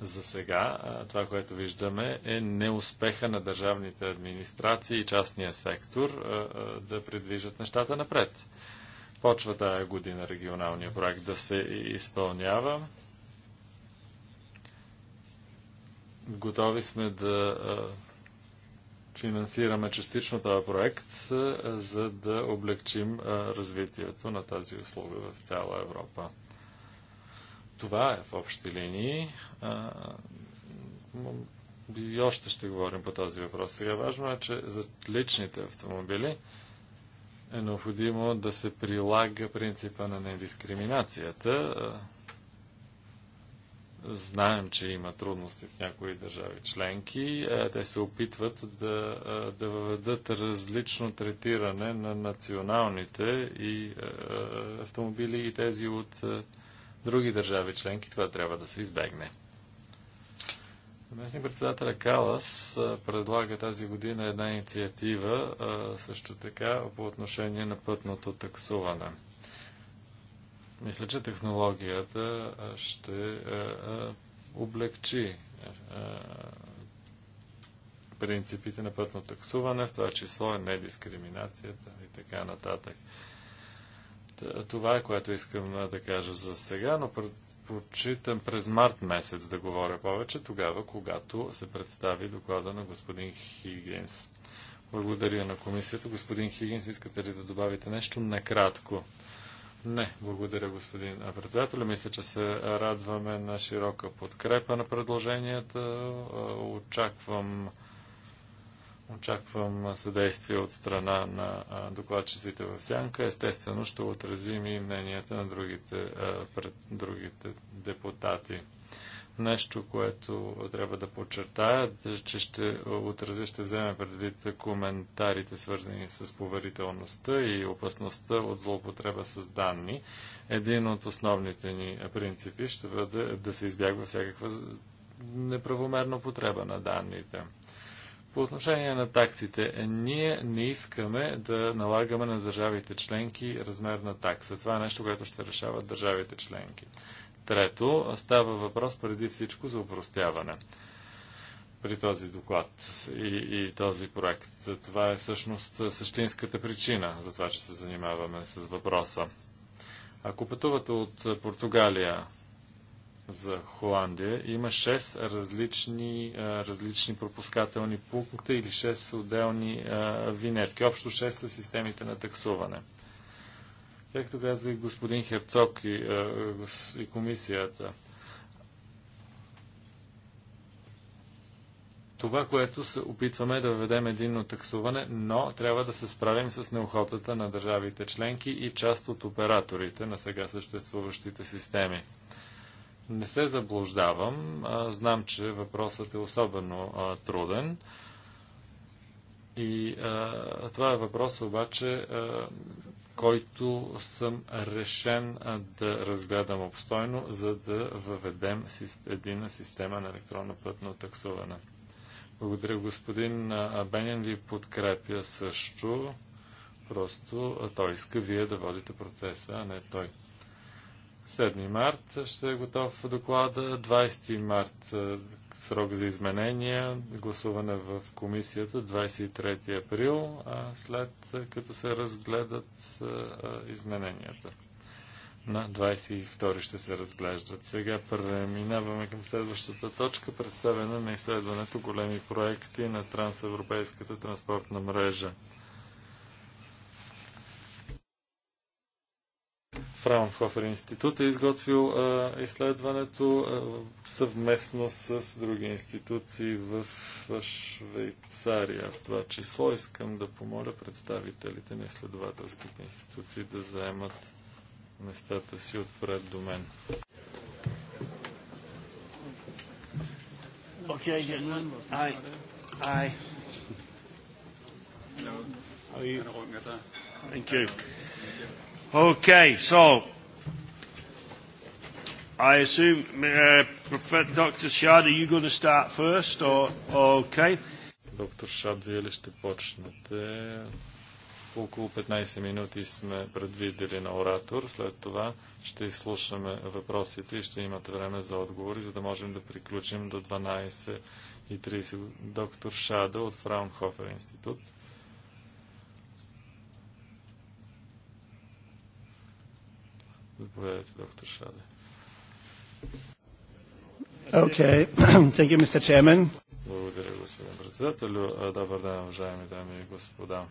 за сега а, това, което виждаме е неуспеха на държавните администрации и частния сектор а, а, да придвижат нещата напред. Почва тая година регионалния проект да се изпълнява. Готови сме да а, финансираме частично този проект, е, за да облегчим е, развитието на тази услуга в цяла Европа. Това е в общи линии. Е, и още ще говорим по този въпрос. Сега важно е, че за личните автомобили е необходимо да се прилага принципа на недискриминацията Знаем, че има трудности в някои държави членки. Е, те се опитват да, е, да въведат различно третиране на националните и е, автомобили и тези от други държави членки. Това трябва да се избегне. Местник председателя Калас предлага тази година една инициатива също така по отношение на пътното таксуване. Мисля, че технологията ще облегчи принципите на пътно таксуване, в това число е недискриминацията и така нататък. Това е което искам да кажа за сега, но предпочитам през март месец да говоря повече, тогава, когато се представи доклада на господин Хигинс. Благодаря на комисията. Господин Хигинс, искате ли да добавите нещо накратко? Не, благодаря господин председател. Мисля, че се радваме на широка подкрепа на предложенията. Очаквам Очаквам съдействие от страна на докладчиците в Сянка. Естествено ще отразим и мненията на другите, пред другите депутати. Нещо, което трябва да подчертая, че ще е, отразя, ще вземе предвид коментарите, свързани с поверителността и опасността от злоупотреба с данни. Един от основните ни принципи ще бъде да се избягва всякаква неправомерна потреба на данните. По отношение на таксите, е, ние не искаме да налагаме на държавите членки размер на такса. Това е нещо, което ще решават държавите членки. Трето, става въпрос преди всичко за упростяване при този доклад и, и този проект. Това е всъщност същинската причина за това, че се занимаваме с въпроса. Ако пътувате от Португалия за Холандия, има 6 различни, различни пропускателни пункта или 6 отделни винетки. Общо 6 са системите на таксуване. Както каза и господин Херцог и, е, и комисията, това, което се опитваме е да введем единно таксуване, но трябва да се справим с неохотата на държавите членки и част от операторите на сега съществуващите системи. Не се заблуждавам. Знам, че въпросът е особено а, труден. И а, това е въпрос обаче, а, който съм решен да разгледам обстойно, за да въведем една система на електронно пътно таксуване. Благодаря, господин Бенин ви подкрепя също. Просто той иска вие да водите процеса, а не той. 7 март ще е готов доклада. 20 март Срок за изменения, гласуване в комисията 23 април, а след като се разгледат измененията. На 22 ще се разглеждат. Сега преминаваме към следващата точка, представяне на изследването големи проекти на трансевропейската транспортна мрежа. Фраунхофер институт е изготвил а, изследването а, съвместно с други институции в, в Швейцария. В това число искам да помоля представителите на изследователските институции да заемат местата си отпред до мен. Okay, I, I. Thank you. Okay, so I assume, uh, Dr. Shad, are you going to start first, or okay? Доктор Шад, вие ли ще почнете? Около 15 минути сме предвидели на оратор. След това ще изслушаме въпросите и ще имате време за отговори, за да можем да приключим до 12.30. Доктор Шада от Фраунхофер институт. Заповядайте, доктор Шаде. Okay. Thank you, Mr. Chairman. Благодаря, господин председател. Добър ден, уважаеми дами и господа.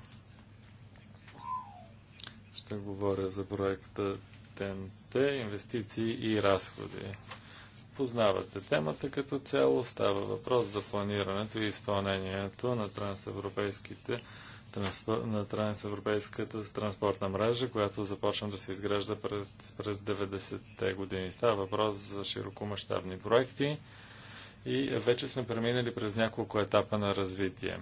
Ще говоря за проекта ТНТ, инвестиции и разходи. Познавате темата като цяло. Става въпрос за планирането и изпълнението на трансевропейските на трансевропейската транспортна мрежа, която започна да се изгражда през, през 90-те години. Става въпрос за широкомащабни проекти и вече сме преминали през няколко етапа на развитие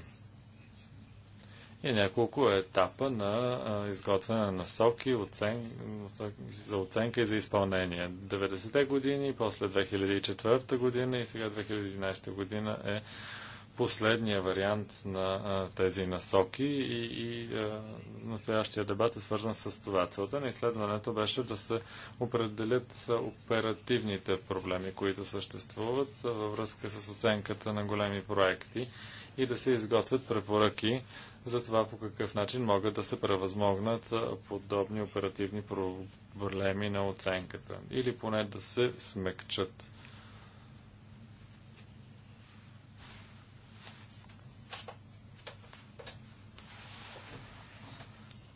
и няколко етапа на изготвяне на насоки оцен... за оценка и за изпълнение. 90-те години, после 2004 година и сега 2011 година е последния вариант на тези насоки и, и настоящия дебат е свързан с това. Целта на изследването беше да се определят оперативните проблеми, които съществуват във връзка с оценката на големи проекти и да се изготвят препоръки за това по какъв начин могат да се превъзмогнат подобни оперативни проблеми на оценката или поне да се смекчат.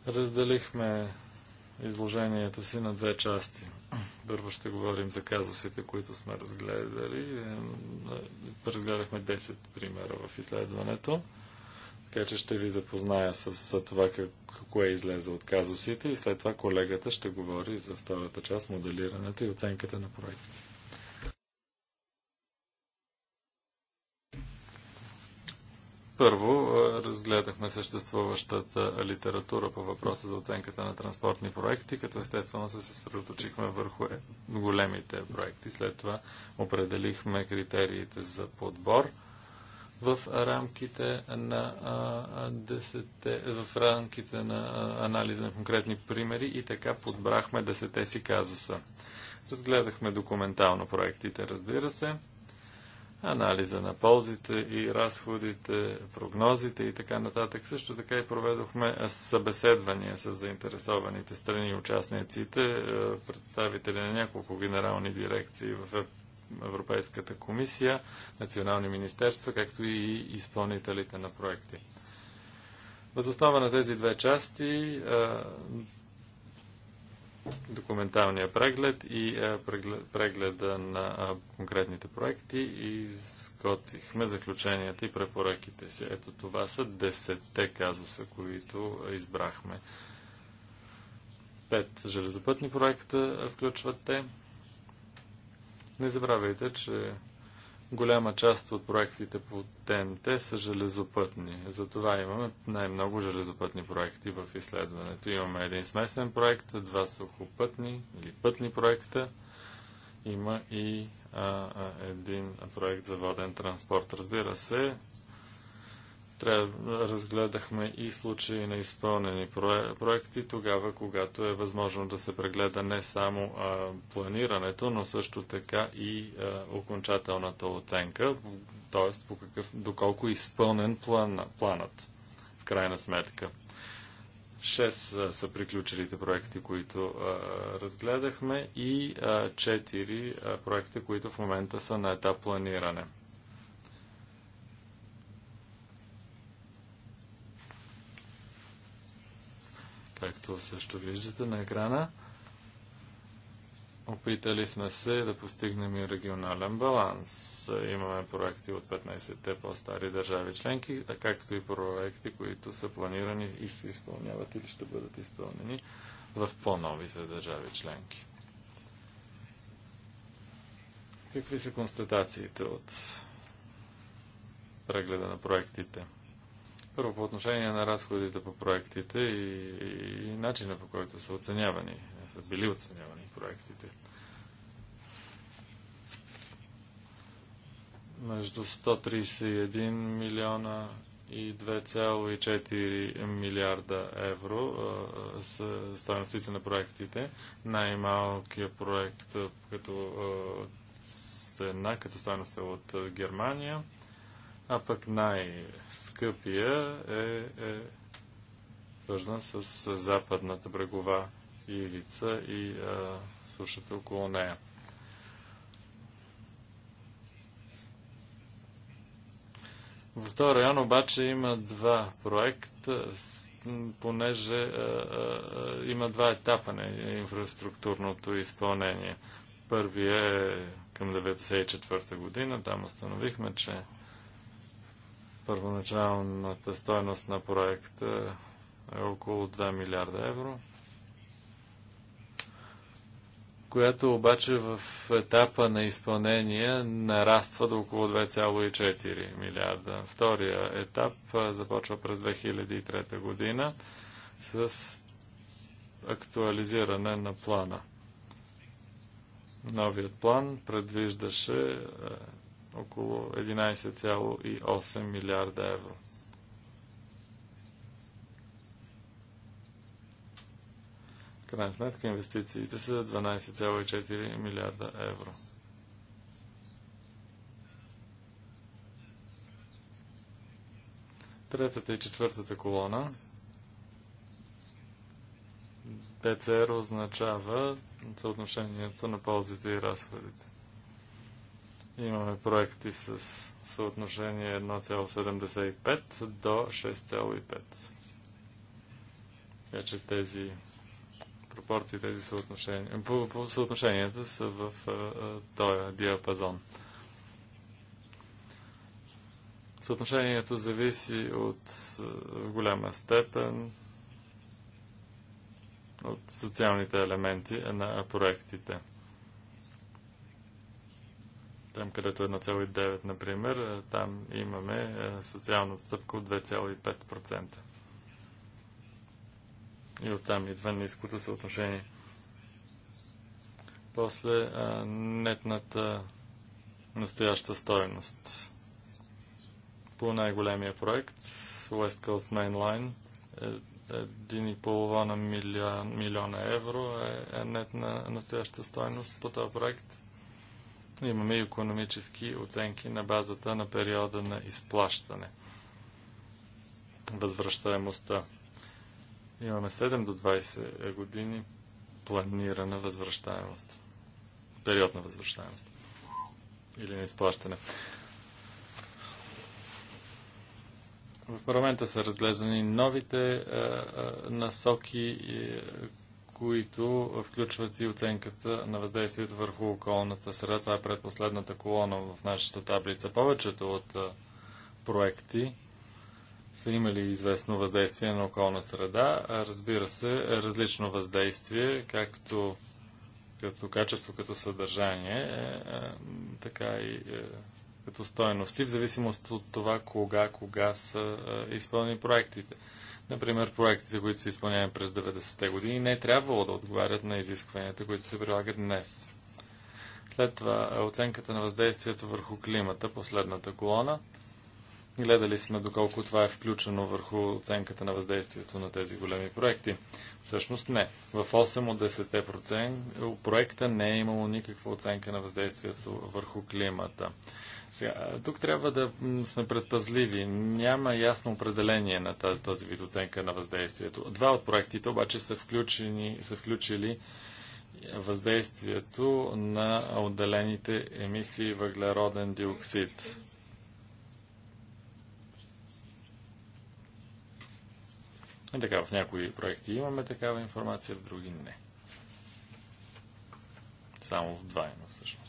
Разделихме изложението си на две части. Първо ще говорим за казусите, които сме разгледали. Разгледахме 10 примера в изследването. Така че ще ви запозная с това какво е излезе от казусите и след това колегата ще говори за втората част, моделирането и оценката на проектите. Първо, е, разгледахме съществуващата литература по въпроса за оценката на транспортни проекти, като естествено се съсредоточихме върху е, големите проекти. След това определихме критериите за подбор в рамките на, а, десете, в рамките на анализа на конкретни примери и така подбрахме десете си казуса. Разгледахме документално проектите, разбира се анализа на ползите и разходите, прогнозите и така нататък. Също така и проведохме събеседвания с заинтересованите страни и участниците, е, представители на няколко генерални дирекции в Европейската комисия, национални министерства, както и изпълнителите на проекти. Въз основа на тези две части е, документалния преглед и е, прегледа на е, конкретните проекти и изготвихме заключенията и препоръките си. Ето това са 10-те казуса, които избрахме. Пет железопътни проекта включват те. Не забравяйте, че Голяма част от проектите по ТНТ са железопътни. Затова имаме най-много железопътни проекти в изследването. Имаме един смесен проект, два сухопътни или пътни проекта. Има и а, а, един проект за воден транспорт. Разбира се, трябва да разгледахме и случаи на изпълнени проекти тогава, когато е възможно да се прегледа не само а, планирането, но също така и а, окончателната оценка, т.е. доколко е изпълнен план, планът в крайна сметка. Шест а, са приключилите проекти, които а, разгледахме и четири проекти, които в момента са на етап планиране. както също виждате на екрана. Опитали сме се да постигнем и регионален баланс. Имаме проекти от 15-те по-стари държави членки, а както и проекти, които са планирани и се изпълняват или ще бъдат изпълнени в по-новите държави членки. Какви са констатациите от прегледа на проектите? Първо, по отношение на разходите по проектите и, и, и начина по който са оценявани, са били оценявани проектите. Между 131 милиона и 2,4 милиарда евро а, са стоеностите на проектите. Най-малкият проект като а, цена, като стоеност е от Германия а пък най-скъпия е, е свързан с западната брегова ивица и е, сушата около нея. В този район обаче има два проекта, понеже а, а, има два етапа на инфраструктурното изпълнение. Първият е към 1994 година. Там установихме, че Първоначалната стойност на проекта е около 2 милиарда евро, която обаче в етапа на изпълнение нараства до около 2,4 милиарда. Втория етап започва през 2003 година с актуализиране на плана. Новият план предвиждаше около 11,8 милиарда евро. крайна сметка инвестициите са 12,4 милиарда евро. Третата и четвъртата колона ПЦР означава съотношението на ползите и разходите. Имаме проекти с съотношение 1,75 до 6,5. Така че тези пропорции, тези съотношения, по, по съотношенията са в този диапазон. Съотношението зависи от в голяма степен от социалните елементи на проектите там където е 1,9, например, е, там имаме е, социална отстъпка от 2,5%. И оттам идва ниското съотношение. После е, нетната настояща стоеност. По най-големия проект, West Coast Line, 1,5 милиона евро е, е нетна настояща стоеност по този проект – Имаме и економически оценки на базата на периода на изплащане. Възвръщаемостта. Имаме 7 до 20 години планирана възвръщаемост. Период на възвръщаемост. Или на изплащане. В парламента са разглеждани новите а, а, насоки, и, които включват и оценката на въздействието върху околната среда. Това е предпоследната колона в нашата таблица. Повечето от проекти са имали известно въздействие на околна среда. Разбира се, различно въздействие, както като качество, като съдържание, е, е, така и е, като стоености, в зависимост от това кога, кога са изпълни проектите. Например, проектите, които са изпълнявани през 90-те години, не е трябвало да отговарят на изискванията, които се прилагат днес. След това е, оценката на въздействието върху климата, последната колона. Гледали сме доколко това е включено върху оценката на въздействието на тези големи проекти. Всъщност не. В 8 от 10 проекта не е имало никаква оценка на въздействието върху климата. Сега, тук трябва да сме предпазливи. Няма ясно определение на тази, този вид оценка на въздействието. Два от проектите обаче са, включени, са включили въздействието на отделените емисии въглероден диоксид. И така, в някои проекти имаме такава информация, в други не. Само в два има всъщност.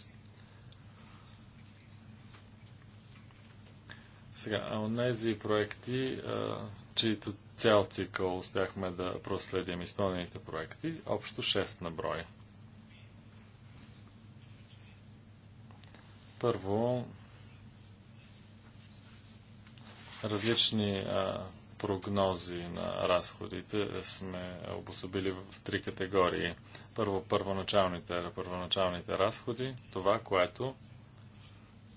Сега, а онези проекти, чието цял цикъл успяхме да проследим изпълнените проекти, общо 6 на брой. Първо, различни а, прогнози на разходите сме обособили в три категории. Първо, първоначалните, първоначалните разходи, това, което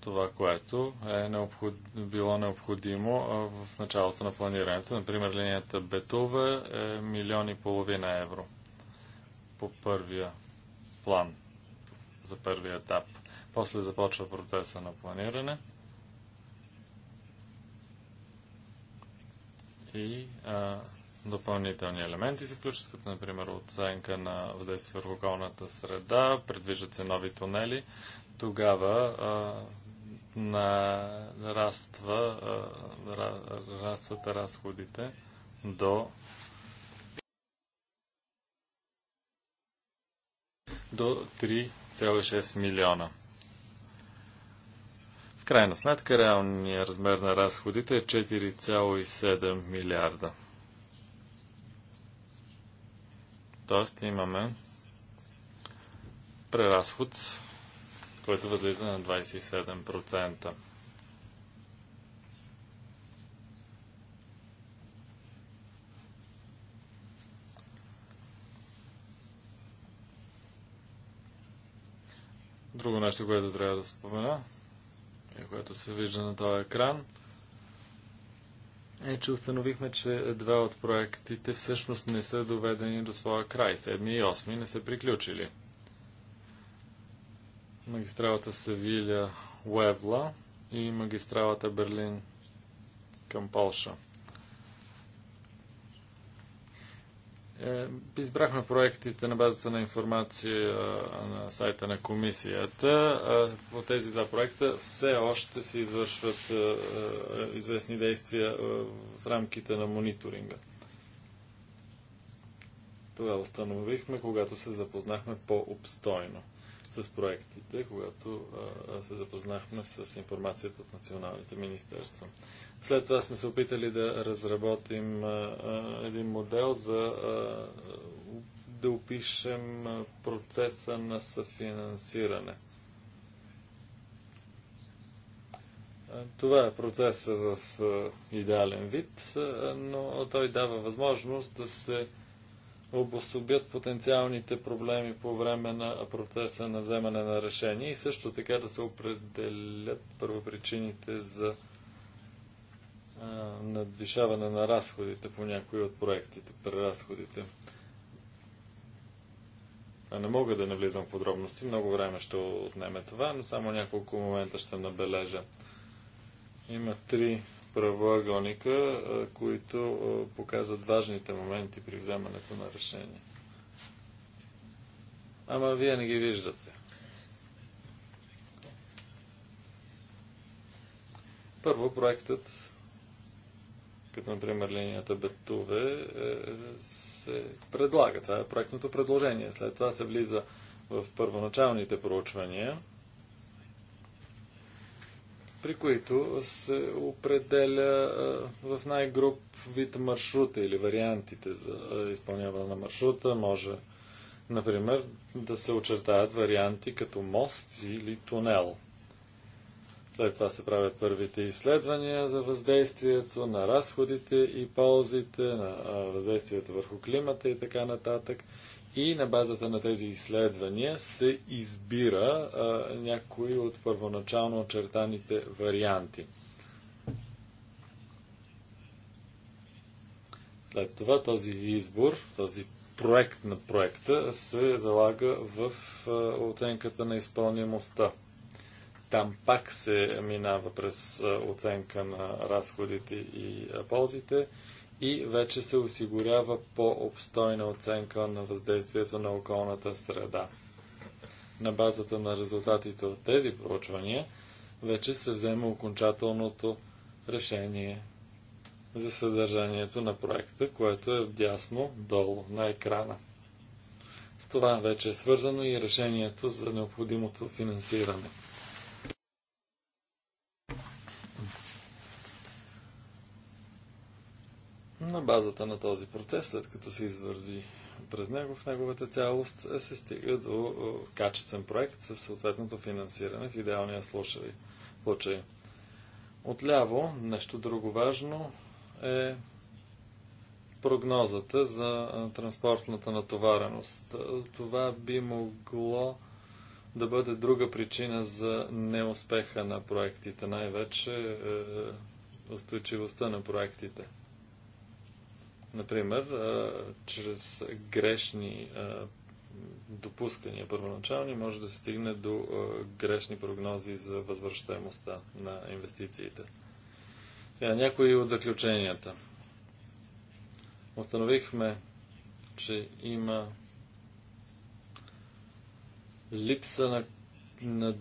това, което е необход... било необходимо в началото на планирането. Например, линията Бетове е милион и половина евро по първия план за първия етап. После започва процеса на планиране. И а, допълнителни елементи се включват, като например оценка на въздействие върху околната среда, предвиждат се нови тунели, тогава а, раства, растват разходите до до 3,6 милиона. В крайна сметка, реалният размер на разходите е 4,7 милиарда. Тоест имаме преразход което възлиза на 27%. Друго нещо, което трябва да спомена, и е което се вижда на този екран, е, че установихме, че два от проектите всъщност не са доведени до своя край. Седми и осми не са приключили магистралата Севиля Уевла и магистралата Берлин към Полша. Е, избрахме проектите на базата на информация на сайта на комисията. А, по тези два проекта все още се извършват известни действия в рамките на мониторинга. Това установихме, когато се запознахме по-обстойно с проектите, когато а, се запознахме с информацията от националните министерства. След това сме се опитали да разработим а, един модел за а, да опишем процеса на съфинансиране. Това е процеса в идеален вид, но той дава възможност да се обособят потенциалните проблеми по време на процеса на вземане на решение и също така да се определят първопричините за а, надвишаване на разходите по някои от проектите, преразходите. А не мога да не влизам в подробности, много време ще отнеме това, но само няколко момента ще набележа. Има три правоъгълника, които показват важните моменти при вземането на решение. Ама вие не ги виждате. Първо, проектът, като например линията Бетуве, е, се предлага. Това е проектното предложение. След това се влиза в първоначалните проучвания – при които се определя в най-груп вид маршрута или вариантите за изпълняване на маршрута. Може, например, да се очертаят варианти като мост или тунел. След това се правят първите изследвания за въздействието на разходите и ползите, на въздействието върху климата и така нататък и на базата на тези изследвания се избира а, някои от първоначално очертаните варианти. След това този избор, този проект на проекта се залага в а, оценката на изпълнимостта. Там пак се минава през оценка на разходите и ползите и вече се осигурява по-обстойна оценка на въздействието на околната среда. На базата на резултатите от тези проучвания вече се взема окончателното решение за съдържанието на проекта, което е вдясно долу на екрана. С това вече е свързано и решението за необходимото финансиране. На базата на този процес, след като се извърви през него в неговата цялост, е, се стига до качествен проект с съответното финансиране в идеалния случай. Отляво, нещо друго важно е прогнозата за транспортната натовареност. Това би могло да бъде друга причина за неуспеха на проектите, най-вече е, е устойчивостта на проектите. Например, чрез грешни допускания първоначални може да се стигне до грешни прогнози за възвръщаемостта на инвестициите. Сега, някои от заключенията. Установихме, че има липса на, на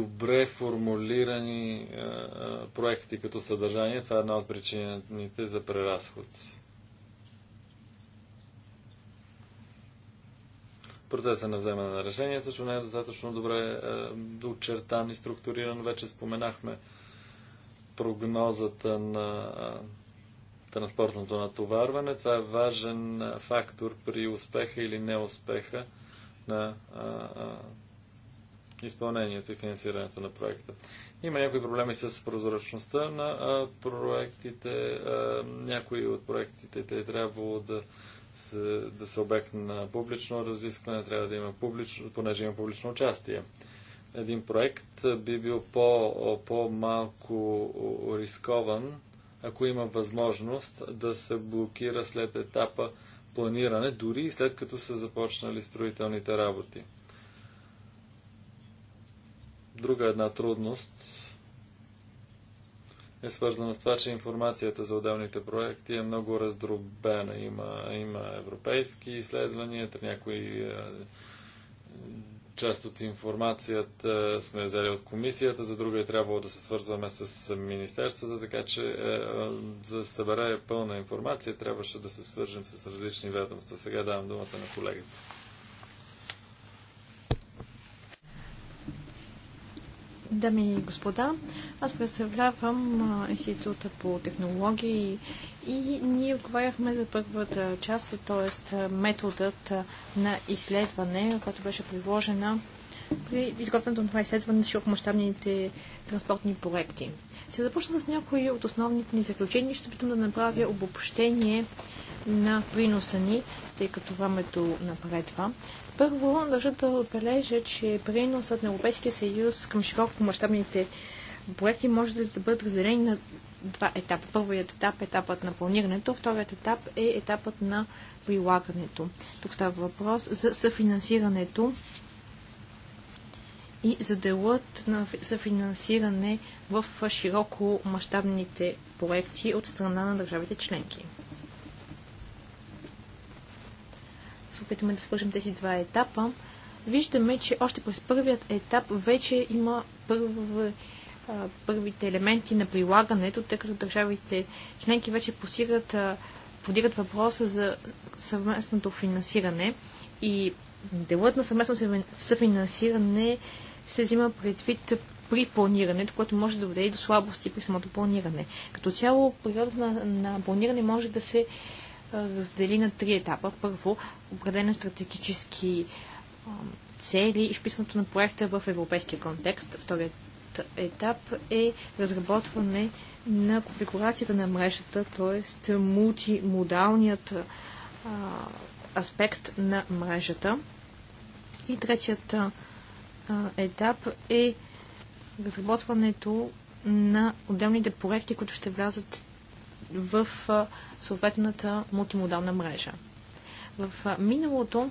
добре формулирани а, е, а, е, проекти като съдържание. Това е една от причините за преразход. Процесът на вземане на решение също не е достатъчно добре а, е, очертан и структуриран. Вече споменахме прогнозата на транспортното натоварване. Това е важен фактор при успеха или неуспеха на а, изпълнението и финансирането на проекта. Има някои проблеми с прозрачността на проектите. някои от проектите те трябва да се, да са обект на публично разискване, трябва да има публично, понеже има публично участие. Един проект би бил по, по-малко рискован, ако има възможност да се блокира след етапа планиране, дори и след като са започнали строителните работи. Друга една трудност е свързана с това, че информацията за отделните проекти е много раздробена. Има, има европейски изследвания, някои е, е, част от информацията сме взели от комисията, за друга е трябвало да се свързваме с министерствата, така че е, за да събере пълна информация трябваше да се свържем с различни ведомства. Сега давам думата на колегите. Дами и господа, аз представлявам Института по технологии и ние отговаряхме за първата част, т.е. методът на изследване, който беше приложена при изготвянето на това изследване на широкомащабните транспортни проекти. Ще започна с някои от основните ни заключения и ще опитам да направя обобщение на приноса ни, тъй като времето напредва. Първо, държа да отбележа, че приносът на Европейския съюз към широко мащабните проекти може да бъдат разделени на два етапа. Първият етап е етапът на планирането, вторият етап е етапът на прилагането. Тук става въпрос за съфинансирането и за делът на съфинансиране в широко мащабните проекти от страна на държавите членки. се опитаме да свържем тези два етапа, виждаме, че още през първият етап вече има първо, първите елементи на прилагането, тъй като държавите членки вече посират, подигат въпроса за съвместното финансиране и делът на съвместно съфинансиране се взима предвид при планирането, което може да доведе и до слабости при самото планиране. Като цяло, природа на планиране може да се раздели на три етапа. Първо, определен стратегически цели и вписването на проекта в европейския контекст. Вторият етап е разработване на конфигурацията на мрежата, т.е. мултимодалният аспект на мрежата. И третият а, етап е разработването на отделните проекти, които ще влязат в съответната мултимодална мрежа. В миналото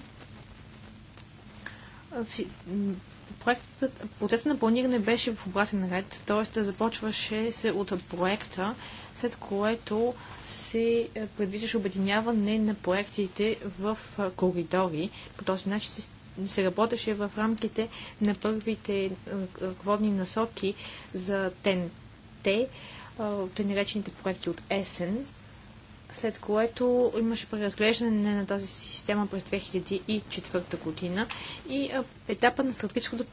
процесът на планиране беше в обратен ред, т.е. започваше се от проекта, след което се е, предвиждаше обединяване на проектите в коридори. По този начин се, се работеше в рамките на първите е, ръководни насоки за ТНТ, от наречените проекти от есен, след което имаше преразглеждане на тази система през 2004 година и етапа на стратегическото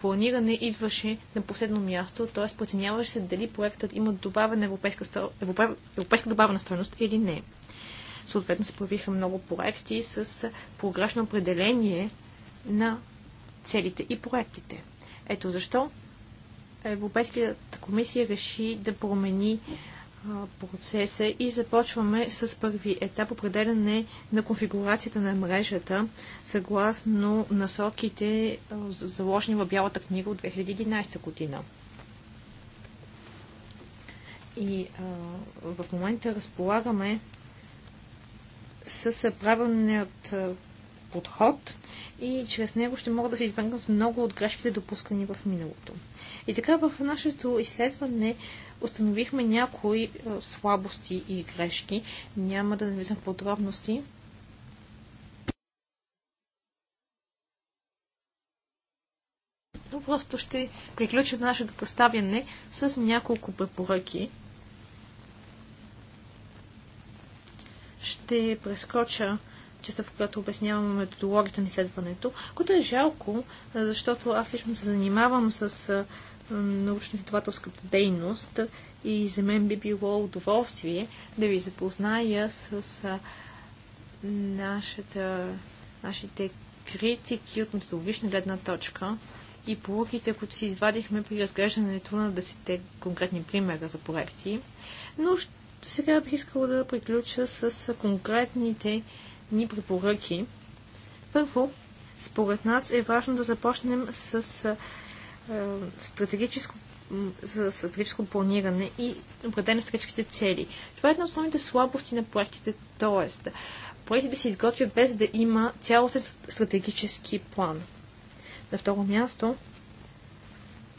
планиране идваше на последно място, т.е. преценяваше се дали проектът има добавена европейска, сто... европейска добавена стоеност или не. Съответно се появиха много проекти с прогрешно определение на целите и проектите. Ето защо Европейската комисия реши да промени процеса и започваме с първи етап определене на конфигурацията на мрежата съгласно насоките заложени в Бялата книга от 2011 година. И а, в момента разполагаме с правилният подход и чрез него ще могат да се избегнат много от грешките допускани в миналото. И така в нашето изследване установихме някои е, слабости и грешки. Няма да навлизам подробности. Но просто ще приключа нашето поставяне с няколко препоръки. Ще прескоча частта, в която обясняваме методологията на изследването, което е жалко, защото аз лично се занимавам с е, научно-изследователската дейност и за мен би било удоволствие да ви запозная с нашата, нашите критики от методологична гледна точка и полуките, които си извадихме при разглеждането на десетте конкретни примера за проекти. Но сега бих искала да приключа с конкретните ни препоръки. Първо, според нас е важно да започнем с е, стратегическо за стратегическо планиране и определяне стратегическите цели. Това е една от основните слабости на проектите, т.е. проектите се изготвят без да има цялостен стратегически план. На второ място,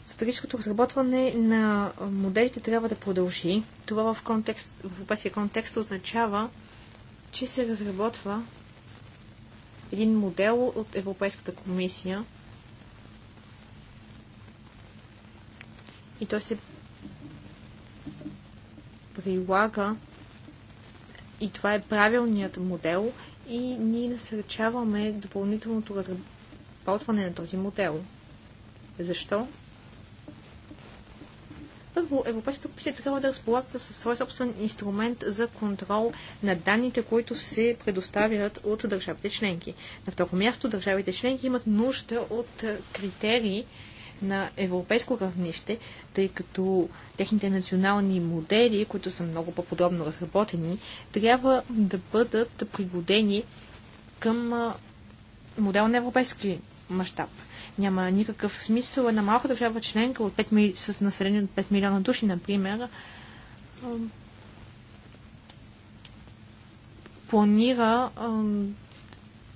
стратегическото разработване на моделите трябва да продължи. Това в, контекст, в европейския контекст означава, че се разработва един модел от Европейската комисия – и той се прилага и това е правилният модел и ние насърчаваме допълнителното разработване на този модел. Защо? Първо, Европейската комисия трябва да разполага със свой собствен инструмент за контрол на данните, които се предоставят от държавите членки. На второ място, държавите членки имат нужда от критерии, на европейско равнище, тъй като техните национални модели, които са много по-подробно разработени, трябва да бъдат пригодени към модел на европейски мащаб. Няма никакъв смисъл една малка държава членка от 5 мили... с население от 5 милиона души, например, планира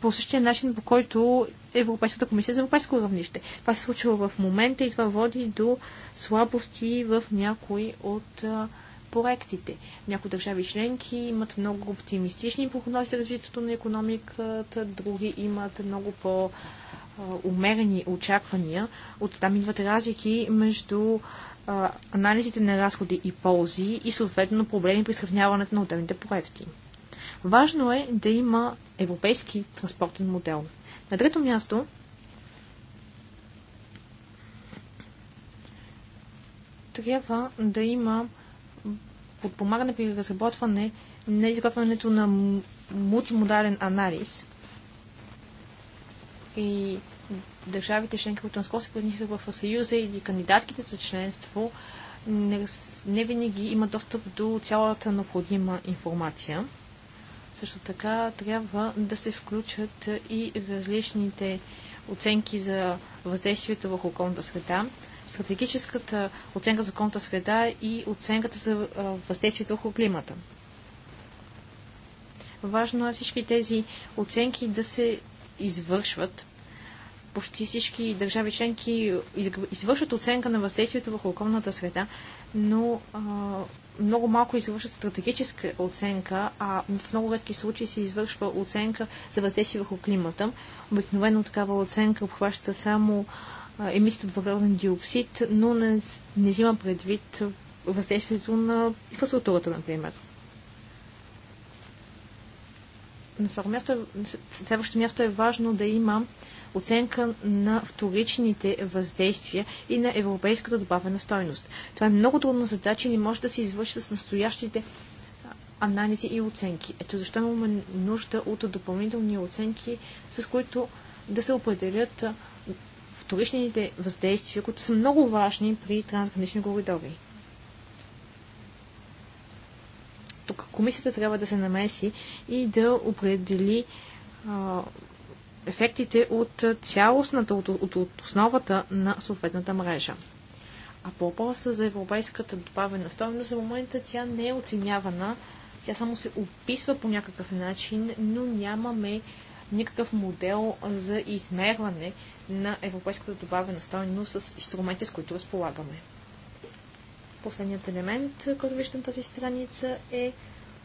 по същия начин, по който Европейската комисия за европейско равнище. Това се случва в момента и това води до слабости в някои от проектите. Някои държави членки имат много оптимистични прогнози за развитието на економиката, други имат много по- умерени очаквания. Оттам идват разлики между а, анализите на разходи и ползи и съответно проблеми при сравняването на отделните проекти. Важно е да има европейски транспортен модел. На трето място трябва да има подпомагане при разработване на изготвянето на мултимодален анализ и държавите членки, които наскоро се подниха в Съюза или кандидатките за членство, не, не винаги имат достъп до цялата необходима информация. Също така трябва да се включат е, и различните оценки за въздействието върху околната среда, стратегическата оценка за околната среда и оценката за е, въздействието върху климата. Важно е всички тези оценки да се извършват. Почти всички държави членки извършват оценка на въздействието върху околната среда, но а, много малко извършват стратегическа оценка, а в много редки случаи се извършва оценка за въздействие върху климата. Обикновено такава оценка обхваща само емисията от въглероден диоксид, но не, не взима предвид въздействието на инфраструктурата, например. На второ място, е, следващото място е важно да има оценка на вторичните въздействия и на европейската добавена стойност. Това е много трудна задача и не може да се извърши с настоящите анализи и оценки. Ето защо имаме нужда от допълнителни оценки, с които да се определят вторичните въздействия, които са много важни при трансгранични коридори. Тук комисията трябва да се намеси и да определи а, ефектите от цялостната, от, от, от основата на съответната мрежа. А по въпроса за европейската добавена стоеност, за момента тя не е оценявана, тя само се описва по някакъв начин, но нямаме никакъв модел за измерване на европейската добавена стоеност с инструменти, с които разполагаме. Последният елемент, който виждам тази страница е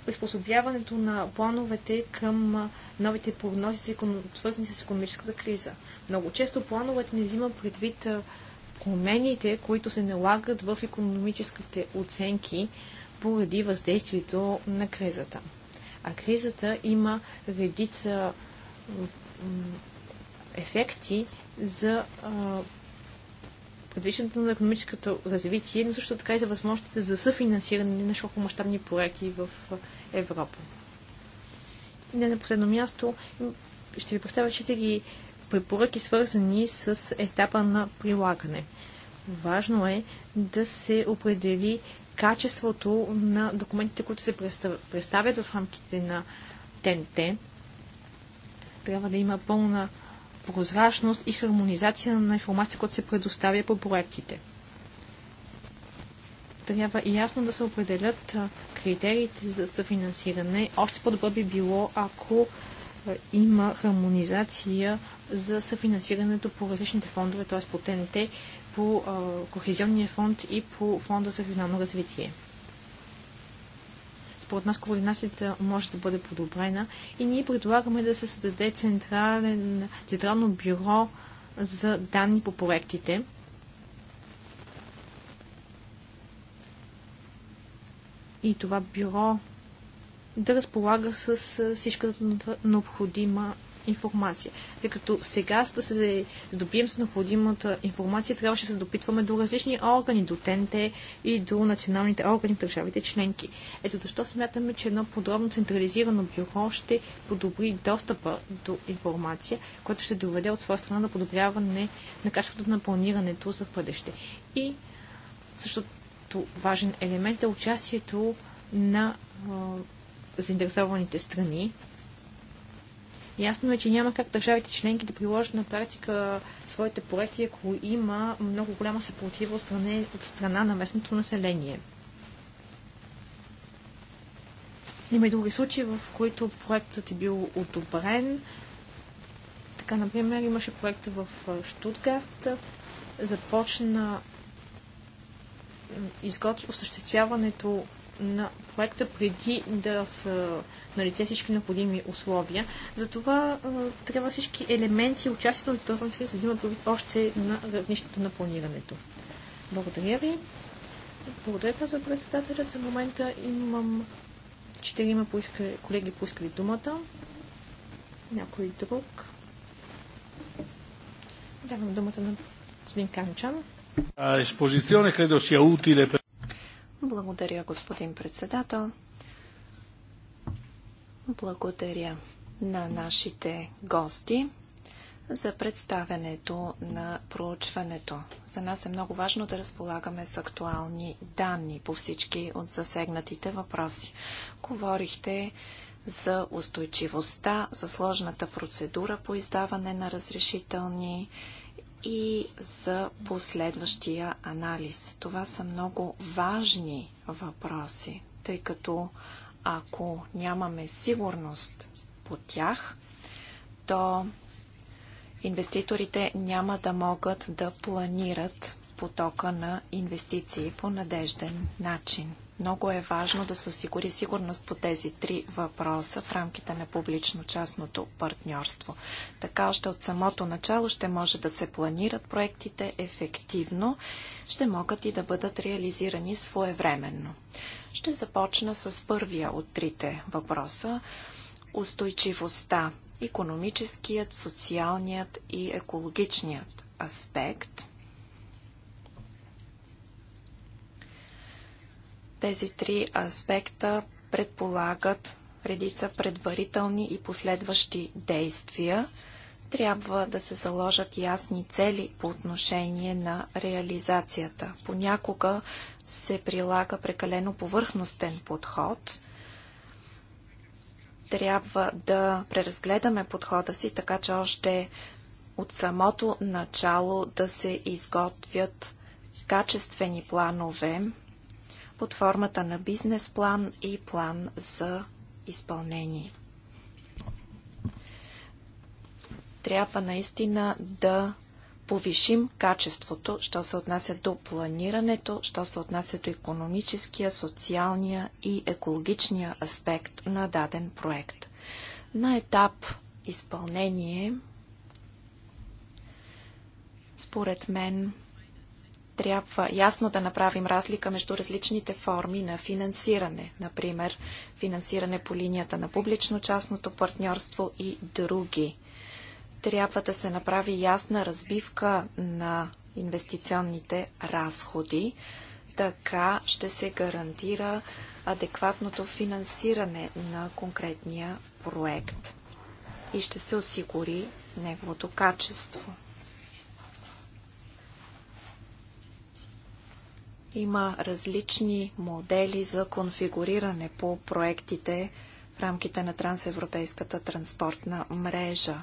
приспособяването на плановете към новите прогнози, свързани с економическата криза. Много често плановете не взима предвид промените, които се налагат в економическите оценки поради въздействието на кризата. А кризата има редица ефекти за предвиждането на економическото развитие, но също така и за възможностите за съфинансиране на широкомащабни проекти в Европа. И не на последно място ще ви представя четири препоръки, свързани с етапа на прилагане. Важно е да се определи качеството на документите, които се представят в рамките на ТНТ. Трябва да има пълна прозрачност и хармонизация на информация, която се предоставя по проектите. Трябва и ясно да се определят критериите за съфинансиране. Още по-добре би било, ако има хармонизация за съфинансирането по различните фондове, т.е. по ТНТ, по Кохезионния фонд и по Фонда за регионално развитие според нас координацията може да бъде подобрена и ние предлагаме да се създаде централен, централно бюро за данни по проектите. И това бюро да разполага с всичката необходима информация. Тъй като сега, за да се здобием с необходимата информация, трябваше да се допитваме до различни органи, до ТНТ и до националните органи в държавите членки. Ето защо смятаме, че едно подробно централизирано бюро ще подобри достъпа до информация, което ще доведе от своя страна на подобряване на качеството на планирането за бъдеще. И същото важен елемент е участието на заинтересованите страни, Ясно е, че няма как държавите членки да приложат на практика своите проекти, ако има много голяма съпротива от страна, от страна на местното население. Има и други случаи, в които проектът е бил одобрен. Така, например, имаше проект в Штутгарт. Започна изготвя осъществяването на проекта преди да са на лице всички необходими условия. Затова а, трябва всички елементи и участието на задължителните да се взимат предвид още на равнището на планирането. Благодаря ви. Благодаря за председателят. За момента имам четирима колеги поискали думата. Някой друг. Давам думата на господин Канчан. Esposizione credo sia utile per благодаря, господин председател. Благодаря на нашите гости за представянето на проучването. За нас е много важно да разполагаме с актуални данни по всички от засегнатите въпроси. Говорихте за устойчивостта, за сложната процедура по издаване на разрешителни и за последващия анализ. Това са много важни въпроси, тъй като ако нямаме сигурност по тях, то инвеститорите няма да могат да планират потока на инвестиции по надежден начин. Много е важно да се осигури сигурност по тези три въпроса в рамките на публично-частното партньорство. Така още от самото начало ще може да се планират проектите ефективно, ще могат и да бъдат реализирани своевременно. Ще започна с първия от трите въпроса – устойчивостта, економическият, социалният и екологичният аспект – Тези три аспекта предполагат редица предварителни и последващи действия. Трябва да се заложат ясни цели по отношение на реализацията. Понякога се прилага прекалено повърхностен подход – трябва да преразгледаме подхода си, така че още от самото начало да се изготвят качествени планове, под формата на бизнес план и план за изпълнение. Трябва наистина да повишим качеството, що се отнася до планирането, що се отнася до економическия, социалния и екологичния аспект на даден проект. На етап изпълнение, според мен, трябва ясно да направим разлика между различните форми на финансиране, например финансиране по линията на публично-частното партньорство и други. Трябва да се направи ясна разбивка на инвестиционните разходи, така ще се гарантира адекватното финансиране на конкретния проект и ще се осигури неговото качество. Има различни модели за конфигуриране по проектите в рамките на трансевропейската транспортна мрежа.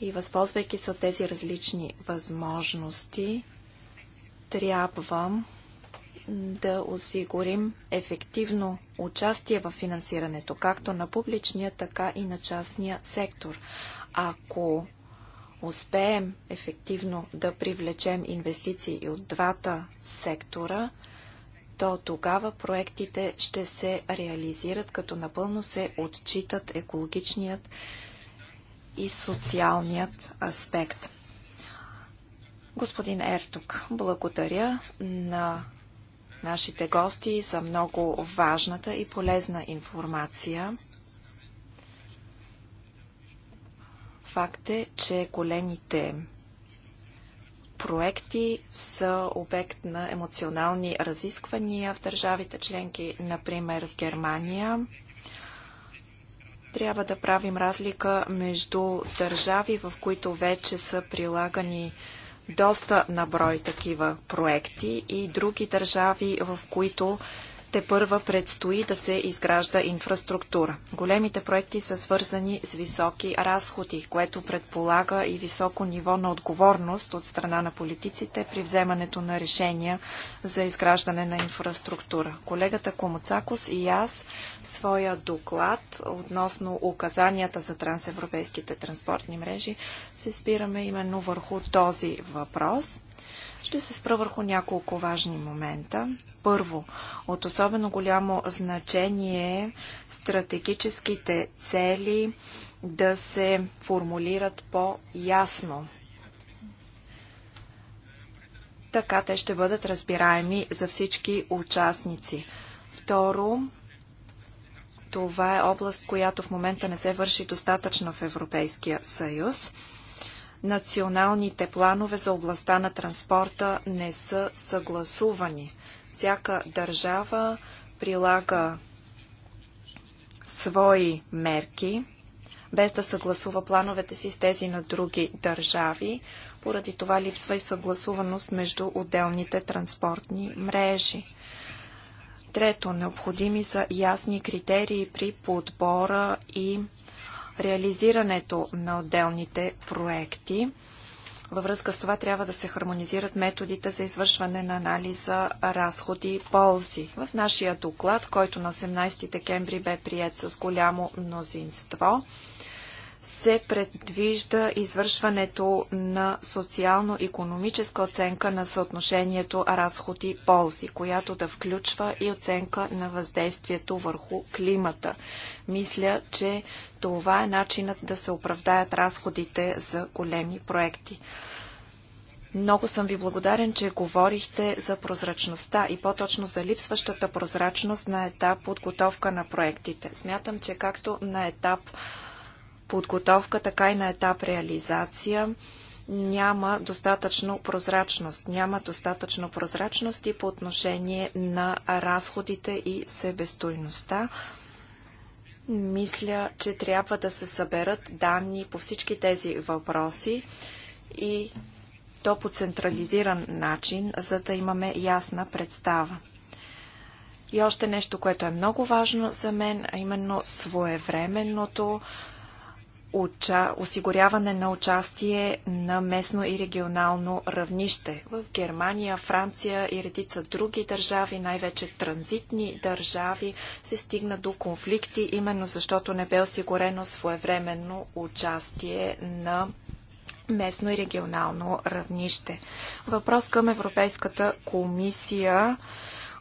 И възползвайки се от тези различни възможности, трябва да осигурим ефективно участие в финансирането, както на публичния, така и на частния сектор. Ако успеем ефективно да привлечем инвестиции и от двата сектора, то тогава проектите ще се реализират, като напълно се отчитат екологичният и социалният аспект. Господин Ертук, благодаря на нашите гости за много важната и полезна информация. Факт е, че големите проекти са обект на емоционални разисквания в държавите членки, например в Германия. Трябва да правим разлика между държави, в които вече са прилагани доста наброй такива проекти и други държави, в които те първа предстои да се изгражда инфраструктура. Големите проекти са свързани с високи разходи, което предполага и високо ниво на отговорност от страна на политиците при вземането на решения за изграждане на инфраструктура. Колегата Комуцакос и аз своя доклад относно указанията за трансевропейските транспортни мрежи се спираме именно върху този въпрос. Ще се спра върху няколко важни момента. Първо, от особено голямо значение е стратегическите цели да се формулират по-ясно. Така те ще бъдат разбираеми за всички участници. Второ, това е област, която в момента не се върши достатъчно в Европейския съюз националните планове за областта на транспорта не са съгласувани. Всяка държава прилага свои мерки, без да съгласува плановете си с тези на други държави. Поради това липсва и съгласуваност между отделните транспортни мрежи. Трето, необходими са ясни критерии при подбора и реализирането на отделните проекти. Във връзка с това трябва да се хармонизират методите за извършване на анализа разходи и ползи. В нашия доклад, който на 18 декември бе прият с голямо мнозинство, се предвижда извършването на социално-економическа оценка на съотношението разходи-ползи, която да включва и оценка на въздействието върху климата. Мисля, че това е начинът да се оправдаят разходите за големи проекти. Много съм ви благодарен, че говорихте за прозрачността и по-точно за липсващата прозрачност на етап подготовка на проектите. Смятам, че както на етап подготовка, така и на етап реализация няма достатъчно прозрачност. Няма достатъчно прозрачност и по отношение на разходите и себестойността. Мисля, че трябва да се съберат данни по всички тези въпроси и то по централизиран начин, за да имаме ясна представа. И още нещо, което е много важно за мен, а именно своевременното уча... осигуряване на участие на местно и регионално равнище. В Германия, Франция и редица други държави, най-вече транзитни държави, се стигна до конфликти, именно защото не бе осигурено своевременно участие на местно и регионално равнище. Въпрос към Европейската комисия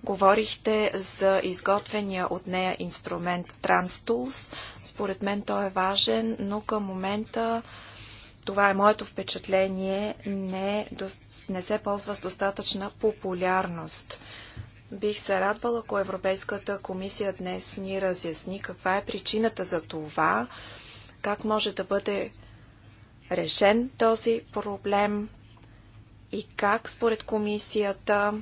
Говорихте за изготвения от нея инструмент TransTools. Според мен той е важен, но към момента това е моето впечатление, не, не се ползва с достатъчна популярност. Бих се радвала, ако Европейската комисия днес ни разясни каква е причината за това, как може да бъде решен този проблем и как според комисията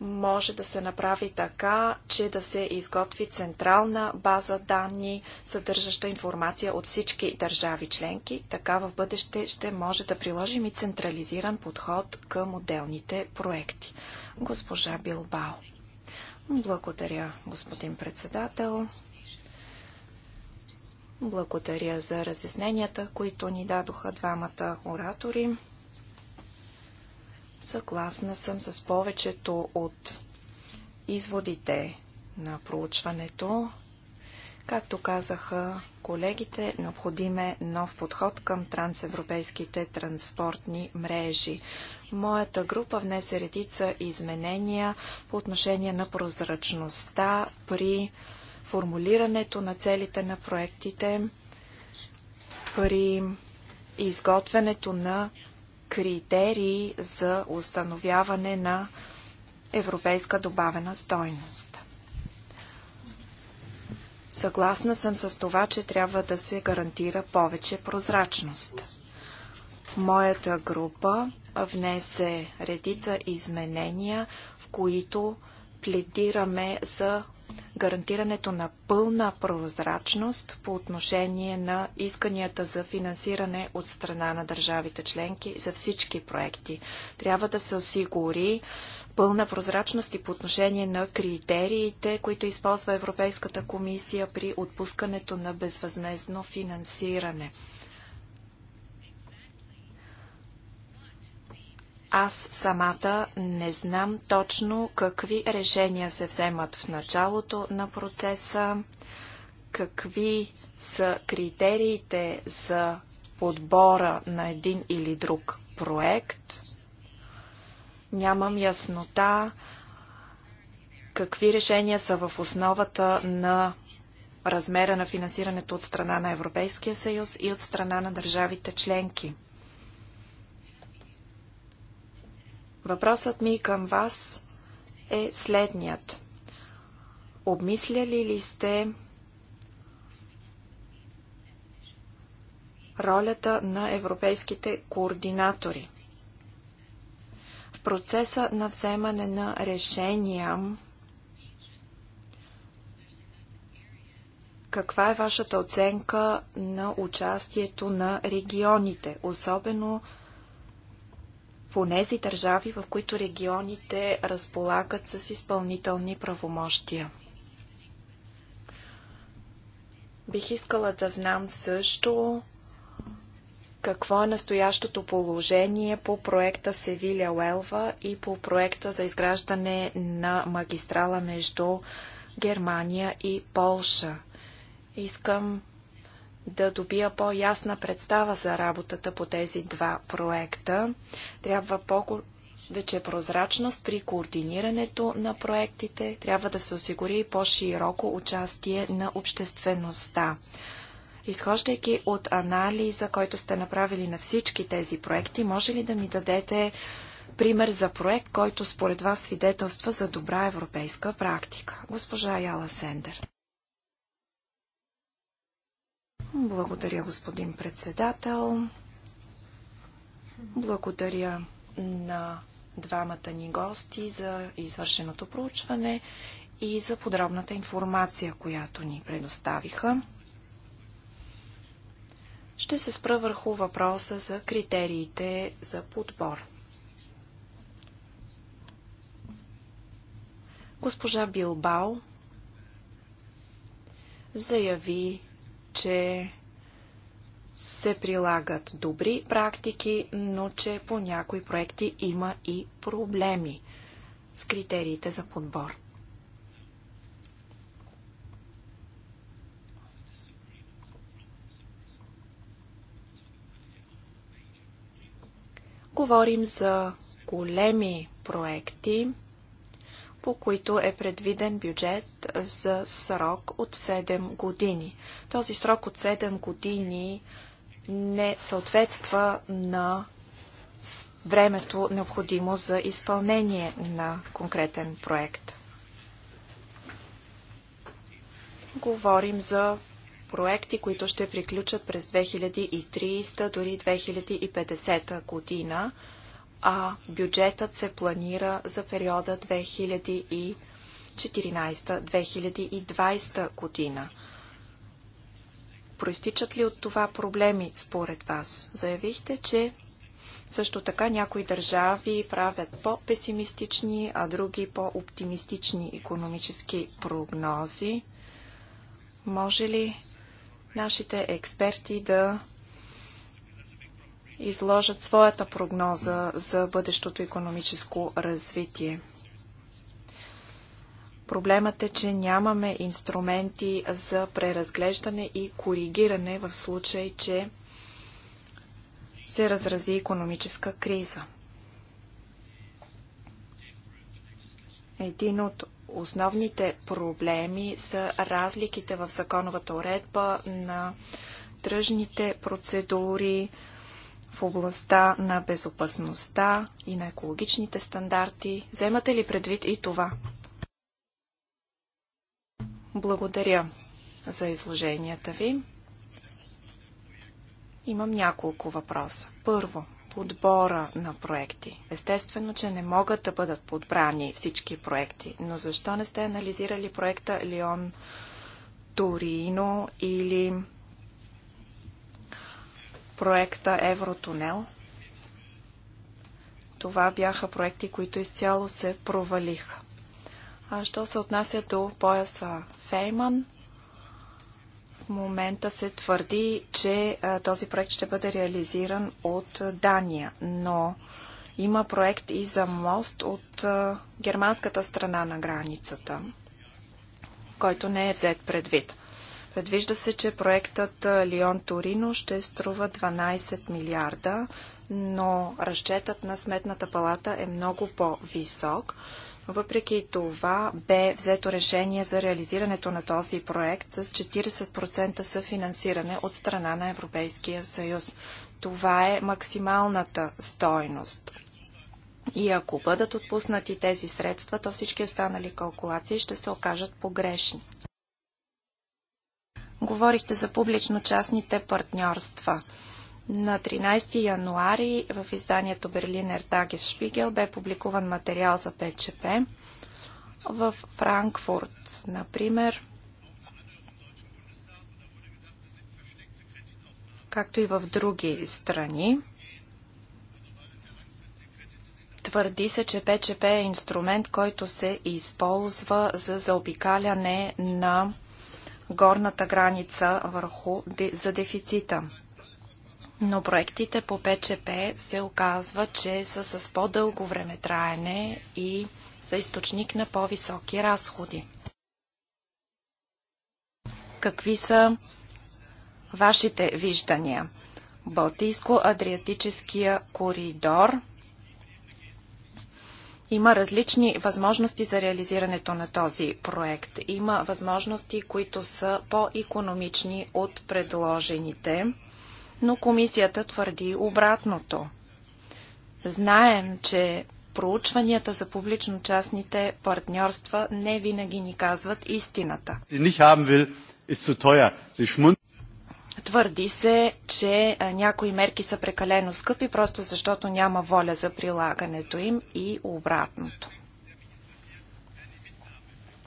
може да се направи така, че да се изготви централна база данни, съдържаща информация от всички държави членки. Така в бъдеще ще може да приложим и централизиран подход към отделните проекти. Госпожа Билбао. Благодаря, господин председател. Благодаря за разясненията, които ни дадоха двамата оратори. Съгласна съм с повечето от изводите на проучването. Както казаха колегите, необходим е нов подход към трансевропейските транспортни мрежи. Моята група внесе редица изменения по отношение на прозрачността при формулирането на целите на проектите, при изготвянето на критерии за установяване на европейска добавена стойност. Съгласна съм с това, че трябва да се гарантира повече прозрачност. Моята група внесе редица изменения, в които пледираме за гарантирането на пълна прозрачност по отношение на исканията за финансиране от страна на държавите членки за всички проекти. Трябва да се осигури пълна прозрачност и по отношение на критериите, които използва Европейската комисия при отпускането на безвъзмезно финансиране. Аз самата не знам точно какви решения се вземат в началото на процеса, какви са критериите за подбора на един или друг проект. Нямам яснота какви решения са в основата на размера на финансирането от страна на Европейския съюз и от страна на държавите членки. Въпросът ми към вас е следният. Обмисляли ли сте ролята на европейските координатори? В процеса на вземане на решения каква е вашата оценка на участието на регионите, особено Понези държави, в които регионите разполагат с изпълнителни правомощия. Бих искала да знам също какво е настоящото положение по проекта Севиля Уелва и по проекта за изграждане на магистрала между Германия и Полша. Искам да добия по-ясна представа за работата по тези два проекта. Трябва по вече прозрачност при координирането на проектите. Трябва да се осигури и по-широко участие на обществеността. Изхождайки от анализа, който сте направили на всички тези проекти, може ли да ми дадете пример за проект, който според вас свидетелства за добра европейска практика? Госпожа Яла Сендер. Благодаря, господин председател. Благодаря на двамата ни гости за извършеното проучване и за подробната информация, която ни предоставиха. Ще се спра върху въпроса за критериите за подбор. Госпожа Билбао заяви, че се прилагат добри практики, но че по някои проекти има и проблеми с критериите за подбор. Говорим за големи проекти, по които е предвиден бюджет за срок от 7 години. Този срок от 7 години не съответства на времето необходимо за изпълнение на конкретен проект. Говорим за проекти, които ще приключат през 2030 дори 2050 година а бюджетът се планира за периода 2014-2020 година. Проистичат ли от това проблеми според вас? Заявихте, че също така някои държави правят по-песимистични, а други по-оптимистични економически прогнози. Може ли нашите експерти да изложат своята прогноза за бъдещото економическо развитие. Проблемът е, че нямаме инструменти за преразглеждане и коригиране в случай, че се разрази економическа криза. Един от основните проблеми са разликите в законовата уредба на тръжните процедури, в областта на безопасността и на екологичните стандарти. Вземате ли предвид и това? Благодаря за изложенията ви. Имам няколко въпроса. Първо, подбора на проекти. Естествено, че не могат да бъдат подбрани всички проекти, но защо не сте анализирали проекта Лион Торино или проекта Евротунел. Това бяха проекти, които изцяло се провалиха. А що се отнася до пояса Фейман, в момента се твърди, че а, този проект ще бъде реализиран от Дания, но има проект и за мост от а, германската страна на границата, който не е взет предвид. Предвижда се, че проектът Лион Торино ще струва 12 милиарда, но разчетът на Сметната палата е много по-висок. Въпреки това бе взето решение за реализирането на този проект с 40% съфинансиране от страна на Европейския съюз. Това е максималната стойност. И ако бъдат отпуснати тези средства, то всички останали калкулации ще се окажат погрешни. Говорихте за публично-частните партньорства. На 13 януари в изданието Берлинер Тагес Шпигел бе публикуван материал за ПЧП. В Франкфурт, например, както и в други страни, твърди се, че ПЧП е инструмент, който се използва за заобикаляне на горната граница върху за дефицита. Но проектите по ПЧП се оказва, че са с по-дълго време траене и са източник на по-високи разходи. Какви са вашите виждания? Балтийско-Адриатическия коридор – има различни възможности за реализирането на този проект. Има възможности, които са по-економични от предложените, но комисията твърди обратното. Знаем, че проучванията за публично-частните партньорства не винаги ни казват истината. Твърди се, че някои мерки са прекалено скъпи, просто защото няма воля за прилагането им и обратното.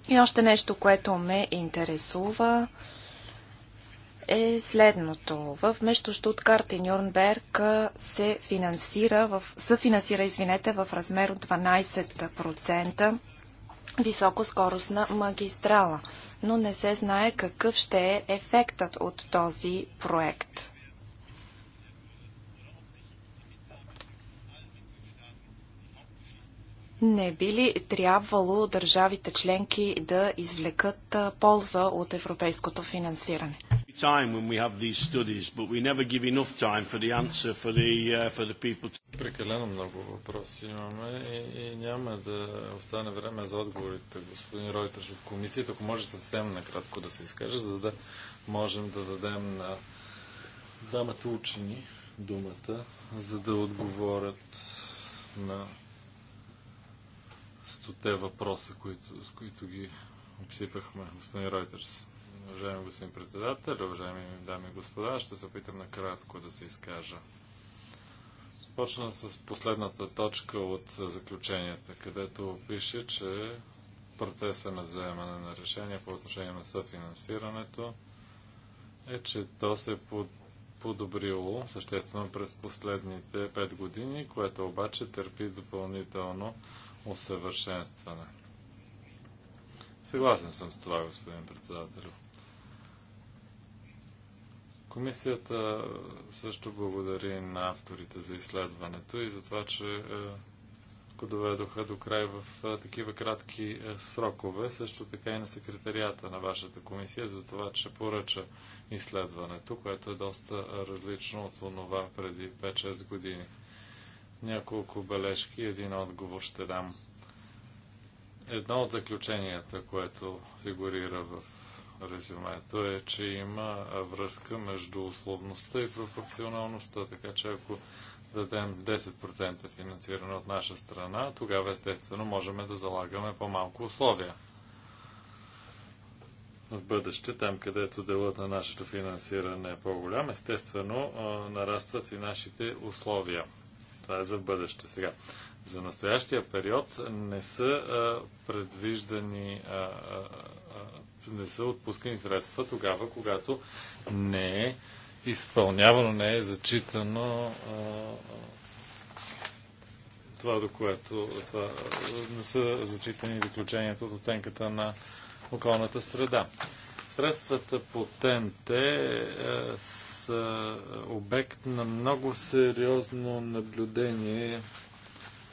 И още нещо, което ме интересува е следното. В между Штуткарт и Нюрнберг се финансира, в, се финансира, извинете, в размер от 12% високоскоростна магистрала, но не се знае какъв ще е ефектът от този проект. Не би ли трябвало държавите членки да извлекат полза от европейското финансиране? Прекалено много въпроси имаме и, и няма да остане време за отговорите, господин Ройтърш от комисията. Ако може съвсем накратко да се изкаже, за да можем да дадем на двамата учени думата, за да отговорят на стоте въпроса, които, с които ги обсипахме, господин Ройтерс. Уважаеми господин председател, уважаеми дами и господа, ще се опитам накратко да се изкажа. Почна с последната точка от заключенията, където пише, че процеса на вземане на решение по отношение на съфинансирането е, че то се под подобрило съществено през последните 5 години, което обаче търпи допълнително усъвършенстване. Съгласен съм с това, господин председател. Комисията също благодари на авторите за изследването и за това, че е, го доведоха до край в е, такива кратки е, срокове, също така и на секретарията на вашата комисия за това, че поръча изследването, което е доста различно от това преди 5-6 години. Няколко бележки, един отговор ще дам. Едно от заключенията, което фигурира в то е, че има връзка между условността и пропорционалността, така че ако дадем 10% финансиране от наша страна, тогава естествено можем да залагаме по-малко условия. В бъдеще, там където делът на нашето финансиране е по-голям, естествено нарастват и нашите условия. Това е за бъдеще сега. За настоящия период не са предвиждани не са отпускани средства тогава, когато не е изпълнявано, не е зачитано а, това, до което това, не са зачитани заключението от оценката на околната среда. Средствата по ТНТ е, са обект на много сериозно наблюдение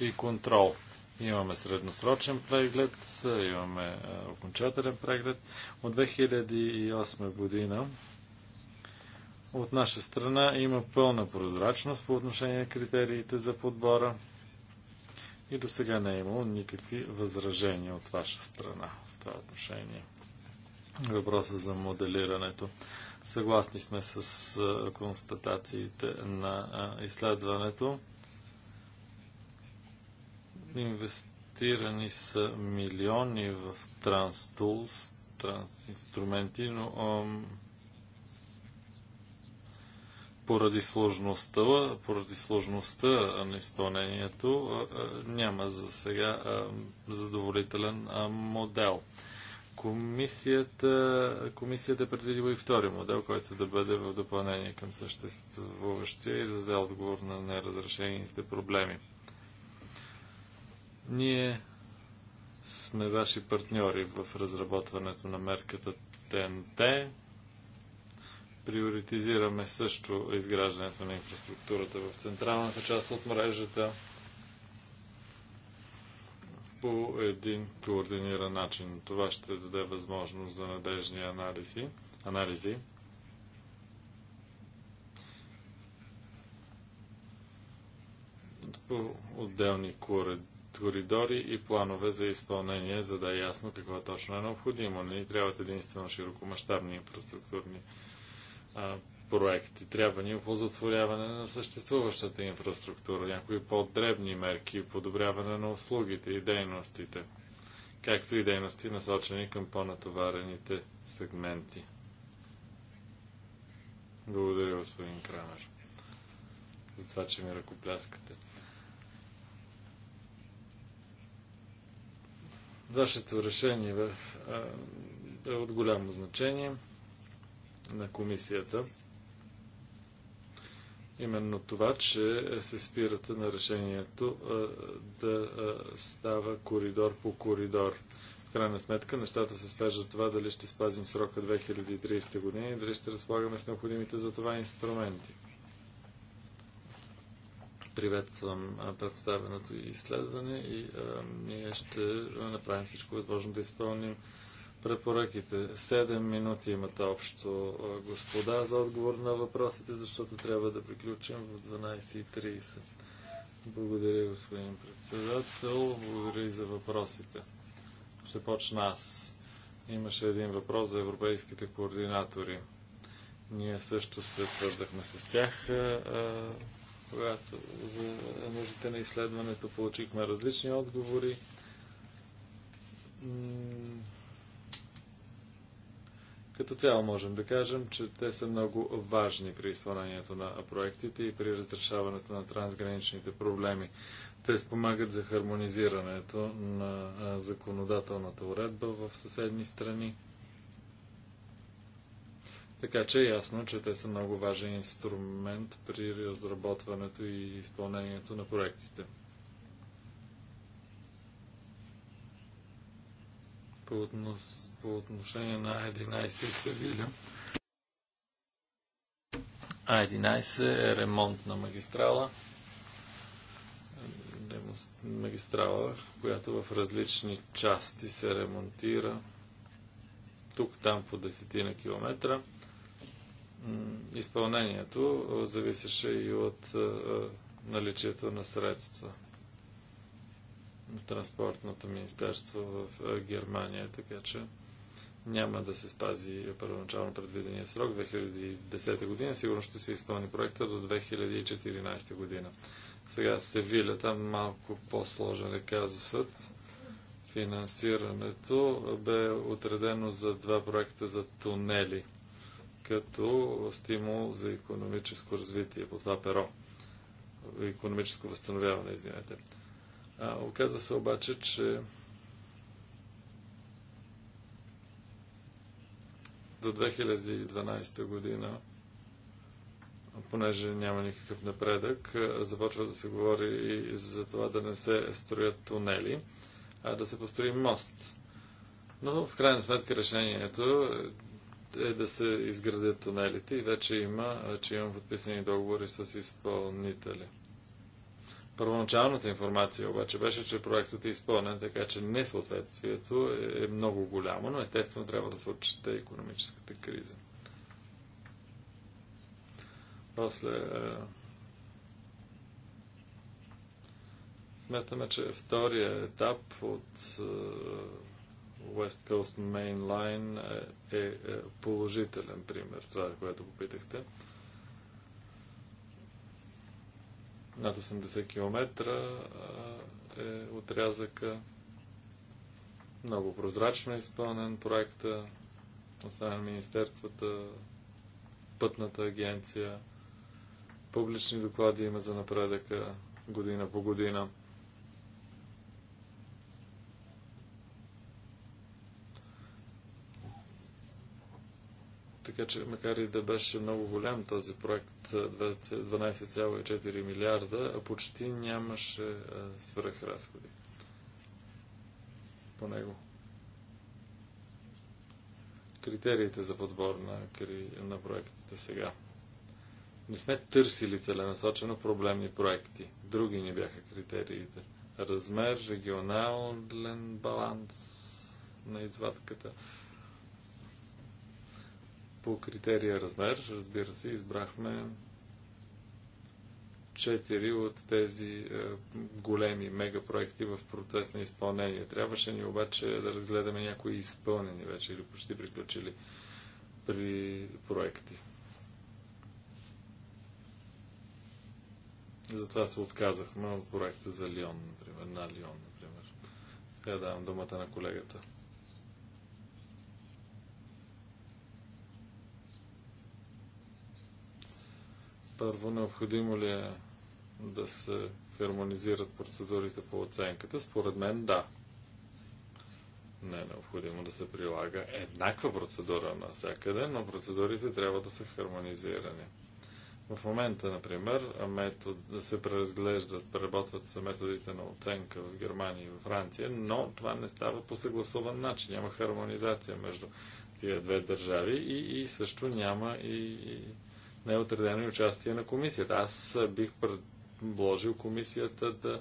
и контрол. Имаме средносрочен преглед, имаме окончателен преглед. От 2008 година от наша страна има пълна прозрачност по отношение на критериите за подбора и до сега не е имало никакви възражения от ваша страна в това отношение. Въпроса за моделирането. Съгласни сме с констатациите на изследването. Инвестирани са милиони в транстулс, транс-инструменти, но ам, поради сложността, поради сложността на изпълнението а, няма за сега а, задоволителен модел. Комисията, комисията е предвидила и втори модел, който да бъде в допълнение към съществуващия и да взе отговор на неразрешените проблеми. Ние сме ваши партньори в разработването на мерката ТНТ. Приоритизираме също изграждането на инфраструктурата в централната част от мрежата по един координиран начин. Това ще даде възможност за надежни анализи. анализи. По отделни коридори и планове за изпълнение, за да е ясно какво точно е необходимо. Не ни трябват единствено широкомащабни инфраструктурни а, проекти. Трябва ни оползотворяване на съществуващата инфраструктура, някои по-дребни мерки, подобряване на услугите и дейностите, както и дейности насочени към по-натоварените сегменти. Благодаря, господин Крамер, за това, че ми ръкопляскате. Вашето решение е от голямо значение на комисията. Именно това, че се спирате на решението да става коридор по коридор. В крайна сметка нещата се свежат това дали ще спазим срока 2030 година и дали ще разполагаме с необходимите за това инструменти приветствам представеното изследване и ние ще направим всичко възможно да изпълним препоръките. Седем минути имате общо, господа, за отговор на въпросите, защото трябва да приключим в 12.30. Благодаря, господин председател. Благодаря и за въпросите. Ще почна аз. Имаше един въпрос за европейските координатори. Ние също се свързахме с тях а, когато за нуждите на изследването получихме различни отговори, като цяло можем да кажем, че те са много важни при изпълнението на проектите и при разрешаването на трансграничните проблеми. Те спомагат за хармонизирането на законодателната уредба в съседни страни така че е ясно, че те са много важен инструмент при разработването и изпълнението на проектите. По, относ... по отношение на 11 и Севиля. А11 е ремонт на магистрала. Магистрала, която в различни части се ремонтира. Тук, там по десетина километра изпълнението зависеше и от наличието на средства на Транспортното министерство в Германия, така че няма да се спази първоначално предвидения срок 2010 година. Сигурно ще се изпълни проекта до 2014 година. Сега Севиля, там малко по-сложен е казусът. Финансирането бе отредено за два проекта за тунели – като стимул за економическо развитие по това перо. Економическо възстановяване, извинете. А, оказа се обаче, че до 2012 година, понеже няма никакъв напредък, започва да се говори и за това да не се строят тунели, а да се построи мост. Но в крайна сметка решението е е да се изградят тунелите и вече има, че имам подписани договори с изпълнители. Първоначалната информация обаче беше, че проектът е изпълнен, така че несъответствието е, е много голямо, но естествено трябва да се отчете економическата криза. После е, смятаме, че втория етап от е, West Coast Main Line е, е, е положителен пример, това, е което попитахте. Над 80 км е отрязъка. Много прозрачно е изпълнен проекта от на Министерствата, Пътната агенция. Публични доклади има за напредъка година по година. Така че, макар и да беше много голям този проект, 12,4 милиарда, а почти нямаше свръхразходи по него. Критериите за подбор на, на проектите сега. Не сме търсили целенасочено проблемни проекти. Други ни бяха критериите. Размер, регионален баланс на извадката по критерия размер, разбира се, избрахме четири от тези е, големи мегапроекти в процес на изпълнение. Трябваше ни обаче да разгледаме някои изпълнени вече или почти приключили при проекти. Затова се отказахме от проекта за Лион, например, на Лион, например. Сега давам думата на колегата. Първо, необходимо ли е да се хармонизират процедурите по оценката? Според мен да. Не е необходимо да се прилага еднаква процедура навсякъде, но процедурите трябва да са хармонизирани. В момента, например, метод, да се преразглеждат, преработват се методите на оценка в Германия и в Франция, но това не става по съгласуван начин. Няма хармонизация между тия две държави и, и също няма и, и не е отредено и участие на комисията. Аз бих предложил комисията да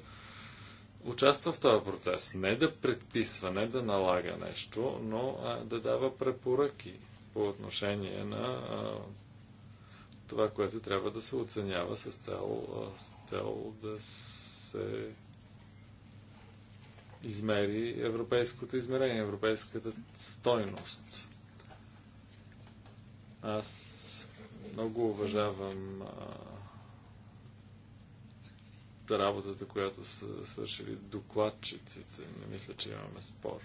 участва в този процес. Не да предписва, не да налага нещо, но а, да дава препоръки по отношение на а, това, което трябва да се оценява с цел, а, с цел да се измери европейското измерение, европейската стойност. Аз много уважавам а, работата, която са свършили докладчиците. Не мисля, че имаме спор.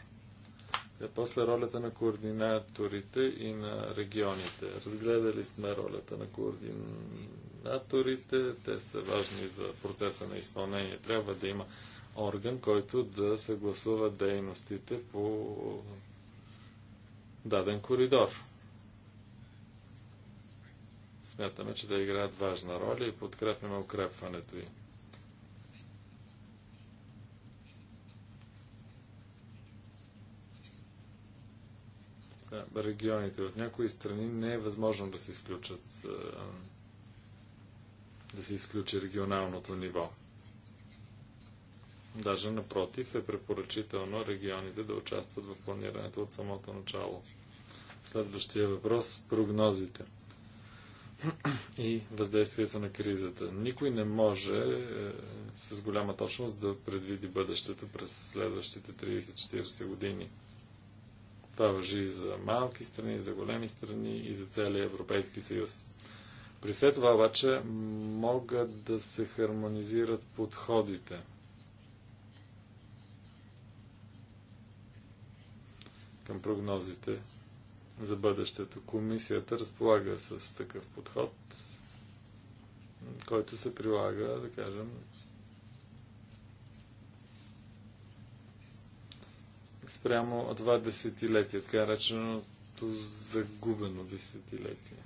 Сега после ролята на координаторите и на регионите. Разгледали сме ролята на координаторите. Те са важни за процеса на изпълнение. Трябва да има орган, който да съгласува дейностите по даден коридор смятаме, че да играят важна роля и подкрепяме укрепването им. регионите в някои страни не е възможно да се изключат да се изключи регионалното ниво. Даже напротив е препоръчително регионите да участват в планирането от самото начало. Следващия въпрос – прогнозите – и въздействието на кризата. Никой не може е, с голяма точност да предвиди бъдещето през следващите 30-40 години. Това въжи и за малки страни, и за големи страни, и за целия Европейски съюз. При все това обаче могат да се хармонизират подходите. към прогнозите за бъдещето. Комисията разполага с такъв подход, който се прилага, да кажем, спрямо това десетилетие, така реченото загубено десетилетие.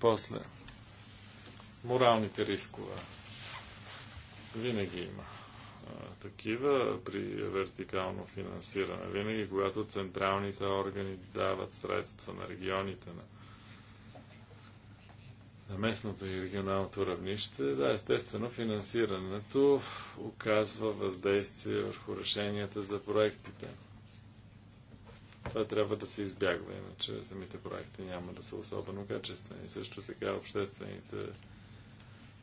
После. Моралните рискове. Винаги има такива при вертикално финансиране. Винаги, когато централните органи дават средства на регионите, на, на местното и регионалното равнище, да, естествено, финансирането оказва въздействие върху решенията за проектите. Това трябва да се избягва, иначе самите проекти няма да са особено качествени. Също така обществените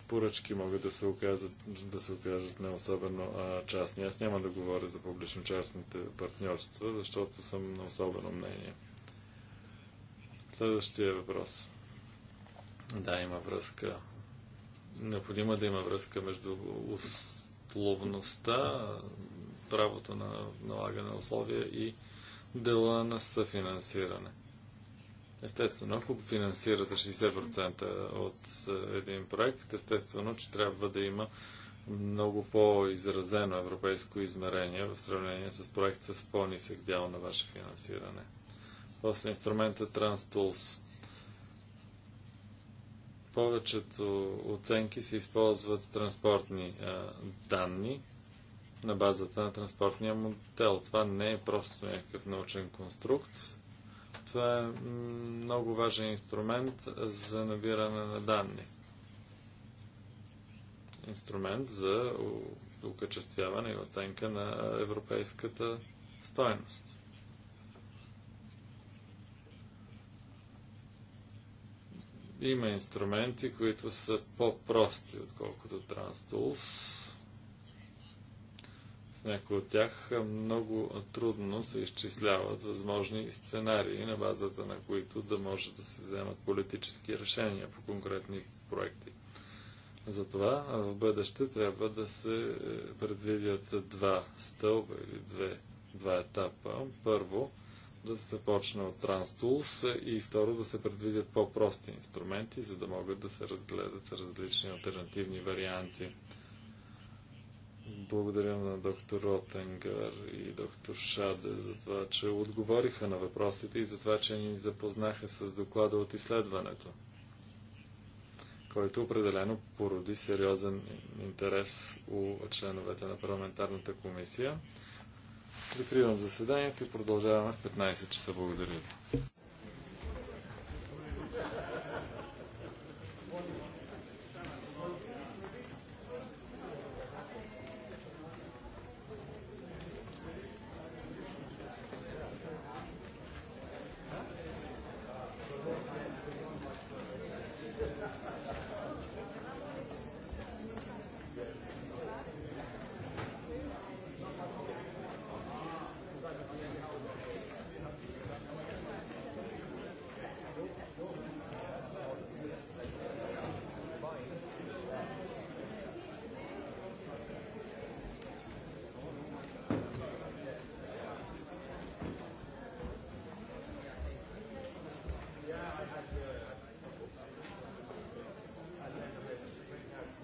поръчки могат да се, окажат, да се окажат не особено а, частни. Аз няма да говоря за публично-частните партньорства, защото съм на особено мнение. Следващия въпрос. Да, има връзка. Необходимо е да има връзка между условността, правото на налагане на условия и дела на съфинансиране. Естествено, ако финансирате 60% от е, един проект, естествено, че трябва да има много по-изразено европейско измерение в сравнение с проект с по-нисък дял на ваше финансиране. После инструмента е TransTools. Повечето оценки се използват транспортни а, е, данни на базата на транспортния модел. Това не е просто някакъв научен конструкт това е много важен инструмент за набиране на данни. Инструмент за укачествяване и оценка на европейската стоеност. Има инструменти, които са по-прости, отколкото TransTools някои от тях много трудно се изчисляват възможни сценарии, на базата на които да може да се вземат политически решения по конкретни проекти. Затова в бъдеще трябва да се е, предвидят два стълба или две, два етапа. Първо, да се почне от TransTools и второ да се предвидят по-прости инструменти, за да могат да се разгледат различни альтернативни варианти благодаря на доктор Ротенгар и доктор Шаде за това, че отговориха на въпросите и за това, че ни запознаха с доклада от изследването, който определено породи сериозен интерес у членовете на парламентарната комисия. Закривам заседанието и продължаваме в 15 часа. Благодаря ви.